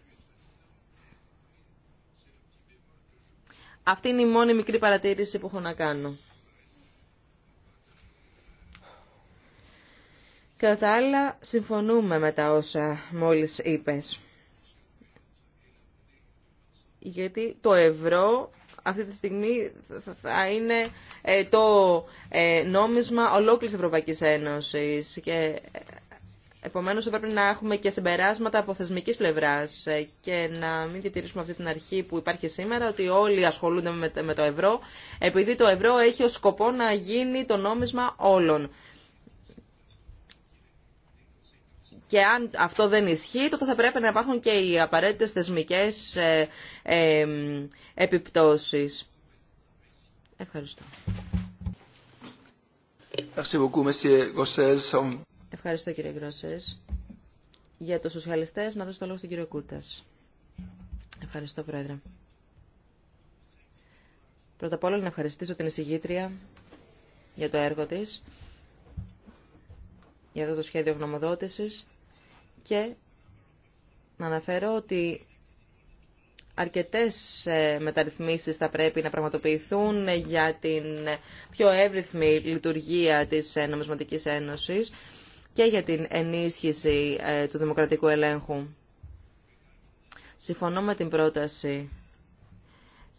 Αυτή είναι η μόνη μικρή παρατήρηση που έχω να κάνω. Κατά τα άλλα, συμφωνούμε με τα όσα μόλις είπες. Γιατί το ευρώ αυτή τη στιγμή θα είναι ε, το ε, νόμισμα ολόκληρης Ευρωπαϊκής Ένωσης και ε, επομένως θα πρέπει να έχουμε και συμπεράσματα από θεσμικής πλευράς και να μην διατηρήσουμε αυτή την αρχή που υπάρχει σήμερα ότι όλοι ασχολούνται με το ευρώ επειδή το ευρώ έχει ως σκοπό να γίνει το νόμισμα όλων. Και αν αυτό δεν ισχύει, τότε θα πρέπει να υπάρχουν και οι απαραίτητες θεσμικές ε, ε, επιπτώσεις. Ευχαριστώ. Ευχαριστώ κύριε Γκρόσες. Για τους σοσιαλιστές, να δώσω το λόγο στον κύριο Κούρτας. Ευχαριστώ, Πρόεδρε. Πρώτα απ' όλα να ευχαριστήσω την εισηγήτρια για το έργο της, για αυτό το σχέδιο γνωμοδότησης και να αναφέρω ότι αρκετές ε, μεταρρυθμίσεις θα πρέπει να πραγματοποιηθούν για την πιο εύρυθμη λειτουργία της ε, Νομισματικής Ένωσης και για την ενίσχυση ε, του δημοκρατικού ελέγχου. Συμφωνώ με την πρόταση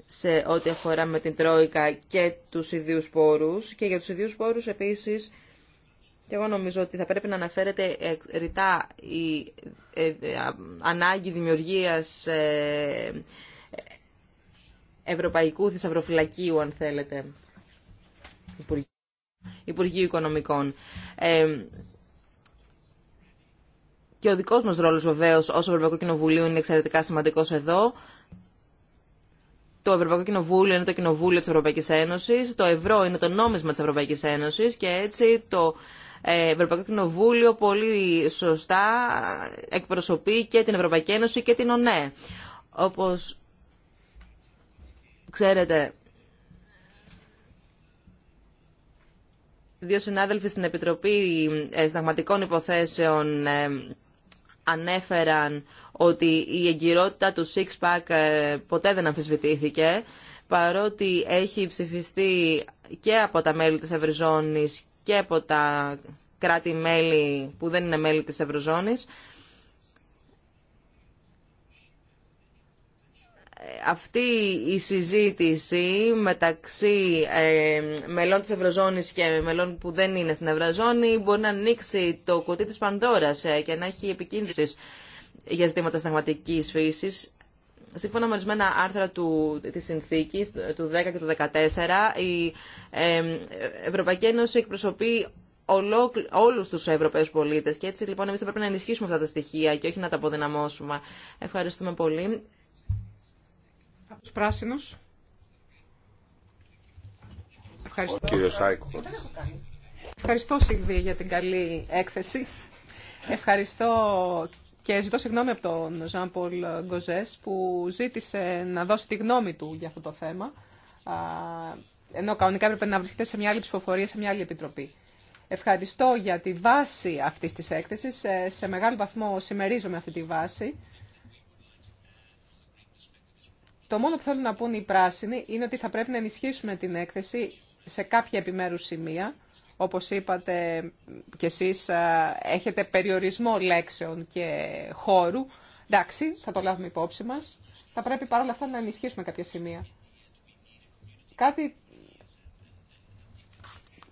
σε ό,τι αφορά με την Τρόικα και τους ιδίους πόρους και για τους ιδίους πόρους επίσης και εγώ νομίζω ότι θα πρέπει να αναφέρεται ρητά η ε, ε, ανάγκη δημιουργίας ε, ευρωπαϊκού θησαυροφυλακίου, αν θέλετε, Υπουργείου Οικονομικών. Και ο δικός μας ρόλος βεβαίως ως Ευρωπαϊκό Κοινοβουλίο είναι εξαιρετικά σημαντικός εδώ. Το Ευρωπαϊκό Κοινοβούλιο είναι το Κοινοβούλιο της Ευρωπαϊκής Ένωσης, το ευρώ είναι το νόμισμα της Ευρωπαϊκής Ένωσης και έτσι το ε, Ευρωπαϊκό Κοινοβούλιο πολύ σωστά εκπροσωπεί και την Ευρωπαϊκή Ένωση και την ΟΝΕ. Όπως ξέρετε, δύο συνάδελφοι στην Επιτροπή ε, Συνταγματικών Υποθέσεων ε, ανέφεραν ότι η εγκυρότητα του Six ποτέ δεν αμφισβητήθηκε, παρότι έχει ψηφιστεί και από τα μέλη της Ευρυζώνης και από τα κράτη-μέλη που δεν είναι μέλη της Ευρωζώνης. Αυτή η συζήτηση μεταξύ ε, μελών της Ευρωζώνης και μελών που δεν είναι στην Ευρωζώνη μπορεί να ανοίξει το κουτί της Πανδώρας ε, και να έχει επικίνδυνες για ζητήματα σταγματικής φύσης σύμφωνα με ορισμένα άρθρα του, της συνθήκης του 10 και του 14 η Ευρωπαϊκή Ένωση εκπροσωπεί όλους τους Ευρωπαίους πολίτες και έτσι λοιπόν εμείς θα πρέπει να ενισχύσουμε αυτά τα στοιχεία και όχι να τα αποδυναμώσουμε. Ευχαριστούμε πολύ. Από τους πράσινους. Ευχαριστώ. Σάικο. Ευχαριστώ Σιλβία για την καλή έκθεση. Ευχαριστώ και ζητώ συγγνώμη από τον Ζαν Πολ Γκοζές που ζήτησε να δώσει τη γνώμη του για αυτό το θέμα, ενώ κανονικά έπρεπε να βρίσκεται σε μια άλλη ψηφοφορία, σε μια άλλη επιτροπή. Ευχαριστώ για τη βάση αυτής της έκθεσης. Σε μεγάλο βαθμό συμμερίζομαι αυτή τη βάση. Το μόνο που θέλουν να πούν οι πράσινοι είναι ότι θα πρέπει να ενισχύσουμε την έκθεση σε κάποια επιμέρους σημεία, όπως είπατε και εσείς, έχετε περιορισμό λέξεων και χώρου. Εντάξει, θα το λάβουμε υπόψη μας. Θα πρέπει παρόλα αυτά να ενισχύσουμε κάποια σημεία. Κάτι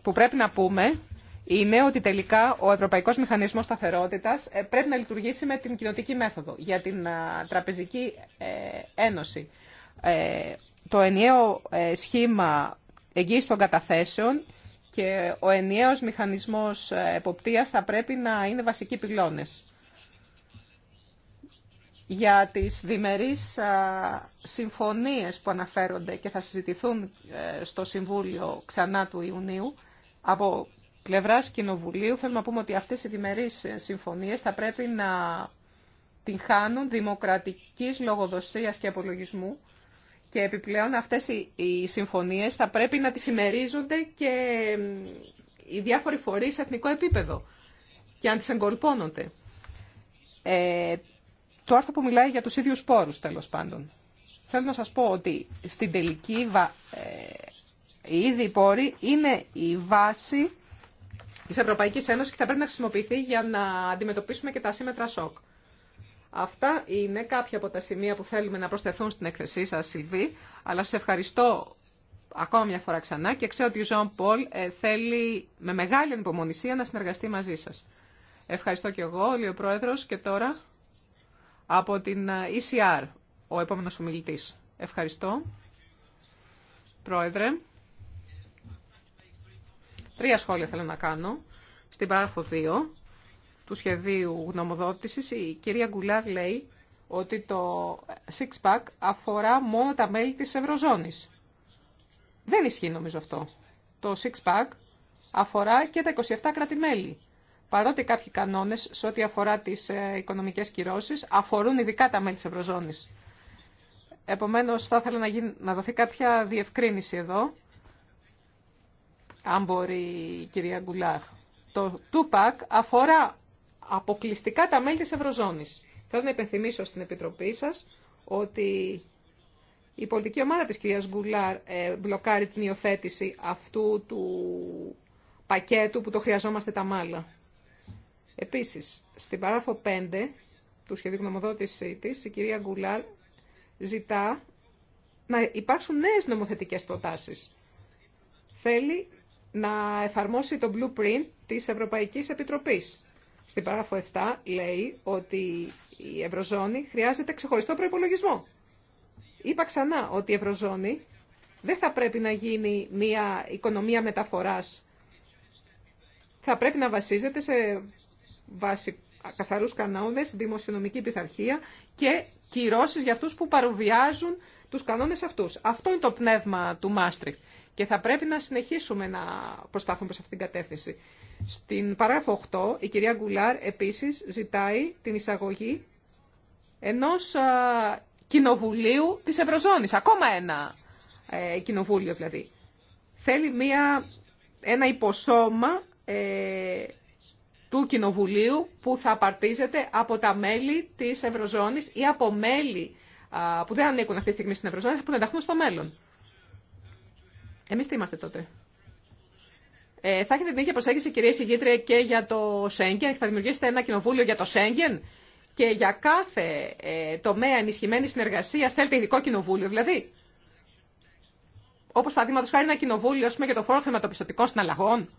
που πρέπει να πούμε είναι ότι τελικά ο Ευρωπαϊκός Μηχανισμός Σταθερότητας ε, πρέπει να λειτουργήσει με την κοινωτική μέθοδο για την Τραπεζική ε, Ένωση. Ε, το ενιαίο σχήμα εγγύηση των καταθέσεων και ο ενιαίος μηχανισμός ε, εποπτείας θα πρέπει να είναι βασικοί πυλώνες. Για τις διμερείς συμφωνίες που αναφέρονται και θα συζητηθούν ε, στο Συμβούλιο ξανά του Ιουνίου, από πλευράς Κοινοβουλίου θέλουμε να πούμε ότι αυτές οι διμερείς ε, συμφωνίες θα πρέπει να την χάνουν δημοκρατικής λογοδοσίας και απολογισμού και επιπλέον αυτές οι συμφωνίες θα πρέπει να τις ημερίζονται και οι διάφοροι φορείς σε εθνικό επίπεδο και αν τις εγκολπώνονται. Ε, το άρθρο που μιλάει για τους ίδιους πόρους, τέλος πάντων. Θέλω να σας πω ότι στην τελική βα... ε, οι πόροι είναι η βάση της Ευρωπαϊκής Ένωσης και θα πρέπει να χρησιμοποιηθεί για να αντιμετωπίσουμε και τα σύμμετρα σοκ. Αυτά είναι κάποια από τα σημεία που θέλουμε να προσθεθούν στην έκθεσή σας, Σιλβή. αλλά σε ευχαριστώ ακόμα μια φορά ξανά και ξέρω ότι ο Ζων Πολ ε, θέλει με μεγάλη ανυπομονησία να συνεργαστεί μαζί σας. Ευχαριστώ και εγώ, λέει ο Πρόεδρος, και τώρα από την ε, ECR, ο επόμενος ομιλητής. Ευχαριστώ, Πρόεδρε. Τρία σχόλια θέλω να κάνω. Στην παράγραφο 2 του σχεδίου γνωμοδότησης, η κυρία Γκουλάρ λέει ότι το six-pack αφορά μόνο τα μέλη της Ευρωζώνης. Δεν ισχύει νομίζω αυτό. Το six-pack αφορά και τα 27 κράτη-μέλη. Παρότι κάποιοι κανόνες σε ό,τι αφορά τις ε, οικονομικές κυρώσεις αφορούν ειδικά τα μέλη της Ευρωζώνης. Επομένως, θα ήθελα να, γίνει, να δοθεί κάποια διευκρίνηση εδώ, αν μπορεί η κυρία Γκουλάχ. Το 2 αφορά αποκλειστικά τα μέλη της Ευρωζώνης. Θέλω να υπενθυμίσω στην Επιτροπή σας ότι η πολιτική ομάδα της κυρίας Γκουλάρ ε, μπλοκάρει την υιοθέτηση αυτού του πακέτου που το χρειαζόμαστε τα μάλα. Επίσης, στην παράγραφο 5 του σχεδίου γνωμοδότησή της, η κυρία Γκουλάρ ζητά να υπάρξουν νέες νομοθετικές προτάσεις. Θέλει να εφαρμόσει το blueprint της Ευρωπαϊκής Επιτροπής στην παράγραφο 7 λέει ότι η Ευρωζώνη χρειάζεται ξεχωριστό προπολογισμό. Είπα ξανά ότι η Ευρωζώνη δεν θα πρέπει να γίνει μια οικονομία μεταφοράς. Θα πρέπει να βασίζεται σε βάση καθαρούς κανόνες, δημοσιονομική πειθαρχία και κυρώσεις για αυτούς που παροβιάζουν τους κανόνες αυτούς. Αυτό είναι το πνεύμα του Μάστριχτ και θα πρέπει να συνεχίσουμε να προσπάθουμε σε αυτήν την κατεύθυνση. Στην παράγραφο 8 η κυρία Γκουλάρ επίσης ζητάει την εισαγωγή ενός κοινοβουλίου της Ευρωζώνης. Ακόμα ένα ε, κοινοβούλιο δηλαδή. Θέλει μια, ένα υποσώμα ε, του κοινοβουλίου που θα απαρτίζεται από τα μέλη της Ευρωζώνης ή από μέλη που δεν ανήκουν αυτή τη στιγμή στην Ευρωζώνη, που θα ενταχθούν στο μέλλον. Εμείς τι είμαστε τότε. Ε, θα έχετε την ίδια προσέγγιση, κυρία Συγγήτρια, και για το Σέγγεν. Θα δημιουργήσετε ένα κοινοβούλιο για το Σέγγεν και για κάθε ε, τομέα ενισχυμένη συνεργασία θέλετε ειδικό κοινοβούλιο. Δηλαδή, όπω παραδείγματο χάρη ένα κοινοβούλιο πούμε, για το φόρο χρηματοπιστωτικών συναλλαγών.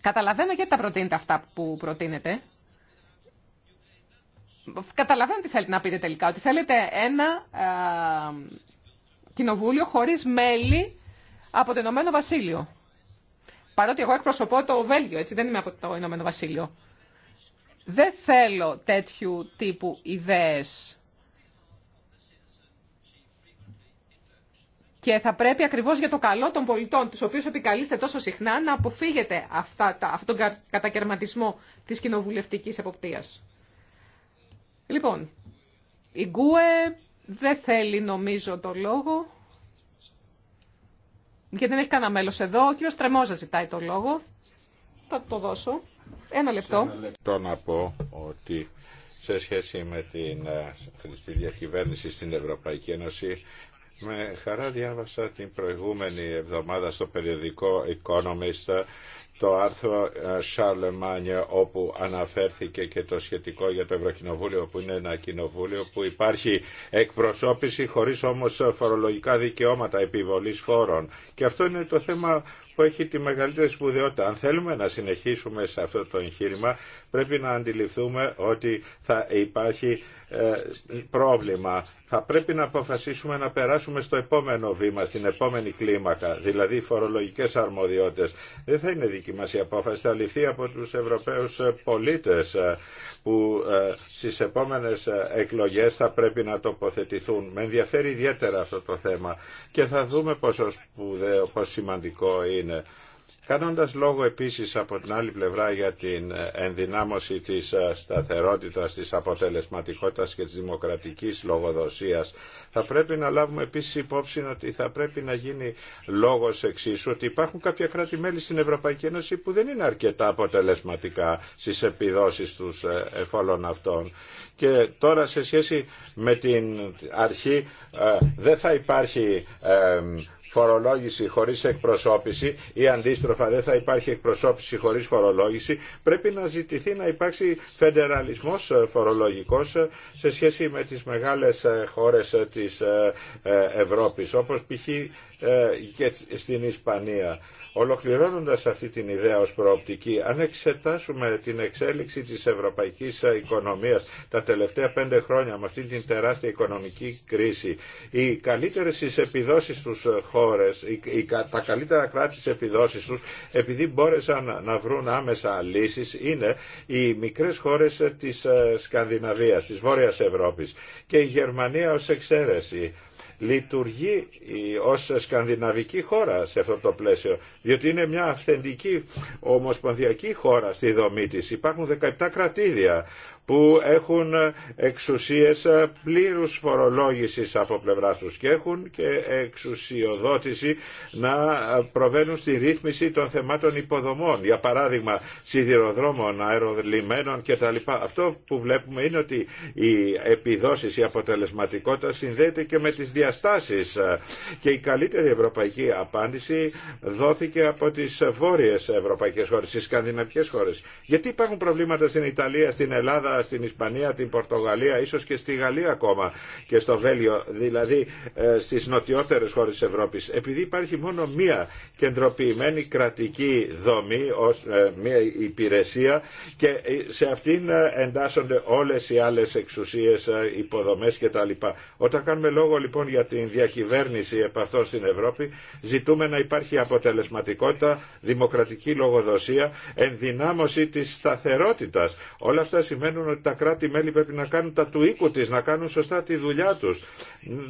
Καταλαβαίνω γιατί τα προτείνετε αυτά που προτείνετε. Καταλαβαίνω τι θέλετε να πείτε τελικά. Ότι θέλετε ένα κοινοβούλιο χωρίς μέλη από το Ηνωμένο Βασίλειο. Παρότι εγώ εκπροσωπώ το Βέλγιο, έτσι δεν είμαι από το Ηνωμένο Βασίλειο. Δεν θέλω τέτοιου τύπου ιδέες. Και θα πρέπει ακριβώς για το καλό των πολιτών, τους οποίους επικαλείστε τόσο συχνά, να αποφύγετε αυτά, τα, αυτόν τον κατακαιρματισμό της κοινοβουλευτικής εποπτείας. Λοιπόν, η Γκουε δεν θέλει νομίζω το λόγο γιατί δεν έχει κανένα μέλο εδώ. Ο κύριο Τρεμόζα ζητάει το λόγο. Θα το δώσω. Ένα λεπτό. Σε ένα λεπτό να πω ότι σε σχέση με την χρηστή ε, διακυβέρνηση στην Ευρωπαϊκή Ένωση με χαρά διάβασα την προηγούμενη εβδομάδα στο περιοδικό Economist το άρθρο ε, Charlemagne όπου αναφέρθηκε και το σχετικό για το Ευρωκοινοβούλιο που είναι ένα κοινοβούλιο που υπάρχει εκπροσώπηση χωρίς όμως φορολογικά δικαιώματα επιβολής φόρων. Και αυτό είναι το θέμα που έχει τη μεγαλύτερη σπουδαιότητα. Αν θέλουμε να συνεχίσουμε σε αυτό το εγχείρημα πρέπει να αντιληφθούμε ότι θα υπάρχει ε, πρόβλημα. Θα πρέπει να αποφασίσουμε να περάσουμε στο επόμενο βήμα, στην επόμενη κλίμακα, δηλαδή οι φορολογικές αρμοδιότητες. Δεν θα είναι δική μας η απόφαση, θα ληφθεί από τους Ευρωπαίους πολίτες ε, που ε, στις επόμενες εκλογές θα πρέπει να τοποθετηθούν. Με ενδιαφέρει ιδιαίτερα αυτό το θέμα και θα δούμε πόσο σπουδαίο, πόσο σημαντικό είναι. Κάνοντας λόγο επίσης από την άλλη πλευρά για την ενδυνάμωση της ε, σταθερότητας, της αποτελεσματικότητας και της δημοκρατικής λογοδοσίας, θα πρέπει να λάβουμε επίσης υπόψη ότι θα πρέπει να γίνει λόγος εξίσου ότι υπάρχουν κάποια κράτη-μέλη στην Ευρωπαϊκή Ένωση που δεν είναι αρκετά αποτελεσματικά στις επιδόσεις τους ε, εφόλων αυτών. Και τώρα σε σχέση με την αρχή ε, δεν θα υπάρχει φορολόγηση χωρίς εκπροσώπηση ή αντίστροφα δεν θα υπάρχει εκπροσώπηση χωρίς φορολόγηση, πρέπει να ζητηθεί να υπάρξει φεντεραλισμό ε, φορολογικός ε, σε σχέση με τις μεγάλες ε, χώρες της Ευρώπης, όπως π.χ. και στην Ισπανία Ολοκληρώνοντας αυτή την ιδέα ως προοπτική, αν εξετάσουμε την εξέλιξη της ευρωπαϊκής οικονομίας τα τελευταία πέντε χρόνια με αυτή την τεράστια οικονομική κρίση, οι καλύτερες τις επιδόσεις τους χώρες, τα καλύτερα κράτη τις επιδόσεις τους, επειδή μπόρεσαν να βρουν άμεσα λύσεις, είναι οι μικρές χώρες της ε, Σκανδιναβίας, της Βόρειας Ευρώπης και η Γερμανία ως εξαίρεση λειτουργεί ως σκανδιναβική χώρα σε αυτό το πλαίσιο, διότι είναι μια αυθεντική ομοσπονδιακή χώρα στη δομή της. Υπάρχουν 17 κρατήδια που έχουν εξουσίες πλήρους φορολόγησης από πλευρά τους και έχουν και εξουσιοδότηση να προβαίνουν στη ρύθμιση των θεμάτων υποδομών, για παράδειγμα σιδηροδρόμων, αερολιμένων κτλ. Αυτό που βλέπουμε είναι ότι η επιδόσεις, η αποτελεσματικότητα συνδέεται και με τις διαστάσεις και η καλύτερη ευρωπαϊκή απάντηση δόθηκε από τις βόρειες ευρωπαϊκές χώρες, τις σκανδιναβικές χώρες. Γιατί υπάρχουν προβλήματα στην Ιταλία, στην Ελλάδα, στην Ισπανία, την Πορτογαλία, ίσως και στη Γαλλία ακόμα και στο Βέλιο δηλαδή ε, στις νοτιότερες χώρες της Ευρώπης. Επειδή υπάρχει μόνο μία κεντροποιημένη κρατική δομή ως ε, μία υπηρεσία και ε, σε αυτήν εντάσσονται όλες οι άλλες εξουσίες, υποδομές κτλ. Όταν κάνουμε λόγο λοιπόν για την διακυβέρνηση επαυτών στην Ευρώπη, ζητούμε να υπάρχει αποτελεσματικότητα, δημοκρατική λογοδοσία, ενδυνάμωση της σταθερότητας. Όλα αυτά σημαίνουν ότι τα κράτη-μέλη πρέπει να κάνουν τα του οίκου της, να κάνουν σωστά τη δουλειά του.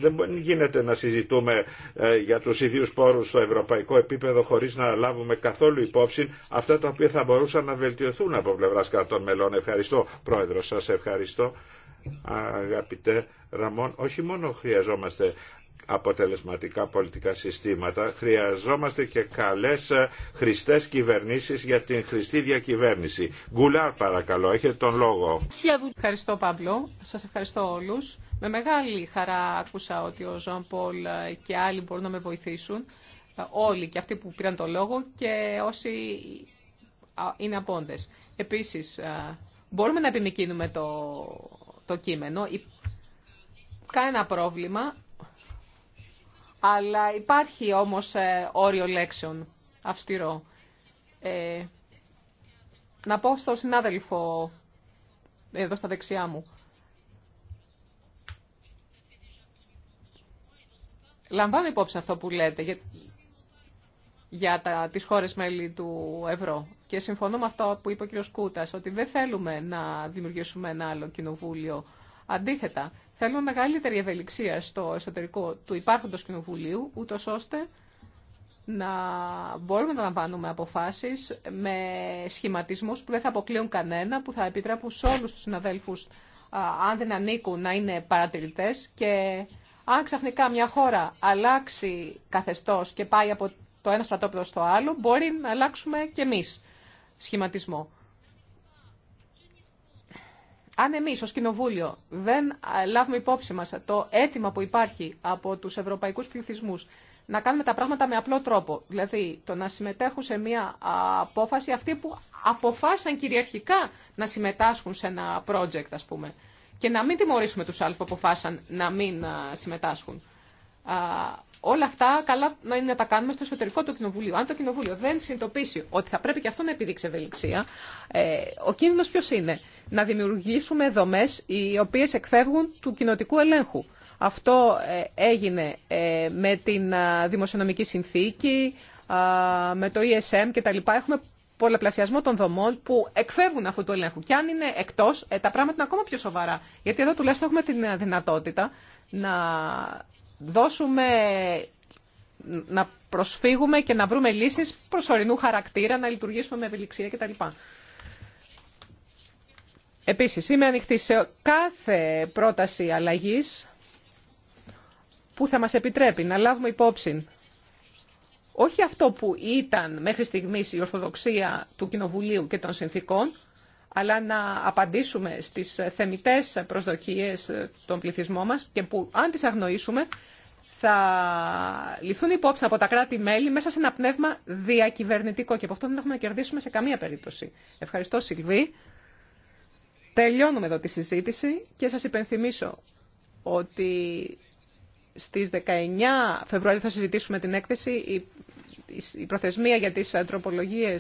Δεν γίνεται να συζητούμε ε, για τους ιδίους πόρους στο ευρωπαϊκό επίπεδο χωρίς να λάβουμε καθόλου υπόψη αυτά τα οποία θα μπορούσαν να βελτιωθούν από πλευρά κρατών μελών. Ευχαριστώ, Πρόεδρο, σας ευχαριστώ αγαπητέ Ραμόν, όχι μόνο χρειαζόμαστε αποτελεσματικά πολιτικά συστήματα. Χρειαζόμαστε και καλές ε, χρηστές κυβερνήσεις για την χρηστή διακυβέρνηση. Γκουλάρ παρακαλώ, έχετε τον λόγο. Ευχαριστώ Παύλο, σας ευχαριστώ όλους. Με μεγάλη χαρά άκουσα ότι ο Ζωάν Πολ και άλλοι μπορούν να με βοηθήσουν. Όλοι και αυτοί που πήραν τον λόγο και όσοι είναι απόντες. Επίσης, μπορούμε να επιμηκύνουμε το, το κείμενο. Κανένα πρόβλημα αλλά υπάρχει όμως ε, όριο λέξεων αυστηρό. Ε, να πω στον συνάδελφο εδώ στα δεξιά μου. Λαμβάνω υπόψη αυτό που λέτε για, για τα, τις χώρες μέλη του ευρώ. Και συμφωνώ με αυτό που είπε ο κ. Κούτας, ότι δεν θέλουμε να δημιουργήσουμε ένα άλλο κοινοβούλιο. Αντίθετα, Θέλουμε μεγαλύτερη ευελιξία στο εσωτερικό του υπάρχοντος κοινοβουλίου, ούτω ώστε να μπορούμε να λαμβάνουμε αποφάσεις με σχηματισμούς που δεν θα αποκλείουν κανένα, που θα επιτρέπουν σε όλους τους συναδέλφους, αν δεν ανήκουν, να είναι παρατηρητές και αν ξαφνικά μια χώρα αλλάξει καθεστώς και πάει από το ένα στρατόπεδο στο άλλο, μπορεί να αλλάξουμε κι εμείς σχηματισμό αν εμεί ω Κοινοβούλιο δεν λάβουμε υπόψη μα το αίτημα που υπάρχει από τους ευρωπαϊκούς πληθυσμού να κάνουμε τα πράγματα με απλό τρόπο, δηλαδή το να συμμετέχουν σε μια απόφαση αυτοί που αποφάσισαν κυριαρχικά να συμμετάσχουν σε ένα project ας πούμε και να μην τιμωρήσουμε τους άλλου που αποφάσισαν να μην συμμετάσχουν. Όλα αυτά καλά να είναι να τα κάνουμε στο εσωτερικό του Κοινοβουλίου. Αν το Κοινοβούλιο δεν συνειδητοποιήσει ότι θα πρέπει και αυτό να επιδείξει ευελιξία, ε, ο κίνδυνο ποιο είναι. Να δημιουργήσουμε δομέ οι οποίε εκφεύγουν του κοινοτικού ελέγχου. Αυτό ε, έγινε ε, με την δημοσιονομική συνθήκη, με το ESM κτλ. Έχουμε πολλαπλασιασμό των δομών που εκφεύγουν αυτού του ελέγχου. Και αν είναι εκτό, ε, τα πράγματα είναι ακόμα πιο σοβαρά. Γιατί εδώ τουλάχιστον έχουμε την δυνατότητα να δώσουμε, να προσφύγουμε και να βρούμε λύσεις προσωρινού χαρακτήρα, να λειτουργήσουμε με ευελιξία κτλ. Επίσης, είμαι ανοιχτή σε κάθε πρόταση αλλαγής που θα μας επιτρέπει να λάβουμε υπόψη όχι αυτό που ήταν μέχρι στιγμής η ορθοδοξία του Κοινοβουλίου και των συνθήκων, αλλά να απαντήσουμε στις θεμητές προσδοκίες των πληθυσμών μας και που αν τις αγνοήσουμε θα λυθούν υπόψη από τα κράτη-μέλη μέσα σε ένα πνεύμα διακυβερνητικό και από αυτό δεν έχουμε να κερδίσουμε σε καμία περίπτωση. Ευχαριστώ Σιλβί. Τελειώνουμε εδώ τη συζήτηση και σας υπενθυμίσω ότι στις 19 Φεβρουαρίου θα συζητήσουμε την έκθεση. Η προθεσμία για τις τροπολογίε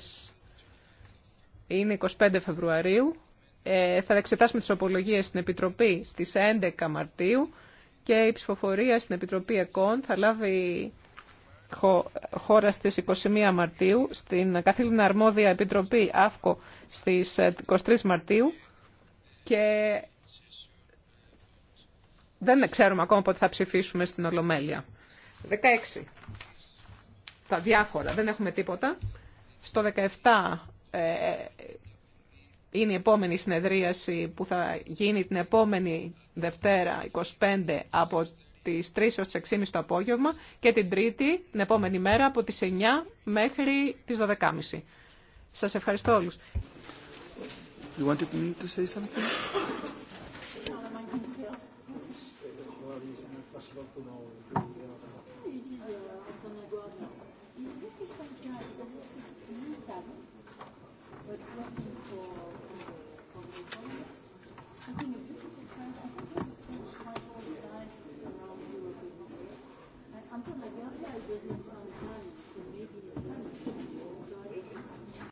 είναι 25 Φεβρουαρίου. Ε, θα εξετάσουμε τις απολογίες στην Επιτροπή στις 11 Μαρτίου και η ψηφοφορία στην Επιτροπή ΕΚΟΝ θα λάβει χώρα στις 21 Μαρτίου, στην καθήλυνα αρμόδια Επιτροπή ΑΦΚΟ στις 23 ε, Μαρτίου και δεν ξέρουμε ακόμα πότε θα ψηφίσουμε στην Ολομέλεια. 16. Τα διάφορα. Δεν έχουμε τίποτα. Στο 17 ε, είναι η επόμενη συνεδρίαση που θα γίνει την επόμενη Δευτέρα 25 από τις 3 έως τις 6.30 το απόγευμα και την Τρίτη την επόμενη μέρα από τις 9 μέχρι τις 12.30. Σας ευχαριστώ όλους. Υπότιτλοι